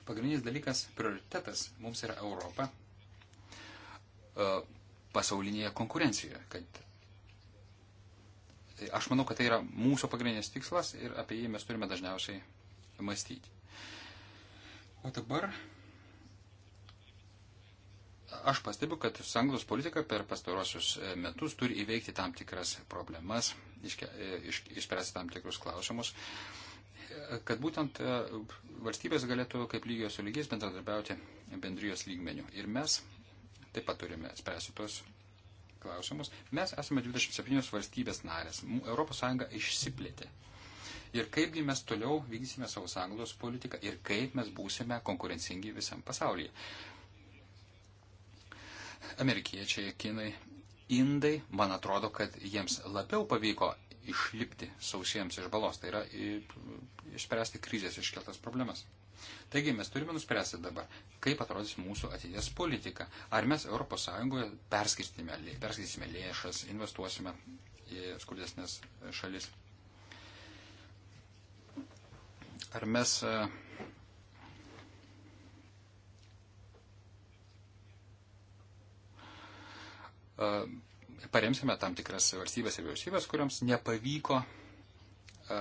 Speaker 2: pagrindinis dalykas, prioritetas mums yra Europa pasaulinėje konkurencijoje, kad Tai aš manau, kad tai yra mūsų pagrindinis tikslas ir apie jį mes turime dažniausiai mąstyti. O dabar aš pastebiu, kad sanglos politika per pastarosius e, metus turi įveikti tam tikras problemas, iške, e, iš, išspręsti tam tikrus klausimus, e, kad būtent valstybės galėtų kaip lygios su lygiais bendradarbiauti bendrijos lygmenių. Ir mes taip pat turime spręsti tos klausimus. Mes esame 27 valstybės narės. ES išsiplėtė. Ir kaipgi mes toliau vykdysime savo sąjungos politiką ir kaip mes būsime konkurencingi visam pasaulyje. Amerikiečiai, kinai, indai, man atrodo, kad jiems labiau pavyko išlipti sausiems iš balos, tai yra išspręsti krizės iškeltas problemas. Taigi mes turime nuspręsti dabar, kaip atrodys mūsų ateities politika. Ar mes ES perskirstysime, perskirstysime lėšas, investuosime į skurdesnės šalis. Ar mes. Uh, paremsime tam tikras valstybės ir vyriausybės, kuriams nepavyko uh,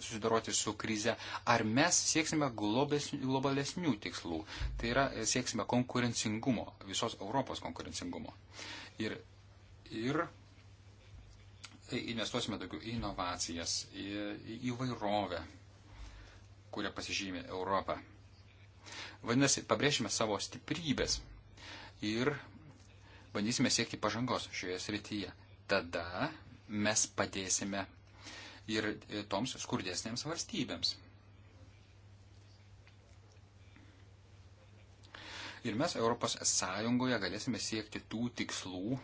Speaker 2: susidoroti su krize, ar mes sieksime globalesnių tikslų. Tai yra, e, sieksime konkurencingumo, visos Europos konkurencingumo. Ir, ir e, investuosime daugiau į inovacijas, į, į įvairovę, kurią pasižymė Europą. Vadinasi, pabrėžime savo stiprybės ir bandysime siekti pažangos šioje srityje. Tada mes padėsime ir e, toms skurdesnėms valstybėms. Ir mes Europos Sąjungoje galėsime siekti tų tikslų.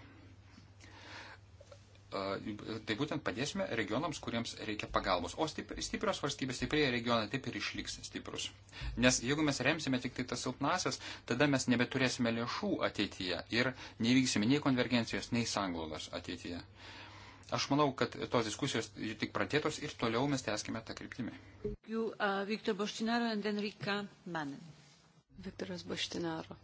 Speaker 2: E, tai būtent padėsime regionams, kuriems reikia pagalbos. O stiprios valstybės, stiprėja regionai taip ir išliks stiprus. Nes jeigu mes remsime tik tai tas silpnasias, tada mes nebeturėsime lėšų ateityje ir nevyksime nei konvergencijos, nei sanglaudos ateityje. Uh, Aš manau, kad tos diskusijos tik pradėtos ir toliau mes tęskime tą kryptimį.
Speaker 3: Uh, Victoras Boștinaru.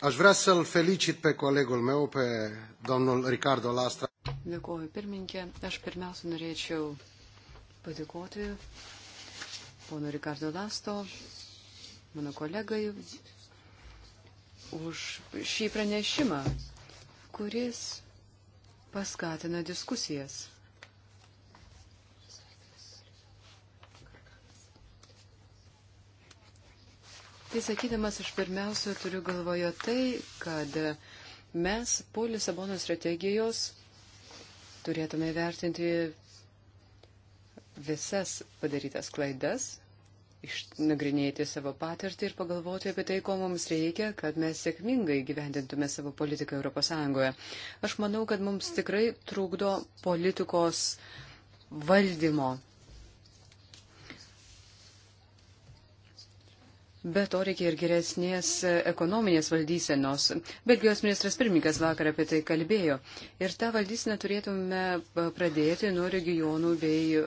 Speaker 2: Aș vrea să-l felicit pe colegul meu, pe domnul Ricardo Lastra.
Speaker 3: Dėkuoju, pirmininkė. Aš pirmiausia norėčiau padėkoti pono Ricardo Lasto, mano kolegai, už šį pranešimą, kuris paskatina diskusijas. Tai sakydamas, aš pirmiausia turiu galvoje tai, kad mes po Lisabono strategijos turėtume vertinti visas padarytas klaidas išnagrinėti savo patirtį ir pagalvoti apie tai, ko mums reikia, kad mes sėkmingai gyvendintume savo politiką ES. Aš manau, kad mums tikrai trukdo politikos valdymo. Be to reikia ir geresnės ekonominės valdysenos. Belgijos ministras pirmininkas vakar apie tai kalbėjo. Ir tą valdyseną turėtume pradėti nuo regionų bei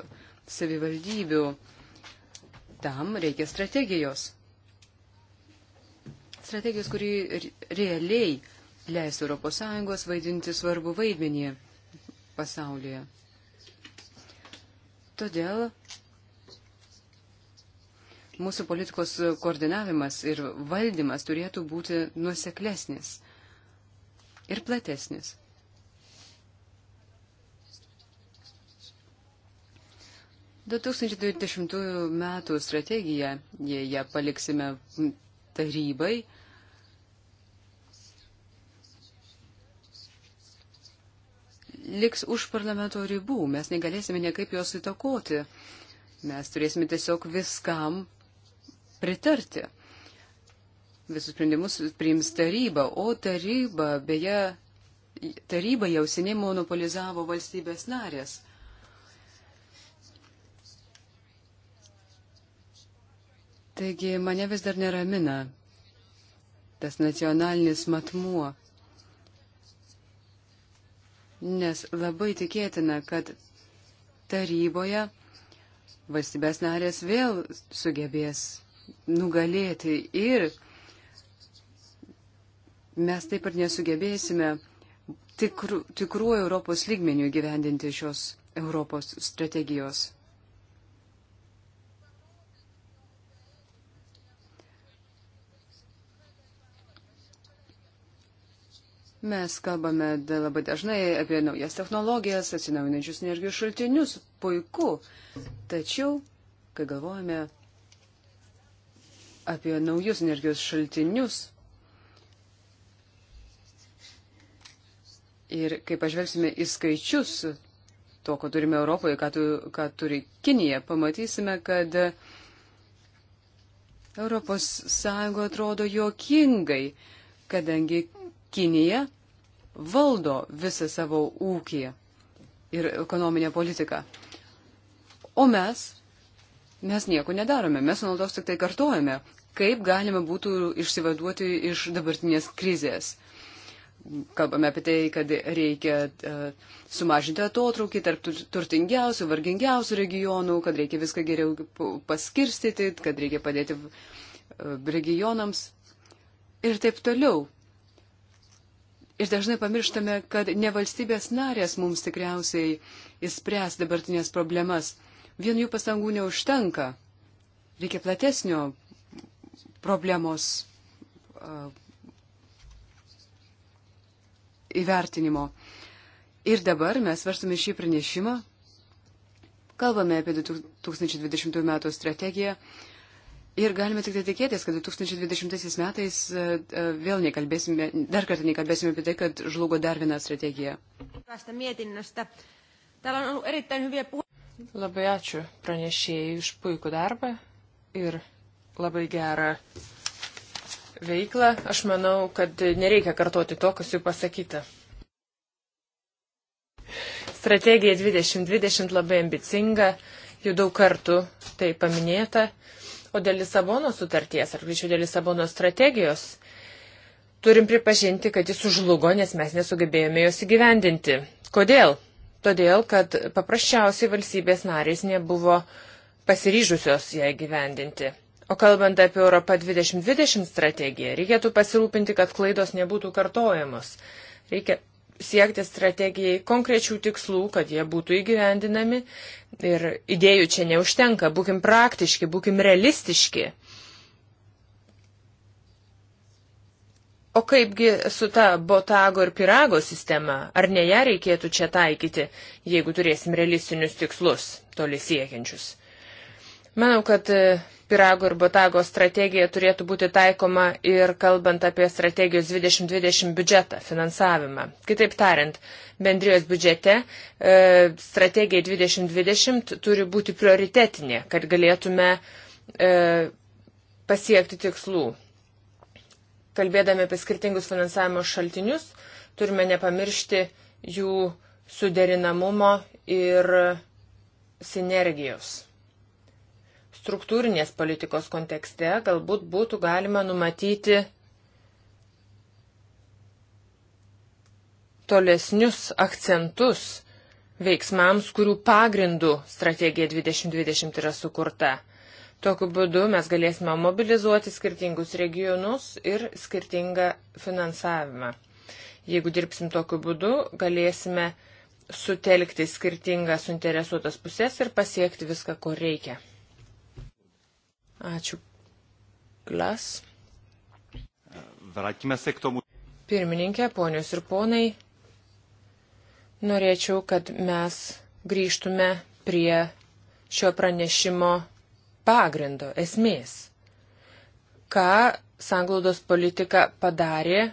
Speaker 3: savivaldybių tam reikia strategijos. Strategijos, kuri realiai leistų ES vaidinti svarbu vaidmenį pasaulyje. Todėl mūsų politikos koordinavimas ir valdymas turėtų būti nuoseklesnis ir platesnis. 2020 metų strategiją, jei ją paliksime tarybai, liks už parlamento ribų, mes negalėsime niekaip jos įtakoti, mes turėsime tiesiog viskam pritarti. Visus sprendimus priims taryba, o taryba, beje, taryba jau seniai monopolizavo valstybės narės. Taigi mane vis dar neramina tas nacionalinis matmuo, nes labai tikėtina, kad taryboje valstybės narės vėl sugebės nugalėti ir mes taip ir nesugebėsime tikru, tikruoju Europos lygmeniu gyvendinti šios Europos strategijos. Mes kalbame labai dažnai apie naujas technologijas, atsinaujinančius energijos šaltinius. Puiku. Tačiau, kai galvojame apie naujus energijos šaltinius, Ir kai pažvelgsime į skaičius to, ko turime Europoje, ką, tu, ką turi Kinija, pamatysime, kad ES atrodo juokingai, kadangi Kinija valdo visą savo ūkį ir ekonominę politiką. O mes, mes nieko nedarome, mes naudos tik tai kartojame, kaip galima būtų išsivaduoti iš dabartinės krizės. Kalbame apie tai, kad reikia e, sumažinti atotraukį tarp turtingiausių, vargingiausių regionų, kad reikia viską geriau paskirstyti, kad reikia padėti e, regionams ir taip toliau. Ir dažnai pamirštame, kad ne valstybės narės mums tikriausiai įspręs dabartinės problemas. Vien jų pastangų neužtenka. Reikia platesnio problemos uh, įvertinimo. Ir dabar mes svarstame šį pranešimą, kalbame apie 2020 m. strategiją Ir galime tik tai tikėtis, kad 2020 metais e, e, vėl nekalbėsime, dar kartą nekalbėsime apie tai, kad žlugo dar viena strategija.
Speaker 1: Labai ačiū pranešėjai už puikų darbą ir labai gerą veiklą. Aš manau, kad nereikia kartoti to, kas jau pasakyta. Strategija 2020 labai ambicinga, jau daug kartų tai paminėta. O dėl Lisabono sutarties, ar greičiau dėl Lisabono strategijos, turim pripažinti, kad jis užlugo, nes mes nesugebėjome jos įgyvendinti. Kodėl? Todėl, kad paprasčiausiai valstybės narės nebuvo pasiryžusios ją įgyvendinti. O kalbant apie Europą 2020 strategiją, reikėtų pasirūpinti, kad klaidos nebūtų kartojamos. Reikia siekti strategijai konkrečių tikslų, kad jie būtų įgyvendinami. Ir idėjų čia neužtenka, būkim praktiški, būkim realistiški. O kaipgi su ta botago ir pirago sistema, ar ne ją reikėtų čia taikyti, jeigu turėsim realistinius tikslus toli siekiančius? Manau, kad e, pirago ir botago strategija turėtų būti taikoma ir kalbant apie strategijos 2020 biudžetą, finansavimą. Kitaip tariant, bendrijos biudžete e, strategija 2020 turi būti prioritetinė, kad galėtume e, pasiekti tikslų. Kalbėdami apie skirtingus finansavimo šaltinius, turime nepamiršti jų suderinamumo ir sinergijos struktūrinės politikos kontekste galbūt būtų galima numatyti tolesnius akcentus veiksmams, kurių pagrindų strategija 2020 yra sukurta. Tokiu būdu mes galėsime mobilizuoti skirtingus regionus ir skirtingą finansavimą. Jeigu dirbsim tokiu būdu, galėsime sutelkti skirtingas suinteresuotas pusės ir pasiekti viską, ko reikia. Ačiū. Glas. Vrakime se k tomu. Pirmininkė, ponios ir ponai, norėčiau, kad mes grįžtume prie šio pranešimo pagrindo, esmės. Ką sanglaudos politika padarė,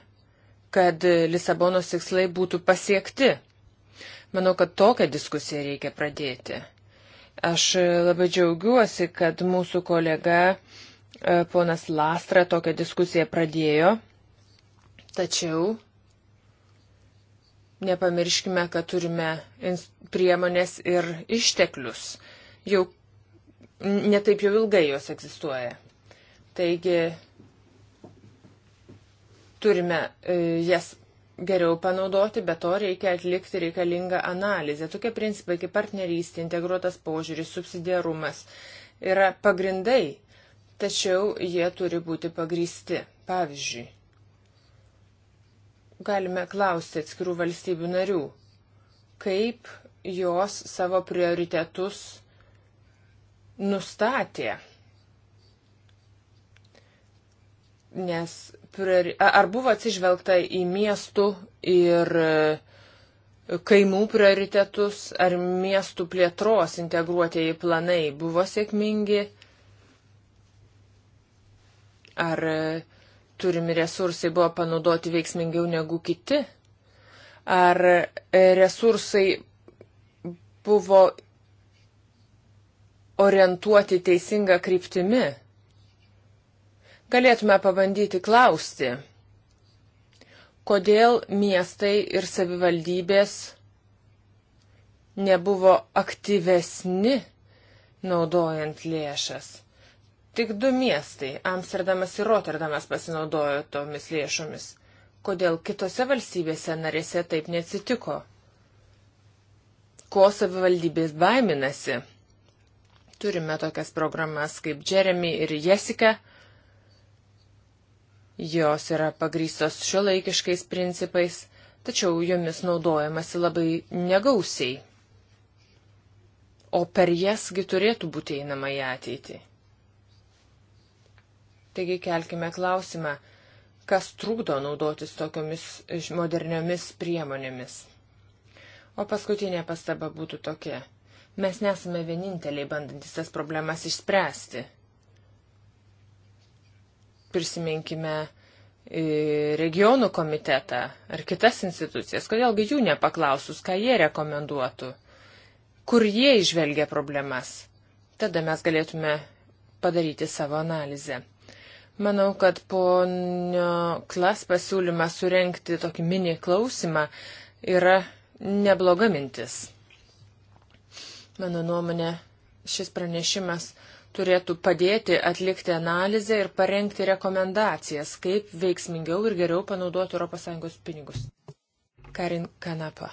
Speaker 1: kad Lisabonos tikslai būtų pasiekti? Manau, kad tokią diskusiją reikia pradėti. Aš e, labai džiaugiuosi, kad mūsų kolega e, ponas Lastra tokią diskusiją pradėjo. Tačiau nepamirškime, kad turime priemonės ir išteklius. Jau netaip jau ilgai jos egzistuoja. Taigi turime e, jas geriau panaudoti, bet to reikia atlikti reikalingą analizę. Tokie principai kaip partnerystė, integruotas požiūris, subsidiarumas yra pagrindai, tačiau jie turi būti pagrysti. Pavyzdžiui, galime klausti atskirų valstybių narių, kaip jos savo prioritetus nustatė Nes ar buvo atsižvelgta į miestų ir e, kaimų prioritetus, ar miestų plėtros integruotieji planai buvo sėkmingi, ar e, turimi resursai buvo panaudoti veiksmingiau negu kiti, ar e, resursai buvo orientuoti teisinga kryptimi. Galėtume pabandyti klausti, kodėl miestai ir savivaldybės nebuvo aktyvesni naudojant lėšas. Tik du miestai - Amsterdamas ir Rotterdamas pasinaudojo tomis lėšomis. Kodėl kitose valstybėse narėse taip neatsitiko? Ko savivaldybės baiminasi? Turime tokias programas kaip Jeremy ir Jessica – Jos yra pagrystos šiuolaikiškais principais, tačiau jomis naudojamasi labai negausiai. O per jasgi turėtų būti einama į ateitį. Taigi kelkime klausimą, kas trukdo naudotis tokiomis moderniomis priemonėmis. O paskutinė pastaba būtų tokia. Mes nesame vieninteliai bandantis tas problemas išspręsti. Prisiminkime e, regionų komitetą ar kitas institucijas. Kodėlgi jų nepaklausus, ką jie rekomenduotų, kur jie išvelgia problemas. Tada mes galėtume padaryti savo analizę. Manau, kad ponio klas pasiūlymą surenkti tokį mini klausimą yra nebloga mintis. Mano nuomonė, šis pranešimas turėtų padėti atlikti analizę ir parengti rekomendacijas, kaip veiksmingiau ir geriau panaudoti ES pinigus. Karin Kanapa.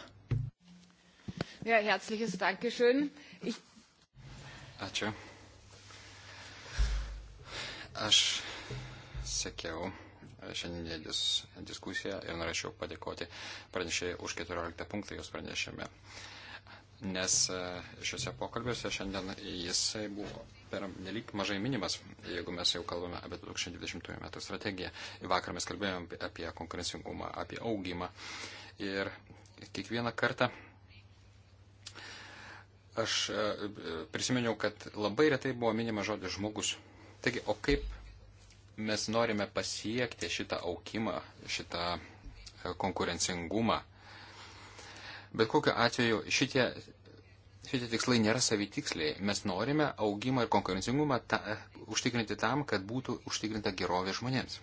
Speaker 3: Ja, herzliches Dankeschön. Ich... Ačiū.
Speaker 2: Aš sekiau šiandienės diskusiją ir norėčiau padėkoti pranešėjai už 14 punktą jos pranešime. Nes e, šiuose pokalbiuose šiandien jisai buvo per nelik mažai minimas, jeigu mes jau kalbame apie 2020 metų strategiją. Vakar mes kalbėjome apie konkurencingumą, apie augimą. Ir kiekvieną kartą aš e, prisiminiau, kad labai retai buvo minima žodis žmogus. Taigi, o kaip mes norime pasiekti šitą aukimą, šitą e, konkurencingumą? Bet kokiu atveju šitie šitie tikslai nėra savitiksliai. Mes norime augimą ir konkurencingumą ta, eh, užtikrinti tam, kad būtų užtikrinta gerovė žmonėms.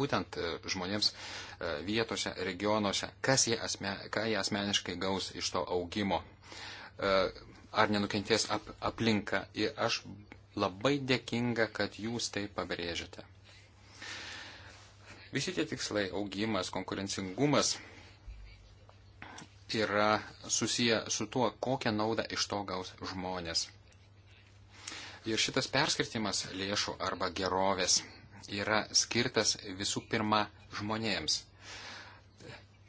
Speaker 2: Būtent eh, žmonėms eh, vietose, regionuose, kas jie, asme, jie asmeniškai gaus iš to augimo, ar nenukentės ap, aplinka. Ir aš labai dėkinga, kad jūs tai pabrėžiate. Visi tie tikslai - augimas, konkurencingumas yra susiję su tuo, kokią naudą iš to gaus žmonės. Ir šitas perskirtimas lėšų arba gerovės yra skirtas visų pirma žmonėms.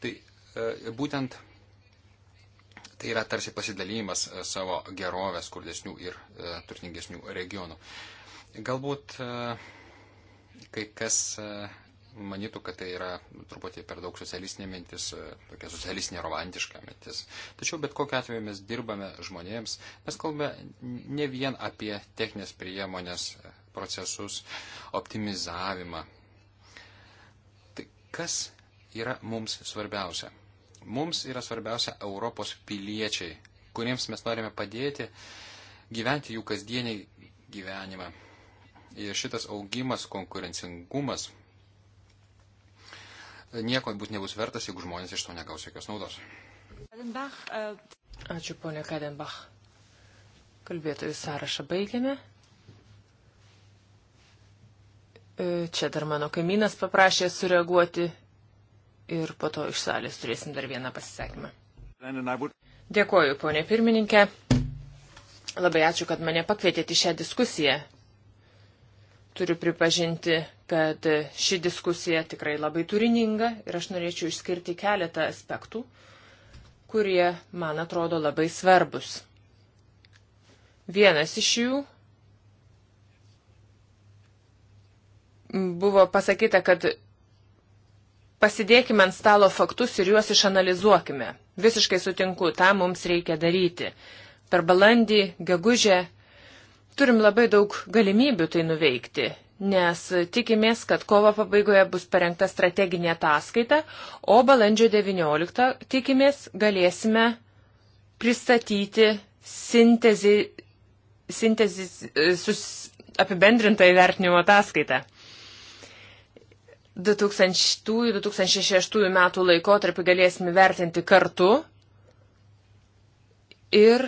Speaker 2: Tai e, būtent tai yra tarsi pasidalymas e, savo gerovės skurdesnių ir e, turtingesnių regionų. Galbūt kai kas manytų, kad tai yra truputį per daug socialistinė mintis, e, tokia socialistinė romantiška mintis. Tačiau bet kokiu atveju mes dirbame žmonėms, mes kalbame ne vien apie techninės priemonės, e, procesus, optimizavimą. Tai kas yra mums svarbiausia? Mums yra svarbiausia Europos piliečiai, kuriems mes norime padėti gyventi jų kasdienį gyvenimą. Ir šitas augimas, konkurencingumas nieko būt nebus vertas, jeigu žmonės iš to negaus jokios
Speaker 1: naudos.
Speaker 3: E,
Speaker 1: ačiū, ponė Kadenbach. Kalbėtojų sąrašą baigėme. E, čia dar mano kaimynas paprašė sureaguoti ir po to iš salės turėsim dar vieną pasisakymą. Dėkoju, ponė pirmininkė. Labai ačiū, kad mane pakvietėte į šią diskusiją. Turiu pripažinti, kad ši diskusija tikrai labai turininga ir aš norėčiau išskirti keletą aspektų, kurie man atrodo labai svarbus. Vienas iš jų buvo pasakyta, kad pasidėkime ant stalo faktus ir juos išanalizuokime. Visiškai sutinku, tą mums reikia daryti. Per balandį, gegužę Turim labai daug galimybių tai nuveikti, nes tikimės, kad kovo pabaigoje bus parengta strateginė ataskaita, o balandžio 19 tikimės galėsime pristatyti sintezį, sintezį sus, apibendrintą įvertinimo ataskaitą. 2006 metų laikotarpį galėsime vertinti kartu ir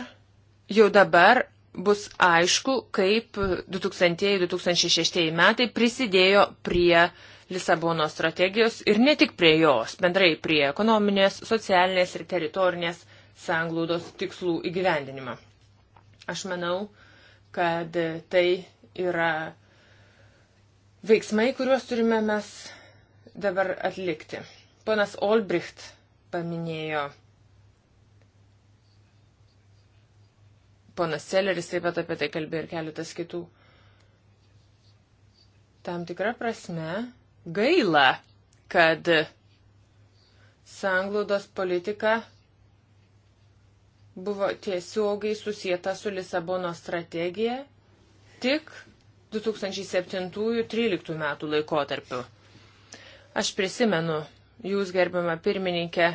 Speaker 1: jau dabar bus aišku, kaip 2000-2006 metai prisidėjo prie Lisabono strategijos ir ne tik prie jos, bendrai prie ekonominės, socialinės ir teritorinės sanglaudos tikslų įgyvendinimą. Aš manau, kad tai yra veiksmai, kuriuos turime mes dabar atlikti. Ponas Olbricht paminėjo ponas Celeris taip pat apie tai kalbėjo ir keletas kitų. Tam tikra prasme gaila, kad sanglaudos politika buvo tiesiogiai susijęta su Lisabono strategija tik 2007-2013 metų laikotarpiu. Aš prisimenu, jūs gerbiama pirmininkė,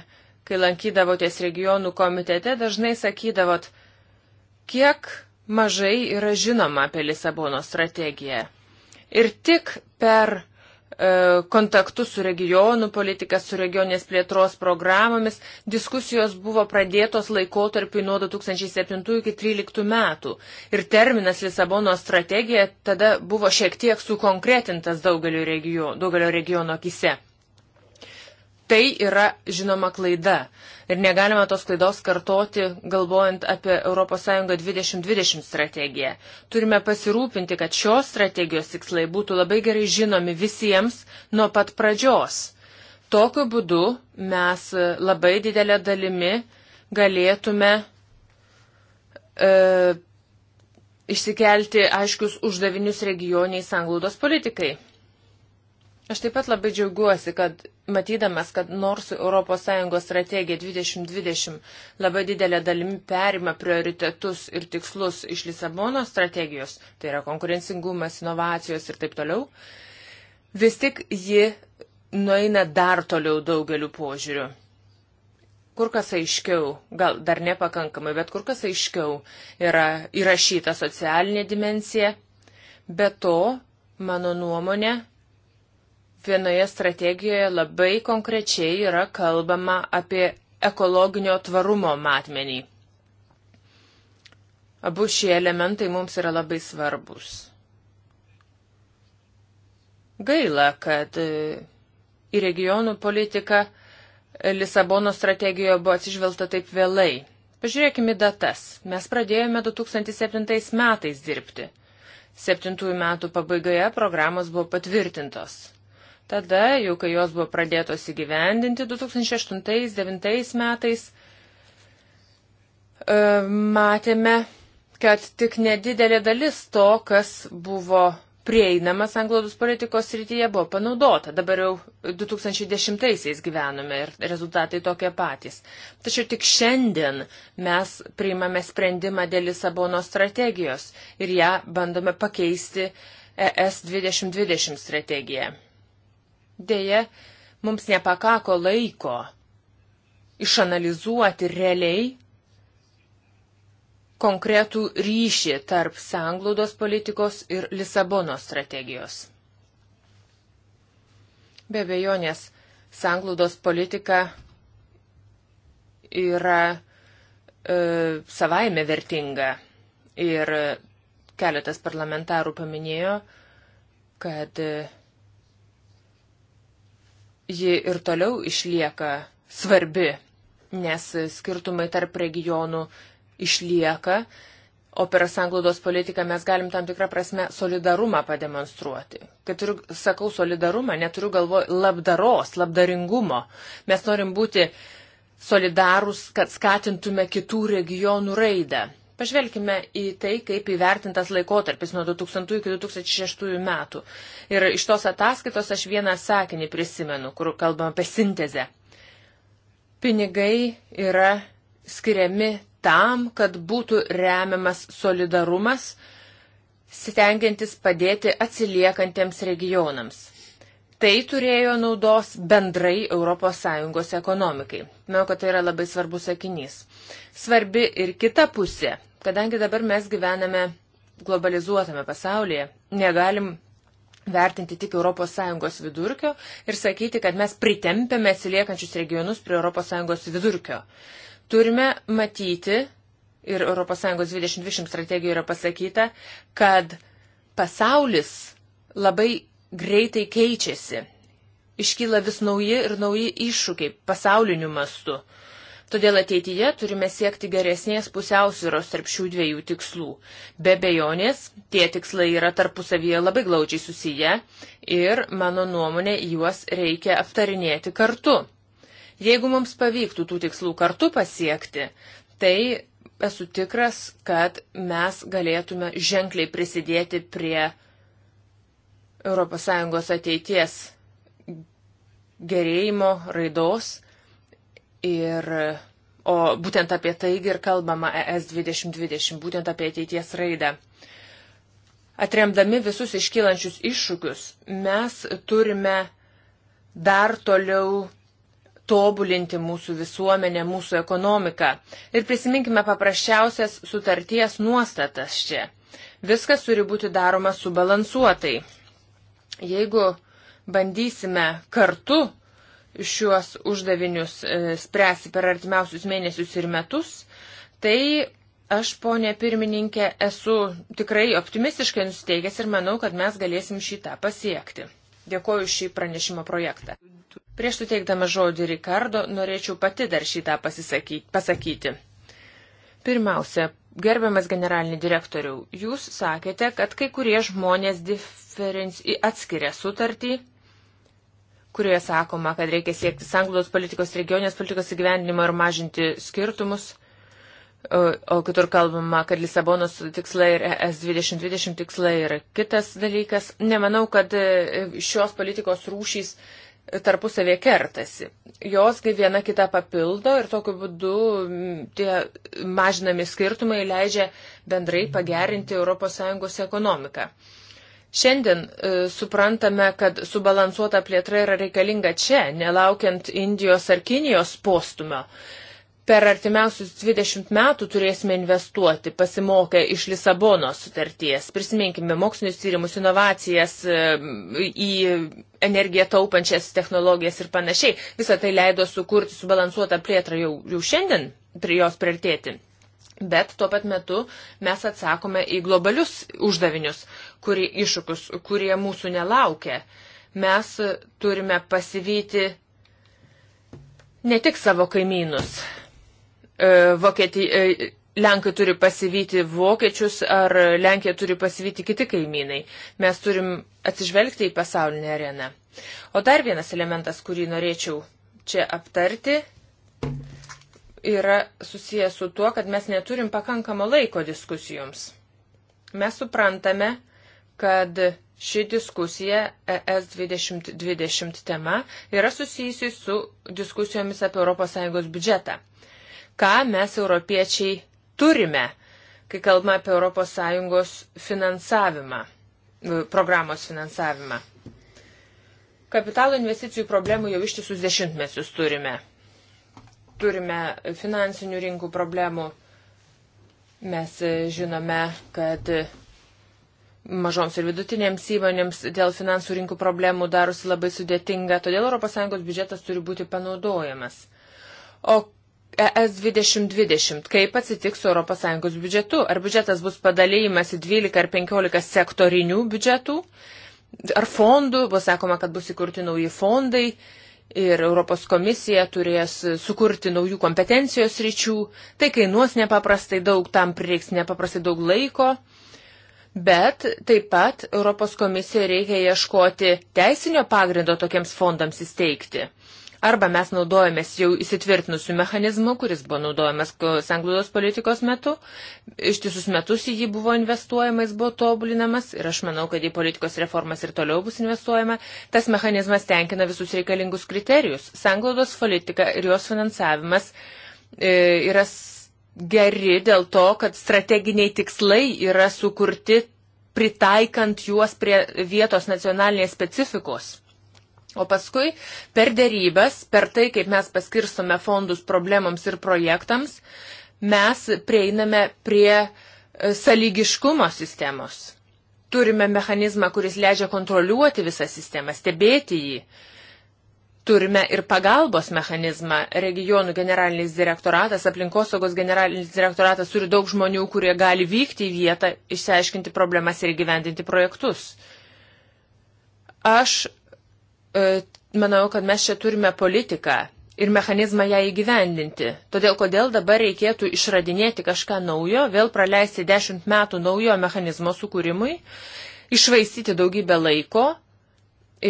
Speaker 1: kai lankydavotės regionų komitete, dažnai sakydavot, kiek mažai yra žinoma apie Lisabono strategiją. Ir tik per e, kontaktus su regionų politika, su regionės plėtros programomis. Diskusijos buvo pradėtos laikotarpiu nuo 2007 iki 2013 metų. Ir terminas Lisabono strategija tada buvo šiek tiek sukonkretintas daugelio, region, daugelio regiono akise. Tai yra žinoma klaida. Ir negalima tos klaidos kartoti, galvojant apie ES 2020 strategiją. Turime pasirūpinti, kad šios strategijos tikslai būtų labai gerai žinomi visiems nuo pat pradžios. Tokiu būdu mes e, labai didelę dalimi galėtume e, išsikelti aiškius uždavinius regioniai sanglaudos politikai. Aš taip pat labai džiaugiuosi, kad matydamas, kad nors ES strategija 2020 labai didelė dalimi perima prioritetus ir tikslus iš Lisabono strategijos, tai yra konkurencingumas, inovacijos ir taip toliau, vis tik ji nueina dar toliau daugeliu požiūriu. Kur kas aiškiau, gal dar nepakankamai, bet kur kas aiškiau yra įrašyta socialinė dimensija. Be to, mano nuomonė, vienoje strategijoje labai konkrečiai yra kalbama apie ekologinio tvarumo matmenį. Abu šie elementai mums yra labai svarbus. Gaila, kad e, į regionų politiką e, Lisabono strategijoje buvo atsižvelgta taip vėlai. Pažiūrėkime datas. Mes pradėjome 2007 metais dirbti. Septintųjų metų pabaigoje programos buvo patvirtintos. Tada, jau kai jos buvo pradėtos įgyvendinti 2008-2009 metais, e, matėme, kad tik nedidelė dalis to, kas buvo prieinamas anglodos politikos srityje, buvo panaudota. Dabar jau 2010-aisiais gyvenome ir rezultatai tokie patys. Tačiau tik šiandien mes priimame sprendimą dėl Lisabono strategijos ir ją bandome pakeisti ES 2020 strategiją dėje mums nepakako laiko išanalizuoti realiai konkretų ryšį tarp sanglaudos politikos ir Lisabonos strategijos. Be bejonės, sanglaudos politika yra e, savaime vertinga ir keletas parlamentarų paminėjo, kad e, ji ir toliau išlieka svarbi, nes skirtumai tarp regionų išlieka, o per sanglaudos politiką mes galim tam tikrą prasme solidarumą pademonstruoti. Kai turiu, sakau solidarumą, neturiu galvoj labdaros, labdaringumo. Mes norim būti solidarūs, kad skatintume kitų regionų raidą. Pažvelkime į tai, kaip įvertintas laikotarpis nuo 2000 iki 2006 metų. Ir iš tos ataskaitos aš vieną sakinį prisimenu, kur kalbam apie sintezę. Pinigai yra skiriami tam, kad būtų remiamas solidarumas, stengiantis padėti atsiliekantiems regionams. Tai turėjo naudos bendrai ES ekonomikai. Manau, kad tai yra labai svarbus sakinys. Svarbi ir kita pusė Kadangi dabar mes gyvename globalizuotame pasaulyje, negalim vertinti tik ES vidurkio ir sakyti, kad mes pritempiame atsiliekančius regionus prie ES vidurkio. Turime matyti, ir ES 2020 strategijoje yra pasakyta, kad pasaulis labai greitai keičiasi. Iškyla vis nauji ir nauji iššūkiai pasauliniu mastu. Todėl ateityje turime siekti geresnės pusiausvyros tarp šių dviejų tikslų. Be bejonės, tie tikslai yra tarpusavyje labai glaudžiai susiję ir, mano nuomonė, juos reikia aptarinėti kartu. Jeigu mums pavyktų tų tikslų kartu pasiekti, tai esu tikras, kad mes galėtume ženkliai prisidėti prie ES ateities gerėjimo, raidos Ir, o būtent apie tai ir kalbama ES 2020, būtent apie ateities raidą. Atremdami visus iškylančius iššūkius, mes turime dar toliau tobulinti mūsų visuomenę, mūsų ekonomiką. Ir prisiminkime paprasčiausias sutarties nuostatas čia. Viskas turi būti daroma subalansuotai. Jeigu bandysime kartu šiuos uždavinius e, spręsi per artimiausius mėnesius ir metus, tai aš, ponė pirmininkė, esu tikrai optimistiškai nusteigęs ir manau, kad mes galėsim šitą pasiekti. Dėkoju šį pranešimo projektą. Prieš suteikdama žodį Rikardo, norėčiau pati dar šitą pasakyti. Pirmiausia, gerbiamas generalinį direktorių, jūs sakėte, kad kai kurie žmonės diferenci... atskiria sutartį kurioje sakoma, kad reikia siekti sanglaudos politikos, regioninės politikos įgyvendinimo ir mažinti skirtumus. O kitur kalbama, kad Lisabonos tikslai ir ES 2020 tikslai yra kitas dalykas. Nemanau, kad e, šios politikos rūšys tarpusavė kertasi. Josgi viena kitą papildo ir tokiu būdu tie mažinami skirtumai leidžia bendrai pagerinti ES ekonomiką. Šiandien e, suprantame, kad subalansuota plėtra yra reikalinga čia, nelaukiant Indijos ar Kinijos postumio. Per artimiausius 20 metų turėsime investuoti, pasimokę iš Lisabonos sutarties. Prisiminkime mokslinius tyrimus, inovacijas e, į energiją taupančias technologijas ir panašiai. Visą tai leido sukurti subalansuotą plėtrą jau, jau šiandien prie jos priartėti. Bet tuo pat metu mes atsakome į globalius uždavinius, kurie iššūkius, kurie mūsų nelaukia. Mes turime pasivyti ne tik savo kaimynus. E, Vokieti, e, Lenkai turi pasivyti vokiečius ar Lenkija turi pasivyti kiti kaimynai. Mes turim atsižvelgti į pasaulinę areną. O dar vienas elementas, kurį norėčiau čia aptarti yra susijęs su tuo, kad mes neturim pakankamo laiko diskusijoms. Mes suprantame, kad ši diskusija ES 2020 tema yra susijusi su diskusijomis apie ES biudžetą. Ką mes europiečiai turime, kai kalbame apie ES finansavimą, e, programos finansavimą. Kapitalo investicijų problemų jau ištisus dešimtmečius turime turime finansinių rinkų problemų. Mes e, žinome, kad mažoms ir vidutinėms įmonėms dėl finansų rinkų problemų darosi labai sudėtinga, todėl ES biudžetas turi būti panaudojamas. O ES 2020, kaip atsitiks su ES biudžetu? Ar biudžetas bus padalymas į 12 ar 15 sektorinių biudžetų? Ar fondų, bus sakoma, kad bus įkurti nauji fondai, ir Europos komisija turės sukurti naujų kompetencijos ryčių. Tai kainuos nepaprastai daug, tam prireiks nepaprastai daug laiko. Bet taip pat Europos komisija reikia ieškoti teisinio pagrindo tokiems fondams įsteigti. Arba mes naudojamės jau įsitvirtinusių mechanizmų, kuris buvo naudojamas sanglaudos politikos metu, ištisus metus į jį buvo investuojama, jis buvo tobulinamas ir aš manau, kad į politikos reformas ir toliau bus investuojama. Tas mechanizmas tenkina visus reikalingus kriterijus. Sanglaudos politika ir jos finansavimas e, yra geri dėl to, kad strateginiai tikslai yra sukurti pritaikant juos prie vietos nacionalinės specifikos. O paskui per dėrybas, per tai, kaip mes paskirstome fondus problemams ir projektams, mes prieiname prie e, sąlygiškumo sistemos. Turime mechanizmą, kuris leidžia kontroliuoti visą sistemą, stebėti jį. Turime ir pagalbos mechanizmą. Regionų generalinis direktoratas, aplinkosaugos generalinis direktoratas turi daug žmonių, kurie gali vykti į vietą, išsiaiškinti problemas ir gyvendinti projektus. Aš E, manau, kad mes čia turime politiką ir mechanizmą ją įgyvendinti. Todėl kodėl dabar reikėtų išradinėti kažką naujo, vėl praleisti dešimt metų naujo mechanizmo sukūrimui, išvaistyti daugybę laiko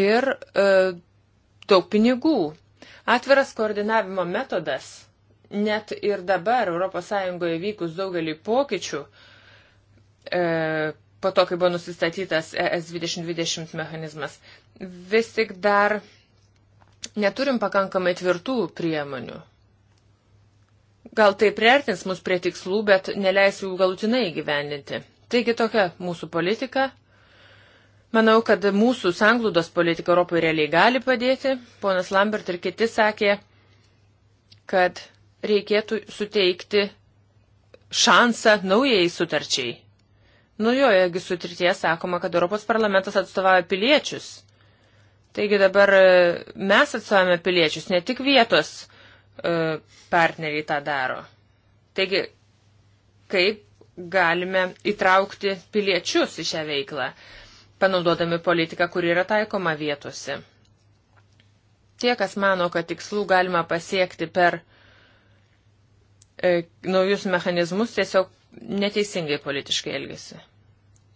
Speaker 1: ir e, daug pinigų. Atviras koordinavimo metodas, net ir dabar ES vykus daugelį pokyčių, e, po to, kai buvo nusistatytas ES 2020 mechanizmas. Vis tik dar neturim pakankamai tvirtų priemonių. Gal tai priartins mus prie tikslų, bet neleis jų galutinai gyvendinti. Taigi tokia mūsų politika. Manau, kad mūsų sanglūdos politika Europoje realiai gali padėti. Ponas Lambert ir kiti sakė, kad reikėtų suteikti šansą naujai sutarčiai. Nu jo, jeigu sutrityje sakoma, kad Europos parlamentas atstovauja piliečius. Taigi dabar e, mes atstovavome piliečius, ne tik vietos e, partneriai tą daro. Taigi, kaip galime įtraukti piliečius į šią veiklą, panaudodami politiką, kuri yra taikoma vietose. Tie, kas mano, kad tikslų galima pasiekti per e, naujus mechanizmus, tiesiog neteisingai politiškai elgesi.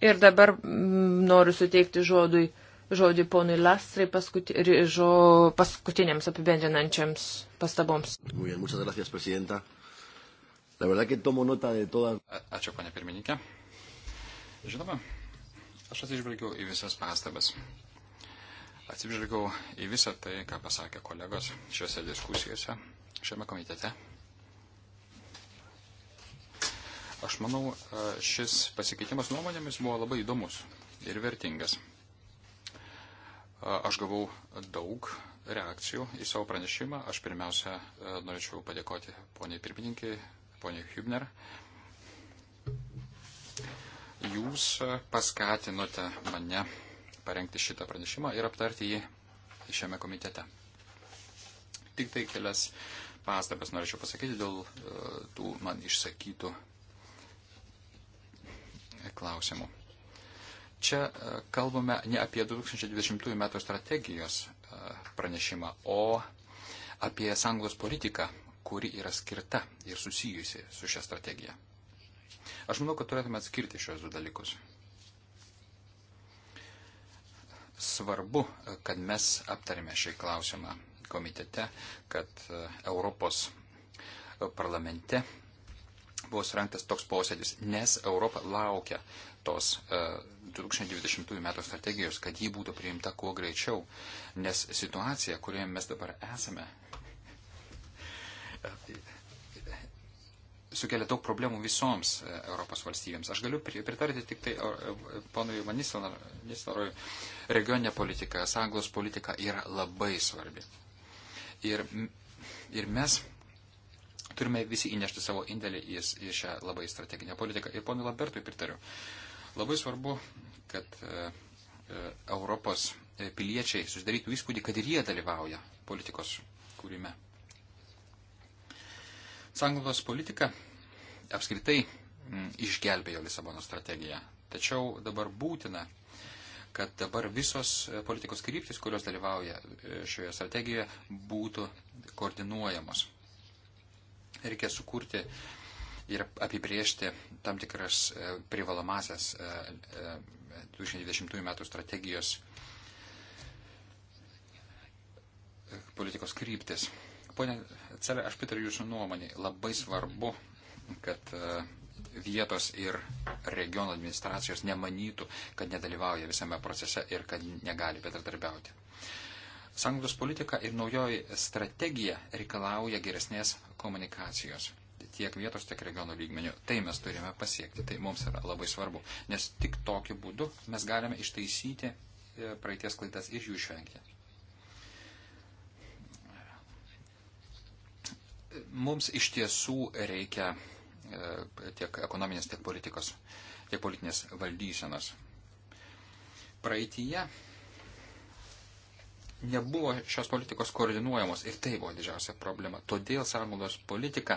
Speaker 1: Ir dabar mm, noriu suteikti žodui, žodį ponui Lastrai paskuti, žo, paskutiniams apibendrinančiams pastaboms.
Speaker 2: Ačiū, ponė pirmininkė. Žinoma, aš atsižvelgiau į visas pastabas. Atsižvelgiau į visą tai, ką pasakė kolegos šiuose diskusijose, šiame komitete. Aš manau, e, šis pasikeitimas nuomonėmis buvo labai įdomus ir vertingas. E, aš gavau daug reakcijų į savo pranešimą. Aš pirmiausia e, norėčiau padėkoti poniai pirmininkiai, poniai Hübner. Jūs paskatinote mane parengti šitą pranešimą ir aptarti jį šiame komitete. Tik tai kelias pastabas norėčiau pasakyti dėl tų man išsakytų klausimų. Čia e, kalbame ne apie 2020 m. strategijos e, pranešimą, o apie sąjungos politiką, kuri yra skirta ir susijusi su šia strategija. Aš manau, kad turėtume atskirti šios du dalykus. Svarbu, kad mes aptarėme šį klausimą komitete, kad e, Europos parlamente buvo surinktas toks posėdis, nes Europa laukia tos uh, 2020 m. strategijos, kad ji būtų priimta kuo greičiau, nes situacija, kurioje mes dabar esame, e, sukelia daug problemų visoms e, Europos valstybėms. Aš galiu pritarti tik tai e, ponui Vanislarui, regioninė politika, sąjungos politika yra labai svarbi. Ir, ir mes Turime visi įnešti savo indėlį į, į šią labai strateginę politiką. Ir ponui Lambertui pritariu. Labai svarbu, kad e, e Europos e, piliečiai susidarytų įspūdį, kad ir jie dalyvauja politikos kūrime. Sanglaudos politika apskritai m, išgelbėjo Lisabono strategiją. Tačiau dabar būtina, kad dabar visos e, politikos kryptis, kurios dalyvauja šioje strategijoje, būtų koordinuojamos. Reikia sukurti ir apibriežti tam tikras e, privalomasias 2020 e, e, metų strategijos politikos kryptis. Pone Celė, aš pritariu Jūsų nuomonį. Labai svarbu, kad vietos ir regiono administracijos nemanytų, kad nedalyvauja visame procese ir kad negali bendradarbiauti. Sanglaudos politika ir naujoji strategija reikalauja geresnės komunikacijos tiek vietos, tiek regionų lygmenių. Tai mes turime pasiekti, tai mums yra labai svarbu, nes tik tokiu būdu mes galime ištaisyti e, praeities klaidas ir jų išvengti. Mums iš tiesų reikia e, tiek ekonominės, tiek politikos, tiek politinės valdysenos. Praeitie nebuvo šios politikos koordinuojamos ir tai buvo didžiausia problema. Todėl sąnaudos politika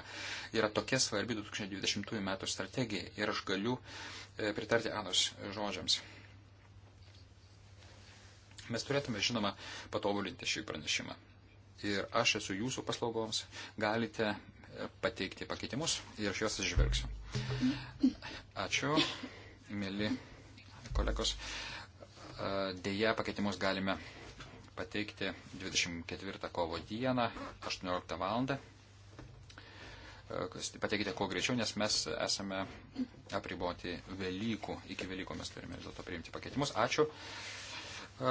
Speaker 2: yra tokia svarbi 2020 m. strategija ir aš galiu e, pritarti Anos žodžiams. Mes turėtume, žinoma, patobulinti šį pranešimą. Ir aš esu jūsų paslaugoms, galite e, pateikti pakeitimus ir aš juos išvelgsiu. Ačiū, mėly kolegos. E, Deja, pakeitimus galime pateikti 24 kovo dieną, 18 val. E, pateikite kuo greičiau, nes mes esame apriboti Velykų. Iki Velykų mes turime dėl to priimti pakeitimus. Ačiū e,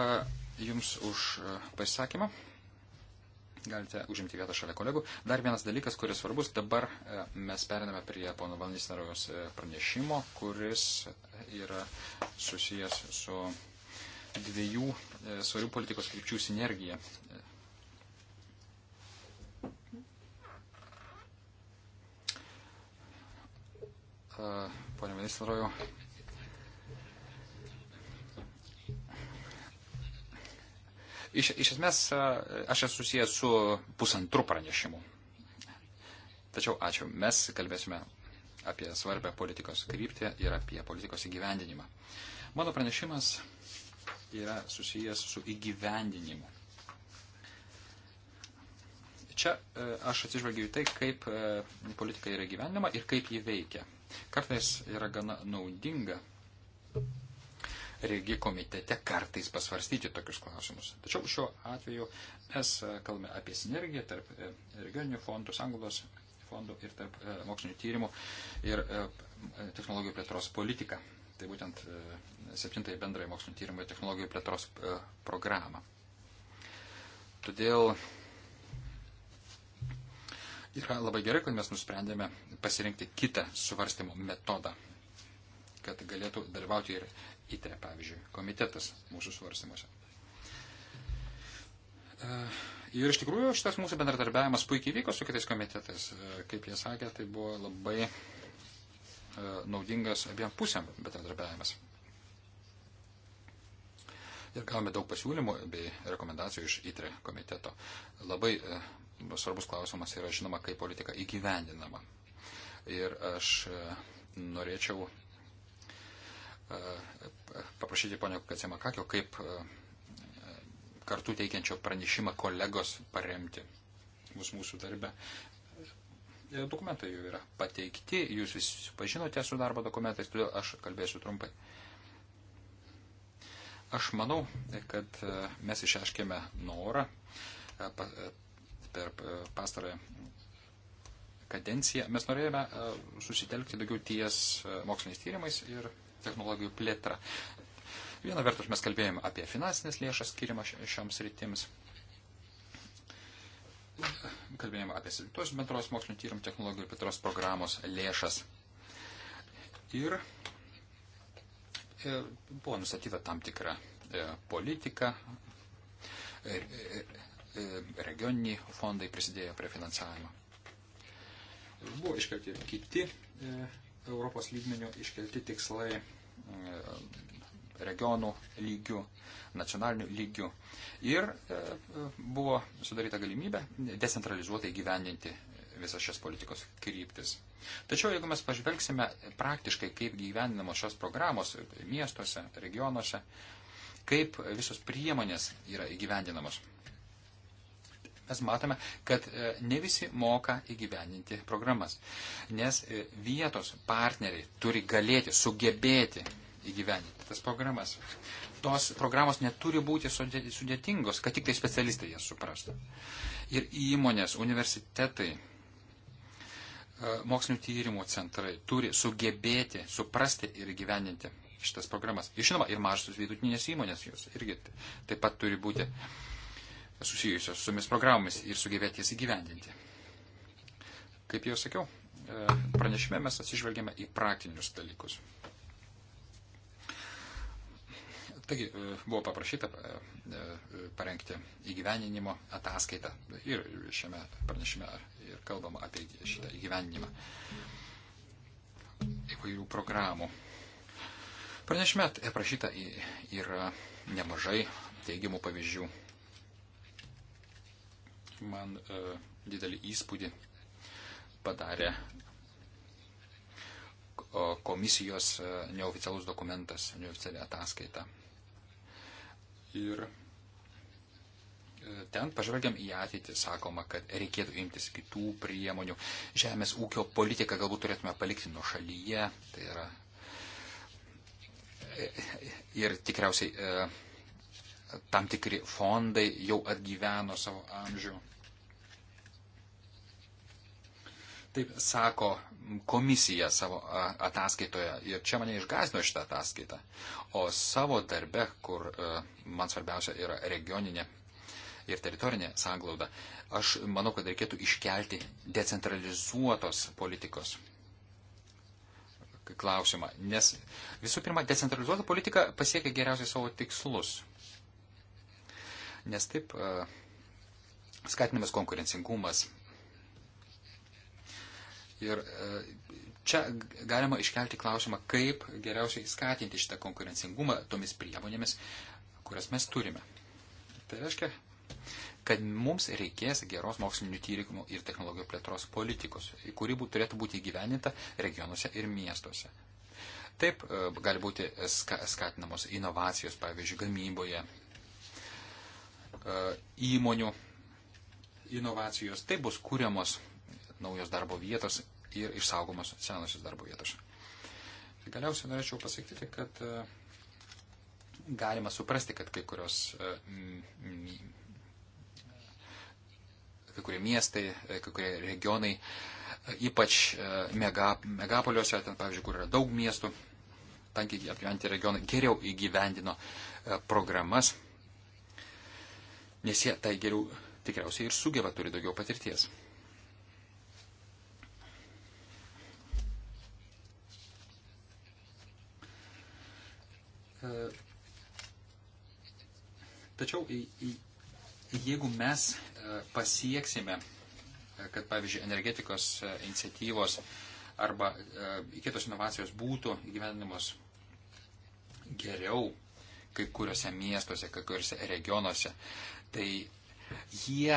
Speaker 2: Jums už e, pasisakymą. Galite užimti vietą šalia kolegų. Dar vienas dalykas, kuris svarbus, dabar mes periname prie pono Valnys Narovės pranešimo, kuris yra susijęs su dviejų e, svarių politikos krypčių sinergiją. E, pone ministroju, Iš, iš esmės, e, aš esu susijęs su pusantrų pranešimu. Tačiau ačiū. Mes kalbėsime apie svarbę politikos kryptį ir apie politikos įgyvendinimą. Mano pranešimas yra susijęs su įgyvendinimu. Čia e, aš atsižvelgiu į tai, kaip e, politika yra gyvenama ir kaip ji veikia. Kartais yra gana naudinga regi komitete kartais pasvarstyti tokius klausimus. Tačiau šiuo atveju mes e, kalbame apie sinergiją tarp regioninių fondų, sangulos fondų ir tarp mokslinio tyrimų ir technologijų plėtros politiką. Tai būtent septintąją bendrąją mokslinio tyrimo ir technologijų plėtros e, programą. Todėl yra labai gerai, kad mes nusprendėme pasirinkti kitą svarstymo metodą, kad galėtų dalyvauti ir ITRE, pavyzdžiui, komitetas mūsų svarstymuose. E, ir iš tikrųjų šitas mūsų bendradarbiavimas puikiai vyko su kitais komitetais. E, kaip jie sakė, tai buvo labai naudingas abiem pusėm bendradarbiavimas ir gavome daug pasiūlymų bei rekomendacijų iš ITRE komiteto. Labai e, svarbus klausimas yra žinoma, kaip politika įgyvendinama. Ir aš e, norėčiau e, paprašyti ponio Kacemakakio, kaip kartu teikiančio pranešimą kolegos paremti mus mūsų darbę. Dokumentai jau yra pateikti, jūs visi pažinote su darbo dokumentais, todėl aš kalbėsiu trumpai. Aš manau, kad e, mes išaiškėme norą e, e, per pastarąją kadenciją. Mes norėjome susitelkti daugiau ties moksliniais tyrimais ir technologijų plėtra. Viena vertus mes kalbėjome apie finansinės lėšas skirimą šioms rytims. Kalbėjome apie 7 bendros mokslinio tyrimų technologijų plėtros programos lėšas. Ir E, buvo nustatyta tam tikra e, politika, e, regioniniai fondai prisidėjo prie finansavimo. Buvo iškelti ir kiti Europos lygmenių iškelti tikslai regionų lygių, nacionalinių lygių. Ir buvo sudaryta galimybė decentralizuotai gyvendinti visas šias politikos kryptis. Tačiau jeigu mes pažvelgsime praktiškai, kaip gyveninamos šios programos tai miestuose, regionuose, kaip visos priemonės yra įgyvendinamos, mes matome, kad e, ne visi moka įgyvendinti programas, nes e, vietos partneriai turi galėti, sugebėti įgyvendinti tas programas. Tos programos neturi būti sudėtingos, kad tik tai specialistai jas suprastų. Ir įmonės, universitetai E, mokslinio tyrimo centrai turi sugebėti, suprasti ir gyveninti šitas programas. Ir žinoma, ir mažos vidutinės įmonės jos irgi taip pat turi būti susijusios su mis programomis ir sugebėti jas įgyvendinti. Kaip jau sakiau, e, pranešime mes atsižvelgėme į praktinius dalykus. Taigi e, buvo paprašyta e, e, parengti įgyveninimo ataskaitą ir šiame pranešime ir kalbama apie šitą įgyveninimą įvairių programų. Pranešime aprašyta yra nemažai teigiamų pavyzdžių. Man e, didelį įspūdį padarė komisijos neoficialus dokumentas, neoficiali ataskaita Ir e, ten pažvelgiam į ateitį, sakoma, kad reikėtų imtis kitų priemonių. Žemės ūkio politiką galbūt turėtume palikti nuo šalyje. Tai yra. E, e, ir tikriausiai tam tikri fondai jau atgyveno savo amžių. Taip sako komisija savo ataskaitoje. Ir čia mane išgazino šitą ataskaitą. O savo darbe, kur e, man svarbiausia yra regioninė ir teritorinė sanglauda, aš manau, kad reikėtų iškelti decentralizuotos politikos klausimą. Nes visų pirma, decentralizuota politika pasiekia geriausiai savo tikslus. Nes taip e, skatinimas konkurencingumas, Ir e, čia galima iškelti klausimą, kaip geriausiai skatinti šitą konkurencingumą tomis priemonėmis, kurias mes turime. Tai reiškia, kad mums reikės geros mokslinių tyrimų ir technologijų plėtros politikos, kuri bū, turėtų būti įgyveninta regionuose ir miestuose. Taip e, gali būti ska, skatinamos inovacijos, pavyzdžiui, gamyboje, e, įmonių inovacijos. Taip bus kūriamos naujos darbo vietos ir išsaugomos senosios darbo vietos. Galiausiai norėčiau pasakyti, kad e, galima suprasti, kad kai kurios e, kai kurie miestai, e, kai kurie regionai, ypač mega, megapoliuose, ten pavyzdžiui, kur yra daug miestų, tankiai apgyventi regionai, geriau įgyvendino programas, nes jie tai geriau tikriausiai ir sugeba, turi daugiau patirties. E, tačiau jeigu mes e, pasieksime, e, kad pavyzdžiui energetikos iniciatyvos arba kitos inovacijos būtų gyvenimos geriau kai kuriuose miestuose, kai kuriuose regionuose, tai jie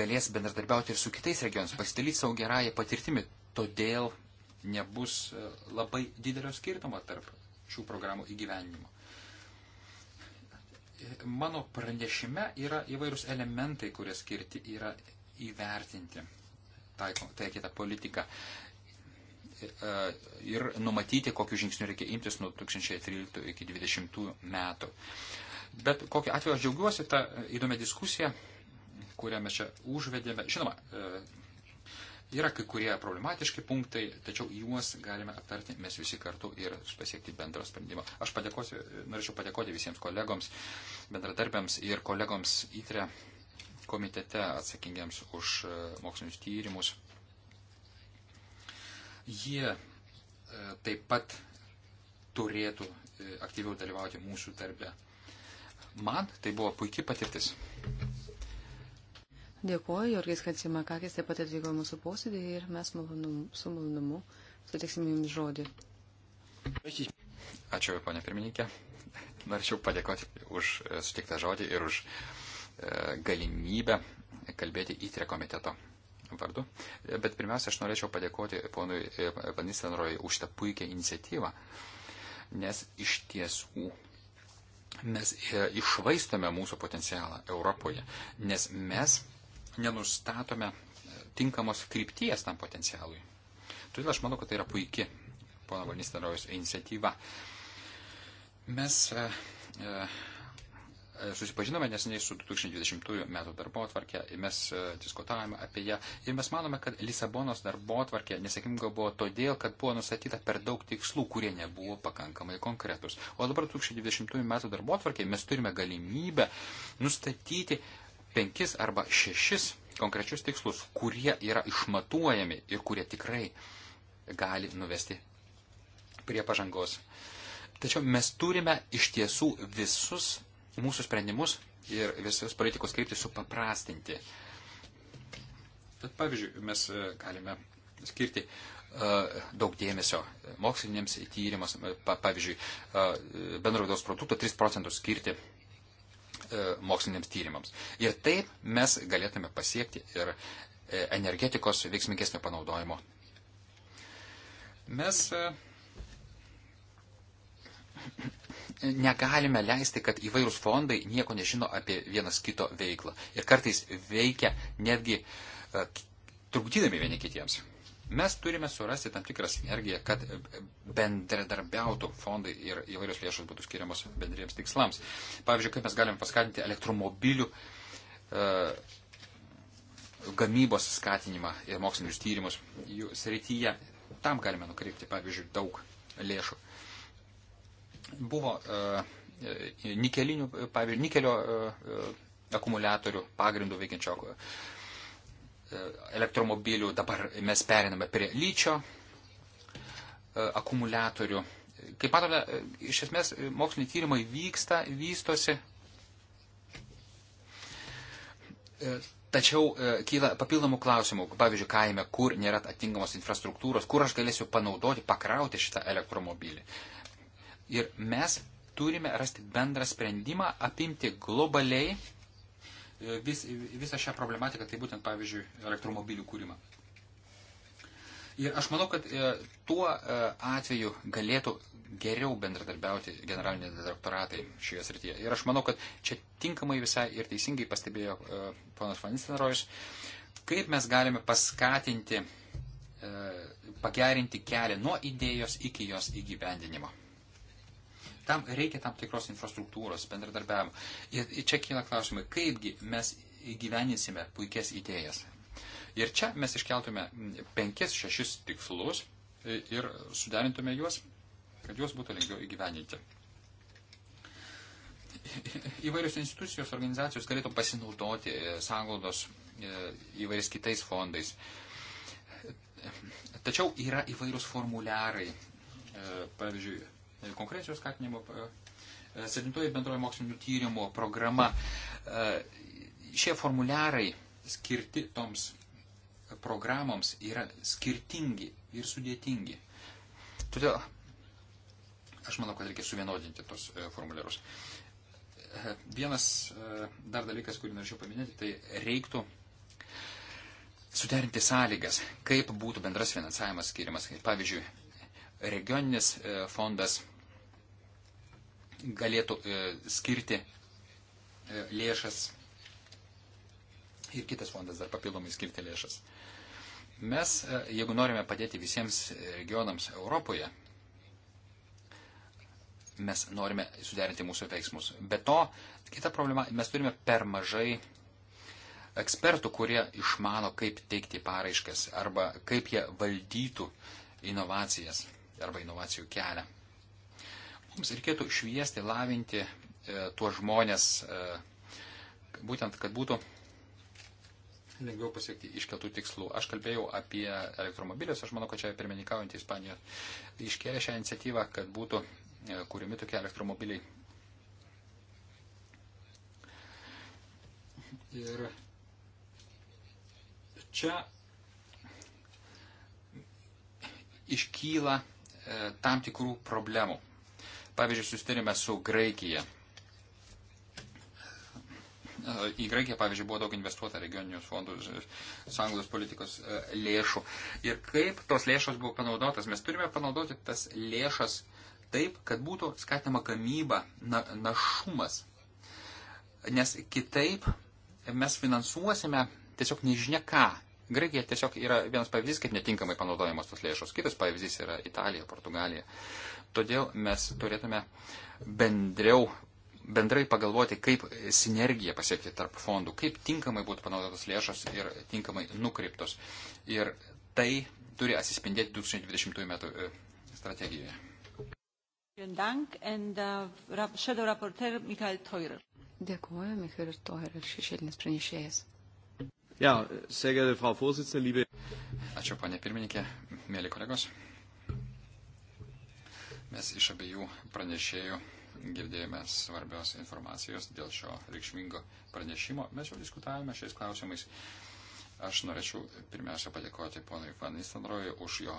Speaker 2: galės bendradarbiauti ir su kitais regionais, pasidalyti savo gerąją patirtimį. Todėl nebus labai didelio skirtumo tarp šių programų įgyvenimo mano pranešime yra įvairūs elementai, kurie skirti yra įvertinti taikytą politiką e, ir numatyti, kokiu žingsniu reikia imtis nuo 2013 iki 2020 metų. Bet kokiu atveju aš džiaugiuosi tą įdomią diskusiją, kurią mes čia užvedėme. Žinoma, e, Yra kai kurie problematiški punktai, tačiau juos galime aptarti mes visi kartu ir pasiekti bendrą sprendimą. Aš padėkosiu, norėčiau padėkoti visiems kolegoms, bendradarbiams ir kolegoms įtre komitete atsakingiams už e, mokslinius tyrimus. Jie e, taip pat turėtų e, aktyviau dalyvauti mūsų darbe. Man tai buvo puikia patirtis.
Speaker 3: Dėkuoju, Jorgis Hatsimakakis taip pat atvyko mūsų posėdį ir mes malonum, su malonumu sutiksime jums žodį.
Speaker 2: Ačiū, ponė pirmininkė. Norėčiau padėkoti už e, sutiktą žodį ir už e, galimybę kalbėti įtrė komiteto vardu. E, bet pirmiausia, aš norėčiau padėkoti ponui Vanisenroj už tą puikią iniciatyvą, nes iš tiesų mes išvaistome mūsų potencialą Europoje, nes mes nenustatome tinkamos krypties tam potencialui. Todėl aš manau, kad tai yra puikia pono Valnisteraus iniciatyva. Mes e, e, susipažinome neseniai su 2020 metų darbo atvarkė, mes e, diskutavome apie ją ir mes manome, kad Lisabonos darbo atvarkė nesėkminga buvo todėl, kad buvo nustatyta per daug tikslų, kurie nebuvo pakankamai konkretus. O dabar 2020 metų darbo atvarkė mes turime galimybę nustatyti penkis arba šešis konkrečius tikslus, kurie yra išmatuojami ir kurie tikrai gali nuvesti prie pažangos. Tačiau mes turime iš tiesų visus mūsų sprendimus ir visus politikos kryptis supaprastinti. Tad pavyzdžiui, mes e, galime skirti e, daug dėmesio moksliniams tyrimams, pavyzdžiui, e, bendro vidaus produkto 3 procentus skirti E, moksliniams tyrimams. Ir taip mes galėtume pasiekti ir e, energetikos veiksmingesnio panaudojimo. Mes e, negalime leisti, kad įvairūs fondai nieko nežino apie vienas kito veiklą. Ir kartais veikia netgi trukdydami vieni kitiems. Mes turime surasti tam tikrą sinergiją, kad bendradarbiautų fondai ir įvairios lėšos būtų skiriamos bendriems tikslams. Pavyzdžiui, kaip mes galime paskatinti elektromobilių uh, gamybos skatinimą ir mokslinius tyrimus jų srityje. Tam galime nukreipti, pavyzdžiui, daug lėšų. Buvo uh, nikelinių, pavyzdžiui, nikelio uh, akumuliatorių pagrindų veikiančio elektromobilių, dabar mes periname prie lyčio e, akumuliatorių. Kaip matome, e, iš esmės e, moksliniai tyrimai vyksta, vystosi, tačiau kyla papildomų klausimų, pavyzdžiui, kaime, kur nėra atitinkamos infrastruktūros, kur aš galėsiu panaudoti, pakrauti šitą elektromobilį. Ir mes turime rasti bendrą sprendimą, apimti globaliai E, vis, visą šią problematiką, tai būtent, pavyzdžiui, elektromobilių kūrimą. Ir aš manau, kad e, tuo e, atveju galėtų geriau bendradarbiauti generaliniai direktoratai šioje srityje. Ir aš manau, kad čia tinkamai visai ir teisingai pastebėjo ponas Vanistinarojus, kaip mes galime paskatinti, pagerinti kelią nuo idėjos iki jos įgyvendinimo. Tam reikia tam tikros infrastruktūros, bendradarbiavimo. Ir čia kyla klausimai, kaipgi mes įgyveninsime puikias idėjas. Ir čia mes iškeltume penkis, šešis tikslus ir suderintume juos, kad juos būtų lengviau įgyveninti. Įvairios institucijos, organizacijos galėtų pasinaudoti e, sąnglaudos e, įvairiais kitais fondais. Tačiau yra įvairūs formuliarai. E, pavyzdžiui, konkrečios skatinimo. E, Sedintoji bendroji mokslinio tyrimo programa. E, šie formuliarai skirti toms programoms yra skirtingi ir sudėtingi. Todėl aš manau, kad reikia suvienodinti tos e, formuliarus. Vienas dar dalykas, kurį norėčiau paminėti, tai reiktų suderinti sąlygas, kaip būtų bendras finansavimas skiriamas. Pavyzdžiui, regioninis fondas galėtų e, skirti e, lėšas ir kitas fondas dar papildomai skirti lėšas. Mes, e, jeigu norime padėti visiems regionams Europoje, mes norime suderinti mūsų veiksmus. Be to, kita problema, mes turime per mažai ekspertų, kurie išmano, kaip teikti paraiškas arba kaip jie valdytų inovacijas arba inovacijų kelią mums reikėtų šviesti, lavinti e, tuos žmonės, e, būtent, kad būtų lengviau pasiekti iškeltų tikslų. Aš kalbėjau apie elektromobilius, aš manau, kad čia pirmininkaujant Ispanija iškėlė šią iniciatyvą, kad būtų e, kūrimi tokie elektromobiliai. Ir čia iškyla e, tam tikrų problemų. Pavyzdžiui, susitarime su Graikija. Į Graikiją, pavyzdžiui, buvo daug investuota regioninius fondus, sąjungos politikos e, lėšų. Ir kaip tos lėšos buvo panaudotas? Mes turime panaudoti tas lėšas taip, kad būtų skatinama gamyba, na, našumas. Nes kitaip mes finansuosime tiesiog nežinia ką. Graikija tiesiog yra vienas pavyzdys, kaip netinkamai panaudojamos tos lėšos. Kitas pavyzdys yra Italija, Portugalija. Todėl mes turėtume bendriau, bendrai pagalvoti, kaip sinergiją pasiekti tarp fondų, kaip tinkamai būtų panaudotos lėšos ir tinkamai nukreiptos. Ir tai turi atsispindėti 2020 metų e, strategijoje.
Speaker 3: Äh, Dėkuoju, Michaelis Toirer, šešėlinis pranešėjas.
Speaker 2: Ja, sehr geehrte Frau Vorsitzende, liebe. Ačiū, ponė pirmininkė, mėly kolegos. Mes iš abiejų pranešėjų girdėjome svarbios informacijos dėl šio reikšmingo pranešimo. Mes jau diskutavome šiais klausimais. Aš norėčiau pirmiausia padėkoti ponui Van Nistelrooy už jo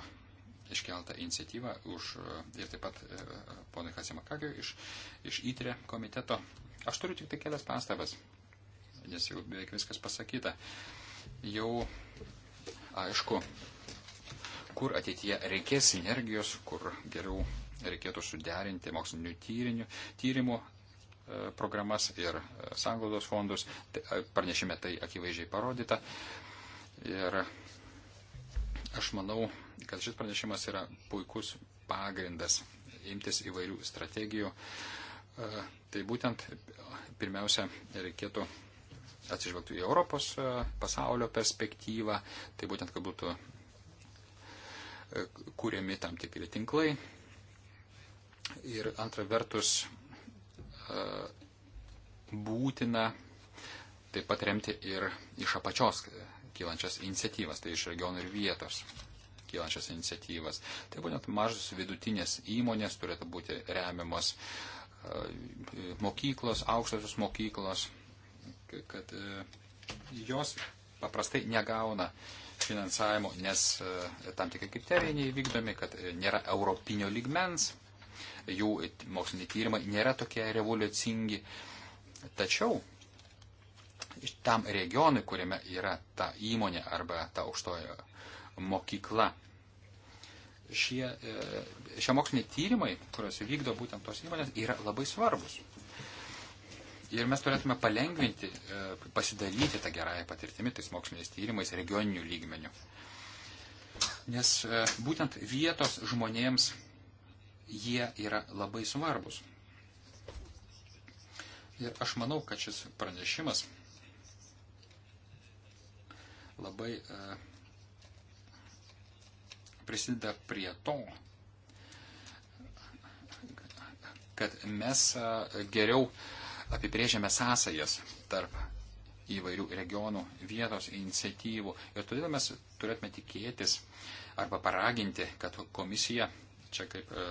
Speaker 2: iškeltą iniciatyvą už, ir taip pat e, ponui Hasimakagiui iš, iš ITRE komiteto. Aš turiu tik tai kelias pastabas, nes jau beveik viskas pasakyta. Jau aišku, kur ateityje reikės sinergijos, kur geriau reikėtų suderinti mokslinių tyrinių, tyrimų e, programas ir e, sanglaudos fondus. Tai, e, pranešime tai akivaizdžiai parodyta. Ir aš manau, kad šis pranešimas yra puikus pagrindas imtis įvairių strategijų. Tai būtent pirmiausia reikėtų atsižvelgti į Europos pasaulio perspektyvą, tai būtent, kad būtų kūrėmi tam tikri tinklai, ir antra vertus e, būtina taip pat remti ir iš apačios kylančias iniciatyvas, tai iš regionų ir vietos kylančias iniciatyvas. Tai būtent mažos vidutinės įmonės turėtų būti remiamos e, mokyklos, aukštosios mokyklos, kad e, jos paprastai negauna finansavimo, nes tam tikri kriterijai neįvykdomi, kad nėra europinio ligmens jų moksliniai tyrimai nėra tokie revoliucingi. Tačiau tam regionui, kuriame yra ta įmonė arba ta aukštoja mokykla, šie, e, šie moksliniai tyrimai, kuriuos vykdo būtent tos įmonės, yra labai svarbus. Ir mes turėtume palengvinti, e, pasidalyti tą gerąją patirtimį tais moksliniais tyrimais regioninių lygmenių. Nes e, būtent vietos žmonėms jie yra labai svarbus. Ir aš manau, kad šis pranešimas labai e, prisideda prie to, kad mes e, geriau apibrėžiame sąsajas tarp įvairių regionų vietos iniciatyvų. Ir todėl mes turėtume tikėtis arba paraginti, kad komisija čia kaip e,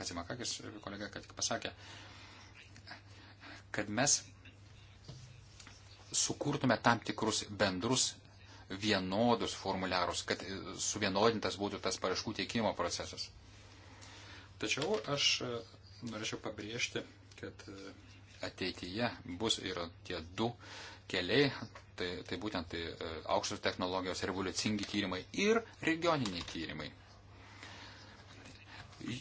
Speaker 2: Kazimakakis kolega ką tik pasakė, kad mes sukurtume tam tikrus bendrus vienodus formuliarus, kad suvienodintas būtų tas paraškų teikimo procesas. Tačiau aš e, norėčiau pabrėžti, kad e, ateityje bus ir tie du keliai, tai, tai būtent tai aukštos technologijos, revoliucingi tyrimai ir regioniniai tyrimai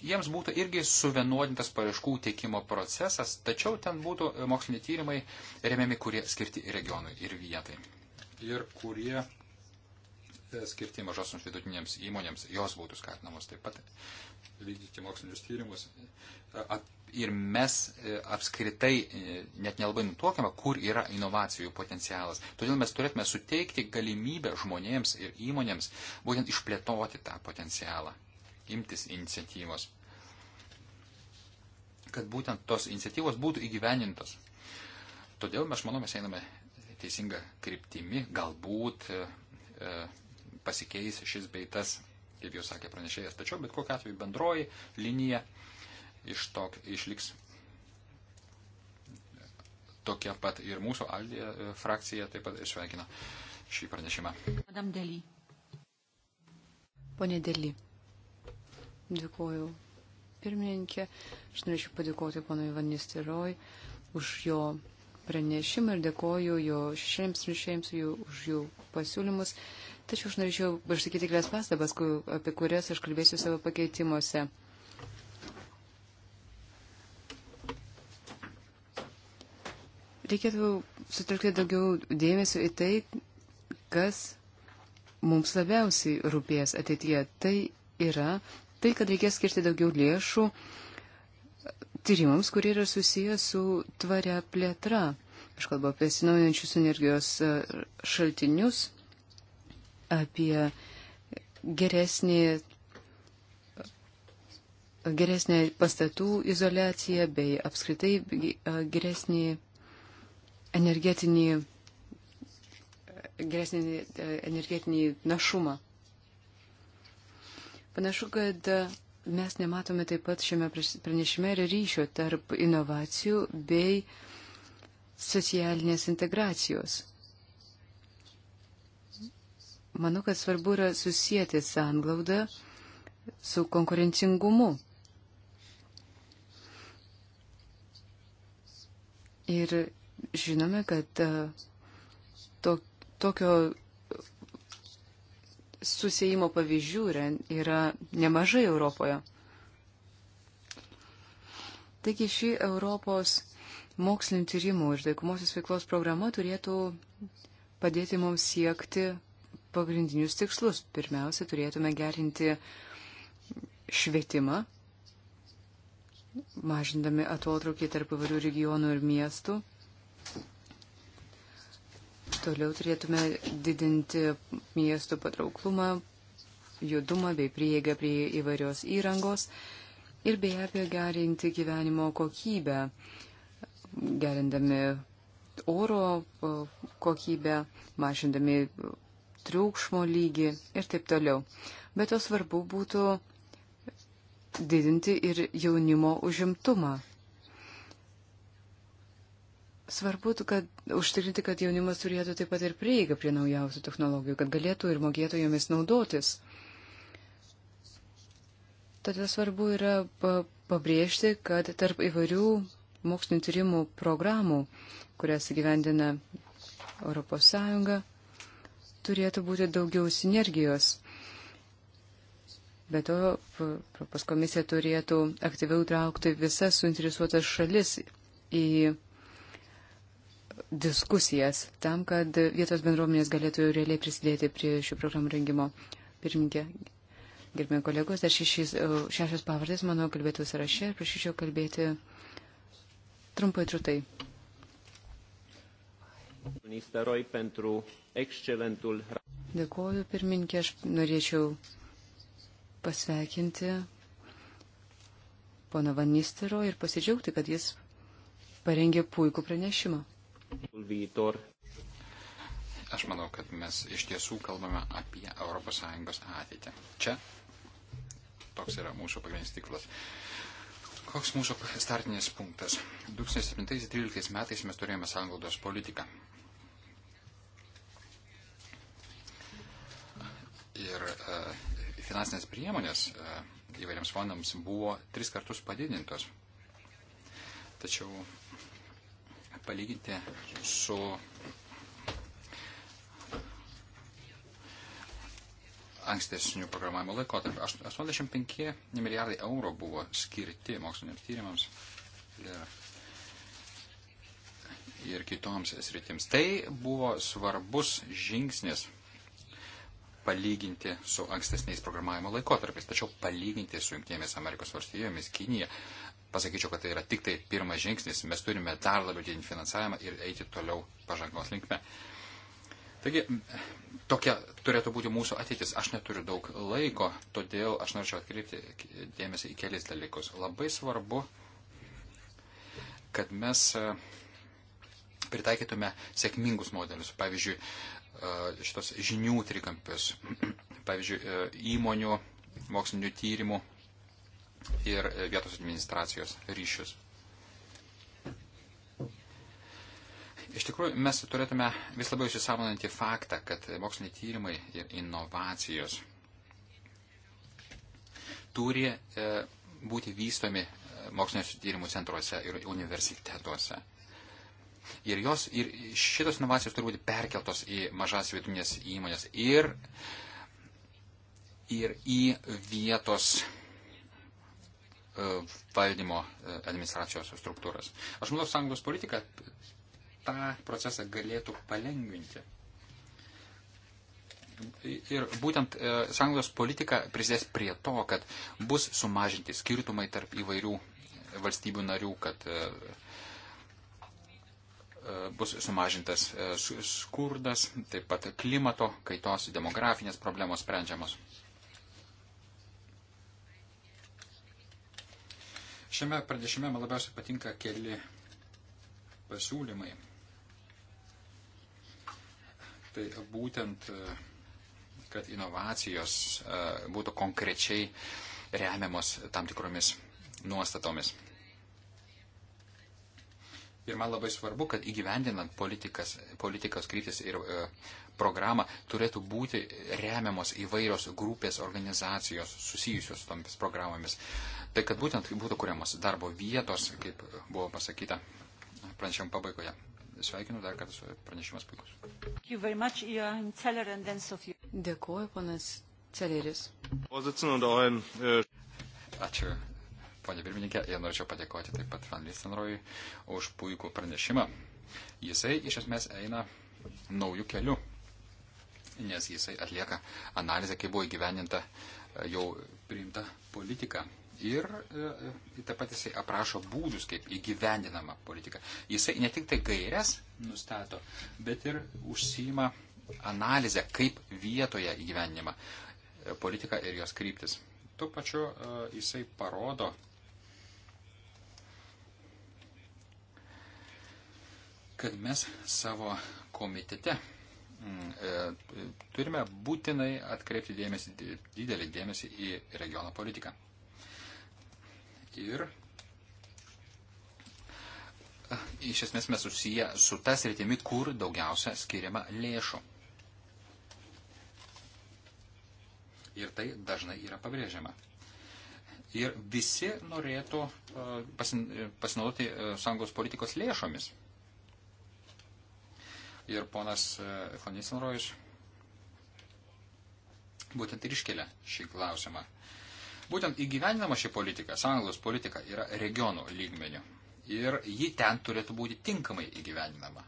Speaker 2: jiems būtų irgi suvienodintas paraiškų teikimo procesas, tačiau ten būtų moksliniai tyrimai remiami, kurie skirti regionui ir vietai. Ir kurie e, skirti mažosioms vidutinėms įmonėms, jos būtų skatinamos taip pat vykdyti mokslinius tyrimus. E, ir mes e, apskritai net nelabai nutuokiame, kur yra inovacijų potencialas. Todėl mes turėtume suteikti galimybę žmonėms ir įmonėms būtent išplėtoti tą potencialą imtis iniciatyvos. Kad būtent tos iniciatyvos būtų įgyvenintos. Todėl mes, manau, mes einame teisinga kryptimi, galbūt e, e, pasikeis šis beitas, kaip jau sakė pranešėjas. Tačiau bet kokiu atveju bendroji linija iš to išliks tokia pat ir mūsų Aldė e, frakcija taip pat sveikina šį pranešimą.
Speaker 3: Madame Dely. Pone Dely. Dėkuoju pirmininkė. Aš norėčiau padėkoti ponui Vanisteroj už jo pranešimą ir dėkoju jo šešiems ryšėjams už jų pasiūlymus. Tačiau aš norėčiau išsakyti kelias pastabas, apie kurias aš kalbėsiu savo pakeitimuose. Reikėtų sutelkti daugiau dėmesio į tai, kas mums labiausiai rūpės ateityje. Tai yra tai, kad reikės skirti daugiau lėšų tyrimams, kurie yra susijęs su tvaria plėtra. Aš kalbu apie atsinaujančius energijos e, šaltinius, apie geresnį e, geresnė pastatų izolacija bei apskritai e, geresnį energetinį, geresnį energetinį našumą. Panašu, kad mes nematome taip pat šiame pranešime ir ryšio tarp inovacijų bei socialinės integracijos. Manau, kad svarbu yra susijęti sanglaudą su konkurencingumu. Ir žinome, kad uh, to, tokio susijimo pavyzdžių yra, yra nemažai Europoje. Taigi ši Europos mokslinio tyrimų ir taikomosios veiklos programa turėtų padėti mums siekti pagrindinius tikslus. Pirmiausia, turėtume gerinti švietimą, mažindami atotraukį tarp įvairių regionų ir miestų. Toliau turėtume didinti miestų patrauklumą, judumą bei prieigą prie įvairios įrangos ir be abejo gerinti gyvenimo kokybę, gerindami oro kokybę, mažindami triukšmo lygį ir taip toliau. Bet to svarbu būtų didinti ir jaunimo užimtumą. Svarbu, kad užtikrinti, kad jaunimas turėtų taip pat ir prieigą prie naujausių technologijų, kad galėtų ir mokėtų jomis naudotis. Todėl svarbu yra pabrėžti, kad tarp įvairių mokslinio tyrimų programų, kurias gyvendina ES, turėtų būti daugiau sinergijos. Be to, Europos komisija turėtų aktyviau traukti visas suinteresuotas šalis į diskusijas tam, kad vietos bendruomenės galėtų realiai prisidėti prie šių programų rengimo. Pirmininkė, gerbėjai kolegos, dar šešis, e, šešios pavardės mano kalbėtų sąraše ir prašyčiau kalbėti trumpai trutai. Dėkuoju, pirmininkė, aš norėčiau pasveikinti pono Vanistero ir pasidžiaugti, kad jis parengė puikų pranešimą.
Speaker 2: Aš manau, kad mes iš tiesų kalbame apie ES ateitį. Čia toks yra mūsų pagrindinis tiklas. Koks mūsų startinis punktas? 2007-2013 metais mes turėjome sąnglaudos politiką. Ir e, finansinės priemonės e, įvairiams fondams buvo tris kartus padidintos. Tačiau palyginti su ankstesnių programavimo laikotarpių. 85 milijardai eurų buvo skirti moksliniams tyrimams ir, ir kitoms sritims. Tai buvo svarbus žingsnis palyginti su ankstesniais programavimo laikotarpiais, tačiau palyginti su Junktinėmis Amerikos valstijomis, Kinija, pasakyčiau, kad tai yra tik tai pirmas žingsnis. Mes turime dar labiau didinti finansavimą ir eiti toliau pažangos linkme. Taigi, tokia turėtų būti mūsų ateitis. Aš neturiu daug laiko, todėl aš norėčiau atkreipti dėmesį į kelis dalykus. Labai svarbu, kad mes e, pritaikytume sėkmingus modelius. Pavyzdžiui, e, šitos žinių trikampis, pavyzdžiui, e, įmonių, mokslinių tyrimų ir e, vietos administracijos ryšius. Iš tikrųjų, mes turėtume vis labiau įsisamoninti faktą, kad moksliniai tyrimai ir inovacijos turi e, būti vystomi e, mokslinio tyrimų centruose ir universitetuose. Ir, jos, ir šitos inovacijos turi būti perkeltos į mažas vietinės įmonės ir, ir į vietos E, valdymo e, administracijos struktūras. Aš manau, sąjungos politika tą procesą galėtų palengvinti. Ir būtent e, sąjungos politika prisidės prie to, kad bus sumažinti skirtumai tarp įvairių valstybių narių, kad bus sumažintas skurdas, taip pat klimato kaitos, demografinės problemos sprendžiamos. Šiame pranešime man labiausiai patinka keli pasiūlymai. Tai būtent, e, kad inovacijos e, būtų konkrečiai remiamos tam tikromis nuostatomis. Ir man labai svarbu, kad įgyvendinant politikas, politikos kryptis ir e, programą turėtų būti remiamos įvairios grupės organizacijos susijusios su tomis programomis. Tai kad būtent tai būtų kuriamos darbo vietos, kaip buvo pasakyta pranešimo pabaigoje. Sveikinu dar kartą su pranešimas puikus.
Speaker 3: Dėkuoju, ponas Celeris.
Speaker 2: E, Ačiū, ponė pirmininkė, ir norėčiau padėkoti taip pat Van Listenrojui už puikų pranešimą. Jisai iš esmės eina naujų kelių, nes jisai atlieka analizę, kaip buvo įgyveninta e, jau priimta politika ir e, e, taip pat jisai aprašo būdus, kaip įgyvendinama politika. Jisai ne tik tai gairias nustato, bet ir užsima analizę, kaip vietoje įgyvendinama e, politika ir jos kryptis. Tuo pačiu jisai parodo, kad mes savo komitete mm, turime būtinai atkreipti dėmesį, didelį dėmesį į regiono politiką ir iš esmės mes susiję su tas rytimi, kur daugiausia skiriama lėšų. Ir tai dažnai yra pabrėžiama. Ir visi norėtų e, e, pasinaudoti e, sąjungos politikos lėšomis. Ir ponas Fonisenrojus būtent ir iškelia šį klausimą. Būtent įgyvendinama ši politika, sąjungos politika yra regionų lygmenių. Ir ji ten turėtų būti tinkamai įgyvendinama.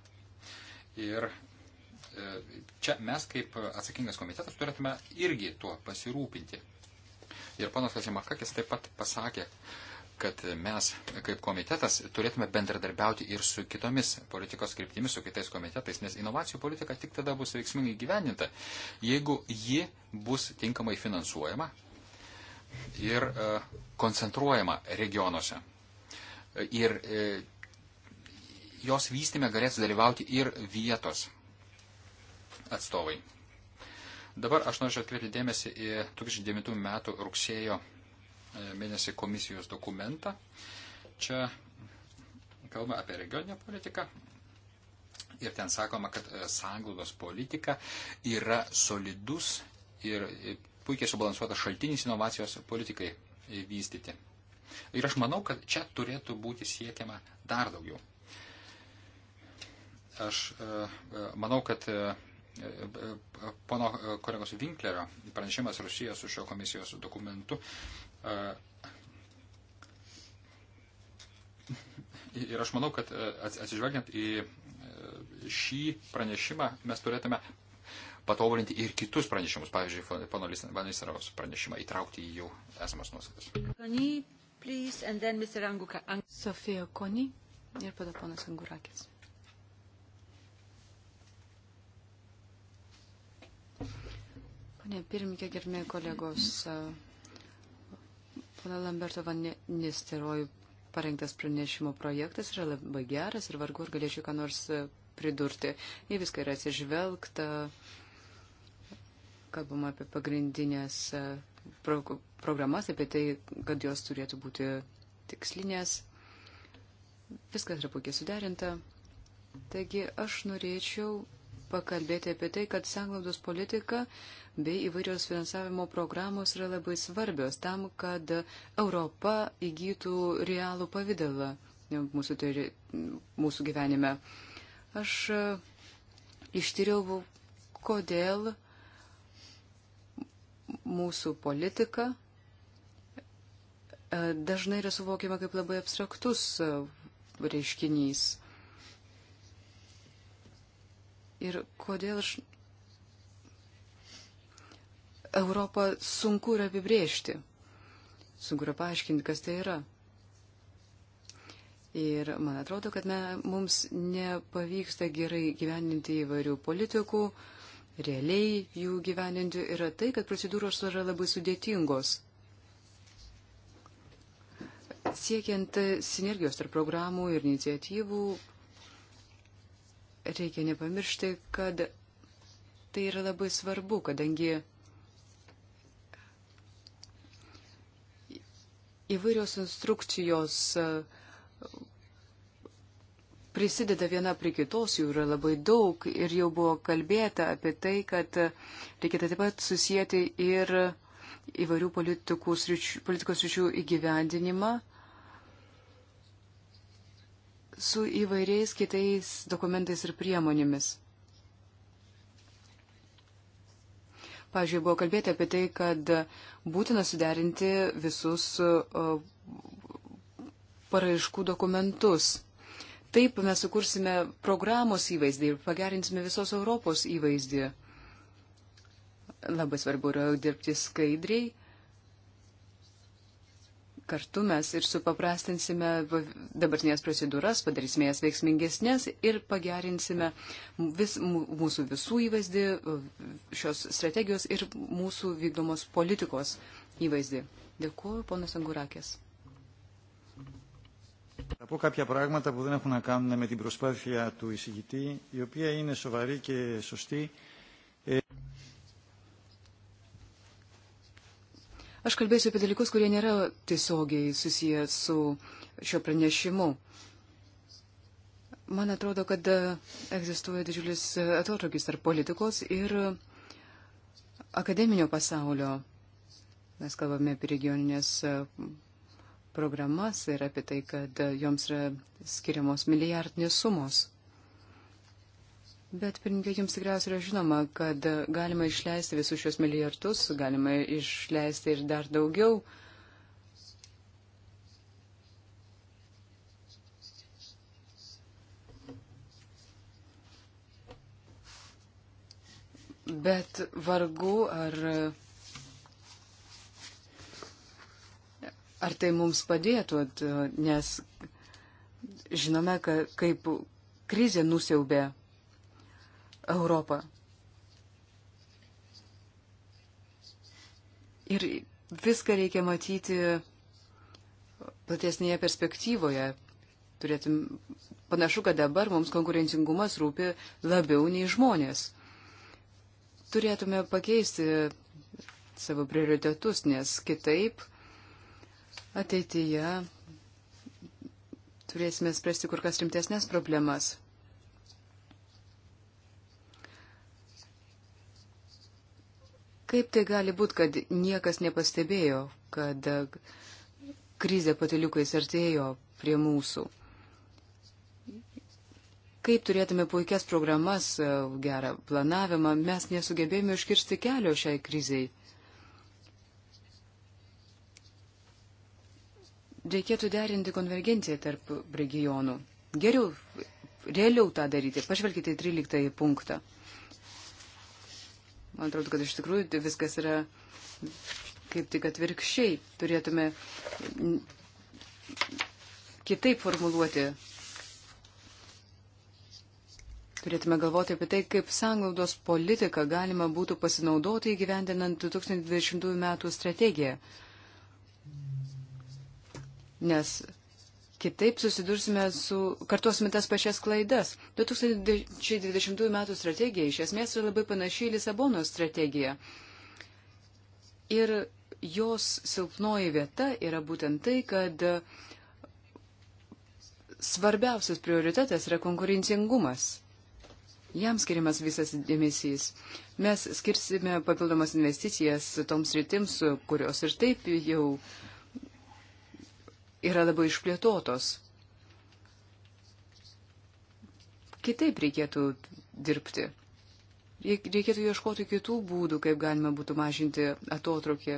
Speaker 2: Ir e, čia mes kaip atsakingas komitetas turėtume irgi tuo pasirūpinti. Ir panas Kasimakakis taip pat pasakė, kad mes kaip komitetas turėtume bendradarbiauti ir su kitomis politikos kryptimis, su kitais komitetais, nes inovacijų politika tik tada bus veiksmingai gyveninta, jeigu ji bus tinkamai finansuojama ir e, koncentruojama regionuose. E, ir e, jos vystime galės dalyvauti ir vietos atstovai. Dabar aš noriu atkreipti dėmesį į 2009 metų rugsėjo mėnesį komisijos dokumentą. Čia kalba apie regioninę politiką. Ir ten sakoma, kad sąnglaudos politika yra solidus ir puikiai subalansuotas šaltinis inovacijos politikai vystyti. Ir aš manau, kad čia turėtų būti siekiama dar daugiau. Aš e, e, manau, kad e, pono kolegos Winklerio pranešimas Rusijos su šio komisijos dokumentu Ir aš manau, kad atsižvelgiant į šį pranešimą mes turėtume patobulinti ir kitus pranešimus, pavyzdžiui, pono Vanisaraus pranešimą įtraukti į jau esamas nuostatas.
Speaker 3: Sofija Koni ir tada ponas Angurakis. Pane pirmininkė, gerbėjai kolegos, pana Lamberto Van Nisteroj parengtas pranešimo projektas yra labai geras ir vargu ar galėčiau ką nors pridurti. Į viską yra atsižvelgta. Uh, kalbama apie pagrindinės e, pro programas, apie tai, kad jos turėtų būti tikslinės. Viskas yra puikiai suderinta. Taigi aš norėčiau pakalbėti apie tai, kad sanglaudos politika bei įvairios finansavimo programos yra labai svarbios tam, kad Europa įgytų realų pavydalą mūsų, teri, mūsų gyvenime. Aš e, ištyriau, kodėl mūsų politika e, dažnai yra suvokiama kaip labai abstraktus e, reiškinys. Ir kodėl aš. Europą sunku yra apibriežti. Sunku yra paaiškinti, kas tai yra. Ir man atrodo, kad me, mums nepavyksta gerai gyveninti įvairių politikų, uh, realiai jų gyveninti, yra tai, kad procedūros yra labai sudėtingos. Siekiant sinergijos tarp programų ir iniciatyvų, reikia nepamiršti, kad tai yra labai svarbu, kadangi įvairios instrukcijos prisideda viena prie kitos, jų yra labai daug ir jau buvo kalbėta apie tai, kad reikėtų taip pat susijęti ir įvairių sričių, politikos ryčių įgyvendinimą su įvairiais kitais dokumentais ir priemonėmis. Pavyzdžiui, buvo kalbėti apie tai, kad būtina suderinti visus uh, paraiškų dokumentus. Taip mes sukursime programos įvaizdį ir pagerinsime visos Europos įvaizdį. Labai svarbu yra dirbti skaidriai. Kartu mes ir supaprastinsime dabartinės procedūras, padarysime jas veiksmingesnės ir pagerinsime vis, mūsų visų įvaizdį, šios strategijos ir mūsų vykdomos politikos įvaizdį. Dėkuoju, ponas Angurakės. Θα πω κάποια πράγματα
Speaker 2: που δεν έχουν να κάνουν με την προσπάθεια του εισηγητή, η οποία είναι σοβαρή και σωστή.
Speaker 3: Aš kalbėsiu apie dalykus, kurie nėra tiesiogiai susiję su šio pranešimu. Man atrodo, kad e, egzistuoja didžiulis e, atotrukis tarp politikos ir akademinio pasaulio. Mes kalbame apie regioninės e, programas ir apie tai, kad joms yra skiriamos milijardinės sumos. Bet, pirmininkai, jums tikriausiai yra žinoma, kad galima išleisti visus šios milijardus, galima išleisti ir dar daugiau. Bet vargu ar Ar tai mums padėtų, nes žinome, ka, kaip krizė nusiaubė Europą. Ir viską reikia matyti platesnėje perspektyvoje. Turėtum, panašu, kad dabar mums konkurencingumas rūpi labiau nei žmonės. Turėtume pakeisti savo prioritetus, nes kitaip uh, ateityje turėsime spręsti kur kas rimtesnės problemas. Kaip tai gali būti, kad niekas nepastebėjo, kad krizė patiliukais artėjo prie mūsų? Kaip turėtume puikias programas, gerą planavimą, mes nesugebėjome iškirsti kelio šiai kriziai. reikėtų derinti konvergenciją tarp regionų. Geriau, realiau tą daryti. Pažvelkite į 13 punktą. Man atrodo, kad iš tikrųjų viskas yra kaip tik atvirkščiai. Turėtume kitaip formuluoti. Turėtume galvoti apie tai, kaip sanglaudos politiką galima būtų pasinaudoti įgyvendinant 2020 m. strategiją nes kitaip susidursime su, kartuosime tas pačias klaidas. 2020 m. strategija iš esmės yra labai panaši į Lisabono strategiją. Ir jos silpnoji vieta yra būtent tai, kad svarbiausias prioritetas yra konkurencingumas. Jam skiriamas visas dėmesys. Mes skirsime papildomas investicijas toms rytims, kurios ir taip jau uh, yra labai išplėtotos. Kitaip reikėtų dirbti. Reikėtų ieškoti kitų būdų, kaip galima būtų mažinti atotrukį.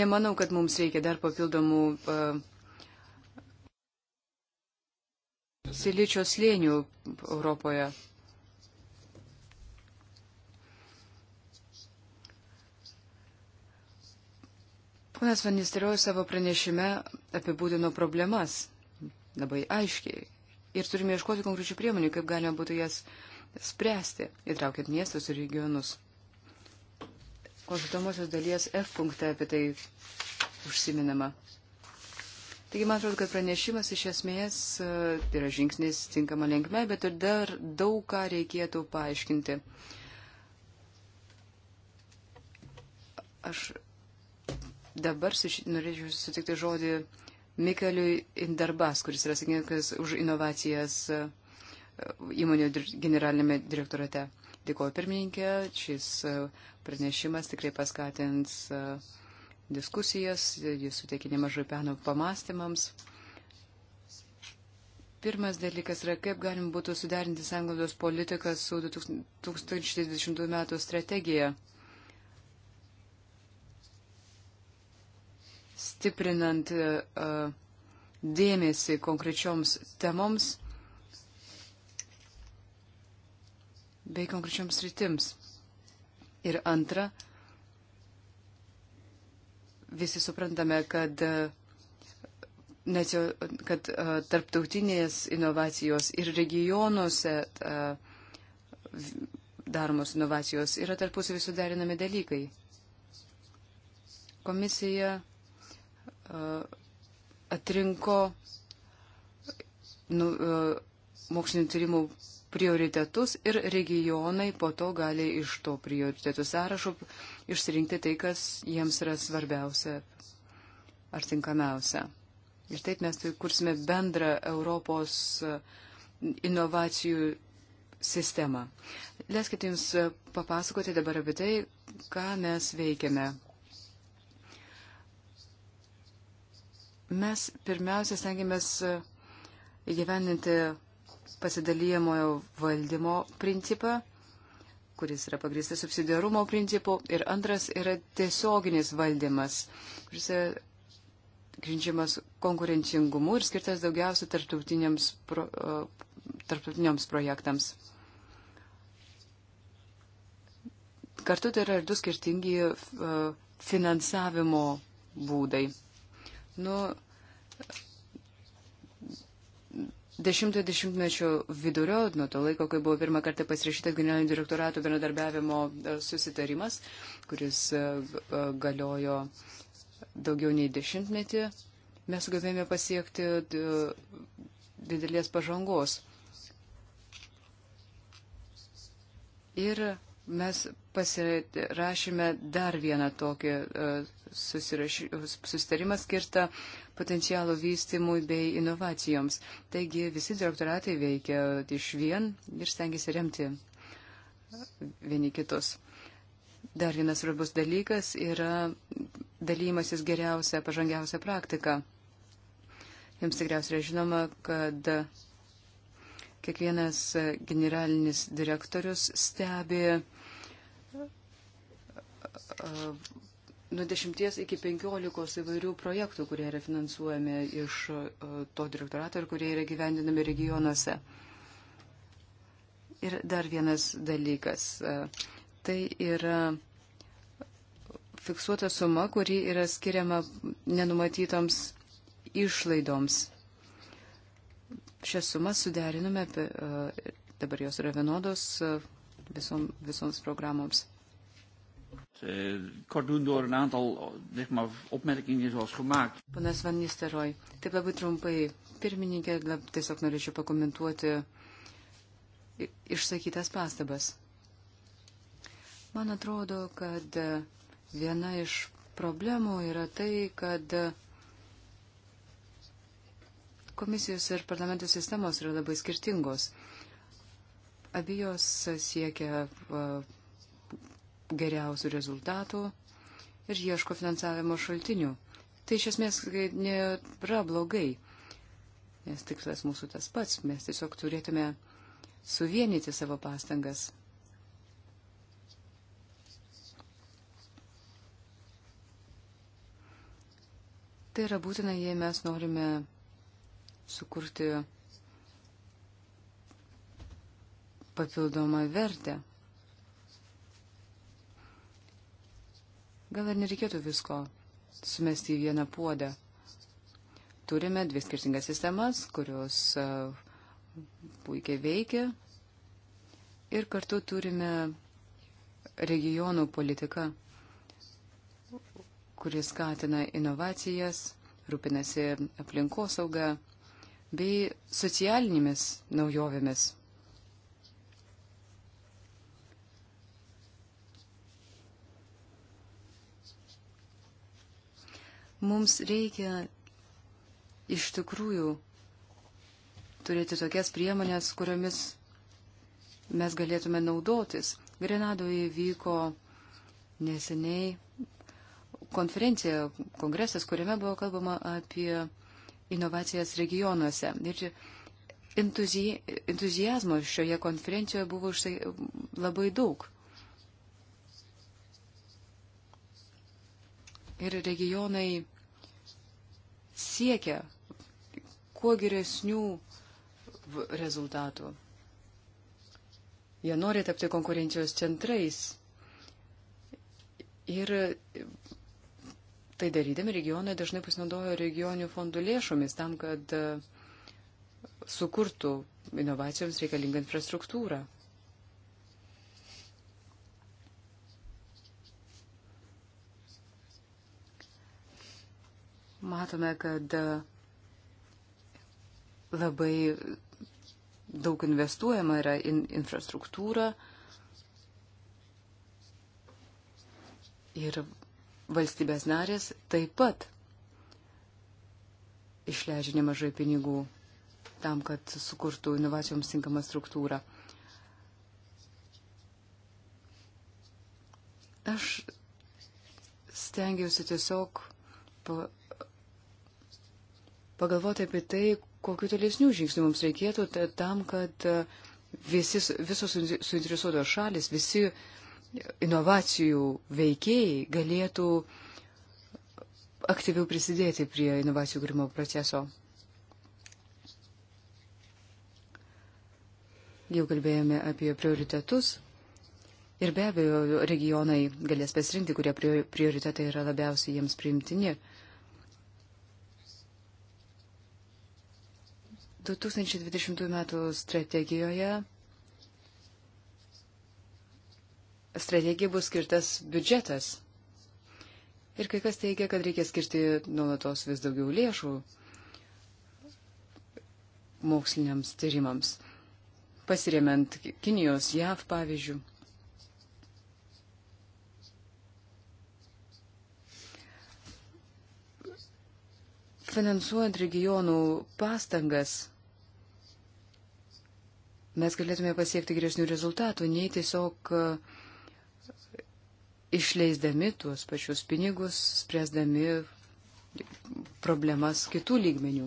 Speaker 3: Nemanau, kad mums reikia dar papildomų uh, siličio slėnių Europoje. Ponas Vanisterio savo pranešime apibūdino problemas labai aiškiai ir turime ieškoti konkrečių priemonių, kaip galima būtų jas spręsti, įtraukiant miestus ir regionus. Konsultamosios dalies F punkte apie tai užsiminama. Taigi, man atrodo, kad pranešimas iš esmės e, yra žingsnis tinkama linkme, bet ir dar daug ką reikėtų paaiškinti. Aš Dabar su, norėčiau sutikti žodį Mikeliui Indarbas, kuris yra sakingas už inovacijas e, įmonių generalinėme direktorate. Dėkuoju pirmininkė, šis e, pranešimas tikrai paskatins e, diskusijas, jis suteikia nemažai peno pamastymams. Pirmas dalykas yra, kaip galim būtų suderinti sąjungos politiką su 2020 m. strategija. stiprinant e, e, dėmesį konkrečioms temoms bei konkrečioms rytims. Ir antra, visi suprantame, kad, e, kad tarptautinės inovacijos ir regionuose daromos inovacijos yra tarpusavį suderinami dalykai. Komisija atrinko nu, e, mokslinio tyrimų prioritetus ir regionai po to gali iš to prioritetų sąrašo išsirinkti tai, kas jiems yra svarbiausia ar tinkamiausia. Ir taip mes tai kursime bendrą Europos inovacijų sistemą. Leiskite Jums papasakoti dabar apie tai, ką mes veikiame Mes pirmiausia stengiamės e, įgyveninti pasidalyjamojo valdymo principą, kuris yra pagristas subsidiarumo principu, ir antras yra tiesioginis valdymas, kuris yra grindžiamas konkurencingumu ir skirtas daugiausia tarptautiniams, pro, e, tarptautiniams projektams. Kartu tai yra ir du skirtingi e, finansavimo būdai nuo 10-mečio vidurio, nuo to laiko, kai buvo pirmą kartą pasirašytas generalinio direktorato bendradarbiavimo e, susitarimas, kuris e, e, galiojo daugiau nei dešimtmetį, mes sugebėjome pasiekti didelės pažangos. Ir Mes pasirašėme dar vieną tokį e, susitarimą skirtą potencialo vystimui bei inovacijoms. Taigi visi direktoratai veikia iš vien ir stengiasi remti vieni kitus. Dar vienas svarbus dalykas yra dalymasis geriausia, pažangiausia praktika. Jums tikriausiai yra žinoma, kad kiekvienas generalinis direktorius stebi E, nuo 10 iki 15 įvairių projektų, kurie yra finansuojami iš e, to direktorato ir kurie yra gyvendinami regionuose. Ir dar vienas dalykas. E, tai yra fiksuota suma, kuri yra skiriama nenumatytoms išlaidoms. Šią sumą suderinome, dabar jos yra vienodos visom, visoms programoms
Speaker 2: uh, kort doen door een aantal zeg maar, opmerkingen zoals gemaakt.
Speaker 3: Panas Van Nisteroj, taip labai trumpai, pirmininkė, lab, tiesiog norėčiau pakomentuoti išsakytas pastabas. Man atrodo, kad e, viena iš problemų yra tai, kad e, komisijos ir parlamento sistemos yra labai skirtingos. Abijos siekia uh, geriausių rezultatų ir ieško finansavimo šaltinių. Tai iš esmės nėra blogai, nes tikslas mūsų tas pats, mes tiesiog turėtume suvienyti savo pastangas. Tai yra būtina, jei mes norime sukurti papildomą vertę Gal ir nereikėtų visko sumesti į vieną puodą. Turime dvi skirtingas sistemas, kurios e, puikiai veikia ir kartu turime regionų politiką, kuris skatina inovacijas, rūpinasi aplinkosauga bei socialinėmis naujovėmis. Mums reikia iš tikrųjų turėti tokias priemonės, kuriomis mes galėtume naudotis. Grenadoje vyko neseniai konferencija, kongresas, kuriame buvo kalbama apie inovacijas regionuose. Ir entuzi, entuzijazmo šioje konferencijoje buvo štai labai daug. Ir regionai siekia kuo geresnių rezultatų. Jie nori tapti konkurencijos centrais. Ir tai darydami regionai dažnai pasinaudojo regionių fondų lėšomis tam, kad e, sukurtų inovacijoms reikalingą infrastruktūrą. matome, kad e, labai daug investuojama yra in infrastruktūrą ir valstybės narės taip pat išleidžia nemažai pinigų tam, kad sukurtų inovacijoms tinkamą struktūrą. Aš stengiausi tiesiog pagalvoti apie tai, kokiu tolesnių žingsnių mums reikėtų tam, kad e, visi, visos suinteresuotos šalis, visi inovacijų veikėjai galėtų aktyviau prisidėti prie inovacijų kūrimo proceso. Jau kalbėjome apie prioritetus ir be abejo regionai galės pasirinkti, kurie prioritetai yra labiausiai jiems priimtini. 2020 m. strategijoje strategija bus skirtas biudžetas. Ir kai kas teigia, kad reikia skirti nuolatos vis daugiau lėšų moksliniams tyrimams, pasiremiant Kinijos, JAV pavyzdžių. Finansuojant regionų pastangas mes galėtume pasiekti geresnių rezultatų, nei tiesiog e, išleisdami tuos pačius pinigus, spręsdami problemas kitų lygmenių.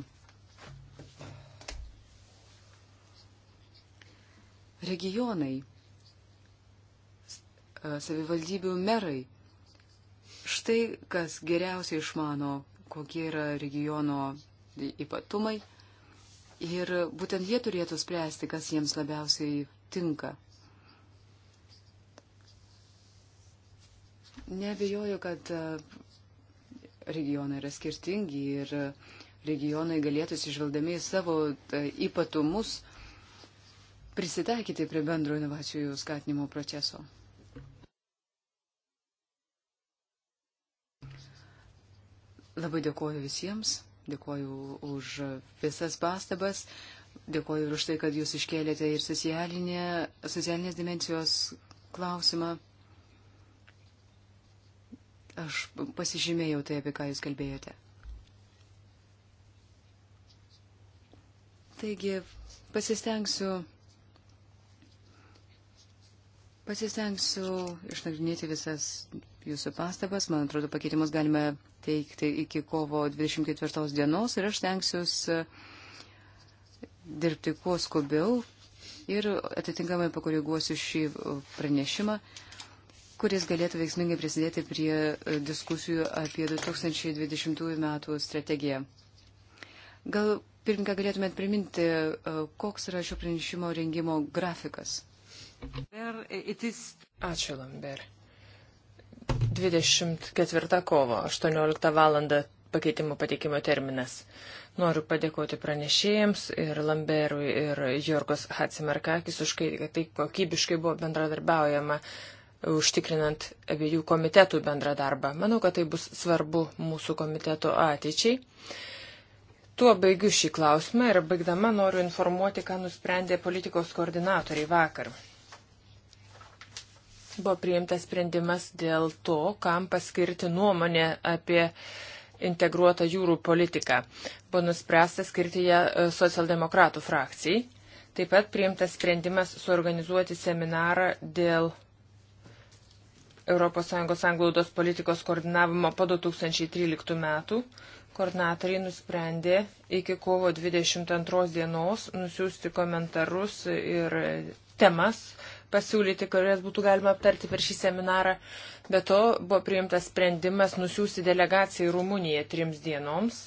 Speaker 3: Regionai, e, savivaldybių merai. Štai kas geriausiai išmano, kokie yra regiono ypatumai Ir būtent jie turėtų spręsti, kas jiems labiausiai tinka. Nebejoju, kad e, regionai yra skirtingi ir e, regionai galėtų, išvaldami į savo e, ypatumus, prisitaikyti prie bendro inovacijų skatinimo proceso. Labai dėkuoju visiems. Dėkuoju už visas pastabas. Dėkuoju ir už tai, kad jūs iškėlėte ir socialinė, socialinės dimencijos klausimą. Aš pasižymėjau tai, apie ką jūs kalbėjote. Taigi, pasistengsiu, pasistengsiu išnagrinėti visas jūsų pastabas. Man atrodo, pakeitimus galime teikti iki kovo 24 dienos ir aš tenksiuos e, dirbti kuo skubiau ir atitinkamai pakoreguosiu šį pranešimą, kuris galėtų veiksmingai prisidėti prie e, diskusijų apie 2020 metų strategiją. Gal pirmininką galėtumėt priminti, e, koks yra šio pranešimo rengimo grafikas?
Speaker 1: Ačiū, Lambert. 24 kovo 18 val. pakeitimo pateikimo terminas. Noriu padėkoti pranešėjams ir Lamberui ir Jorgos Hatsimarkakis už tai, kad taip kokybiškai buvo bendradarbiaujama užtikrinant abiejų komitetų bendrą darbą. Manau, kad tai bus svarbu mūsų komiteto ateičiai. Tuo baigiu šį klausimą ir baigdama noriu informuoti, ką nusprendė politikos koordinatoriai vakar buvo priimtas sprendimas dėl to, kam paskirti nuomonę apie integruotą jūrų politiką. Buvo nuspręsta skirti ją e, socialdemokratų frakcijai. Taip pat priimtas sprendimas suorganizuoti seminarą dėl ES anglaudos politikos koordinavimo po 2013 metų. Koordinatoriai nusprendė iki kovo 22 dienos nusiųsti komentarus ir temas pasiūlyti, kurias būtų galima aptarti per šį seminarą. Be to buvo priimtas sprendimas nusiųsti delegaciją į Rumuniją trims dienoms.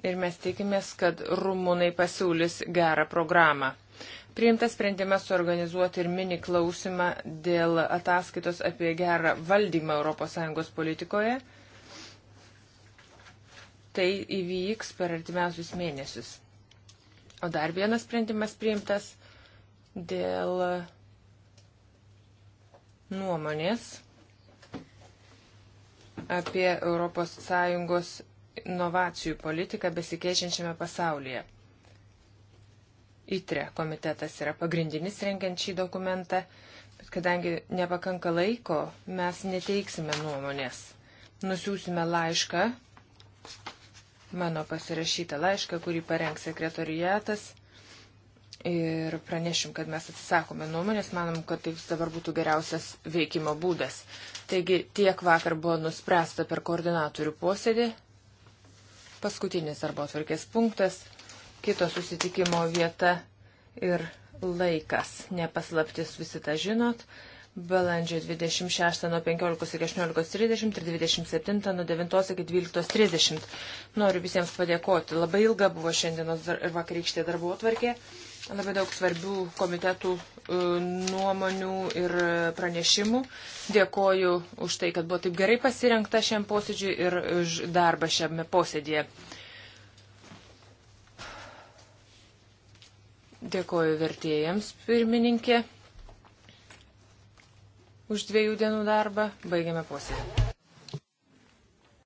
Speaker 1: Ir mes tikimės, kad rumūnai pasiūlys gerą programą. Priimtas sprendimas suorganizuoti ir mini klausimą dėl ataskaitos apie gerą valdymą ES politikoje. Tai įvyks per artimiausius mėnesius. O dar vienas sprendimas priimtas dėl nuomonės apie ES inovacijų politiką besikeičiančiame pasaulyje. ITRE komitetas yra pagrindinis rengiant šį dokumentą, bet kadangi nepakanka laiko, mes neteiksime nuomonės. Nusiųsime laišką, mano pasirašytą laišką, kurį parengs sekretorijatas ir pranešim, kad mes atsisakome nuomonės, manom, kad tai dabar būtų geriausias veikimo būdas. Taigi tiek vakar buvo nuspręsta per koordinatorių posėdį. Paskutinis darbo atvarkės punktas, kito susitikimo vieta ir laikas. Nepaslaptis visi tą žinot. Balandžio 26 nuo 15 iki 18.30 ir 27 nuo 9 iki 12.30. Noriu visiems padėkoti. Labai ilga buvo šiandienos ir vakarykštė darbo atvarkė labai daug svarbių komitetų e, nuomonių ir pranešimų. Dėkoju už tai, kad buvo taip gerai pasirinkta šiam posėdžiui ir už darbą šiame posėdėje. Dėkoju vertėjams, pirmininkė, už dviejų dienų darbą. Baigiame posėdį.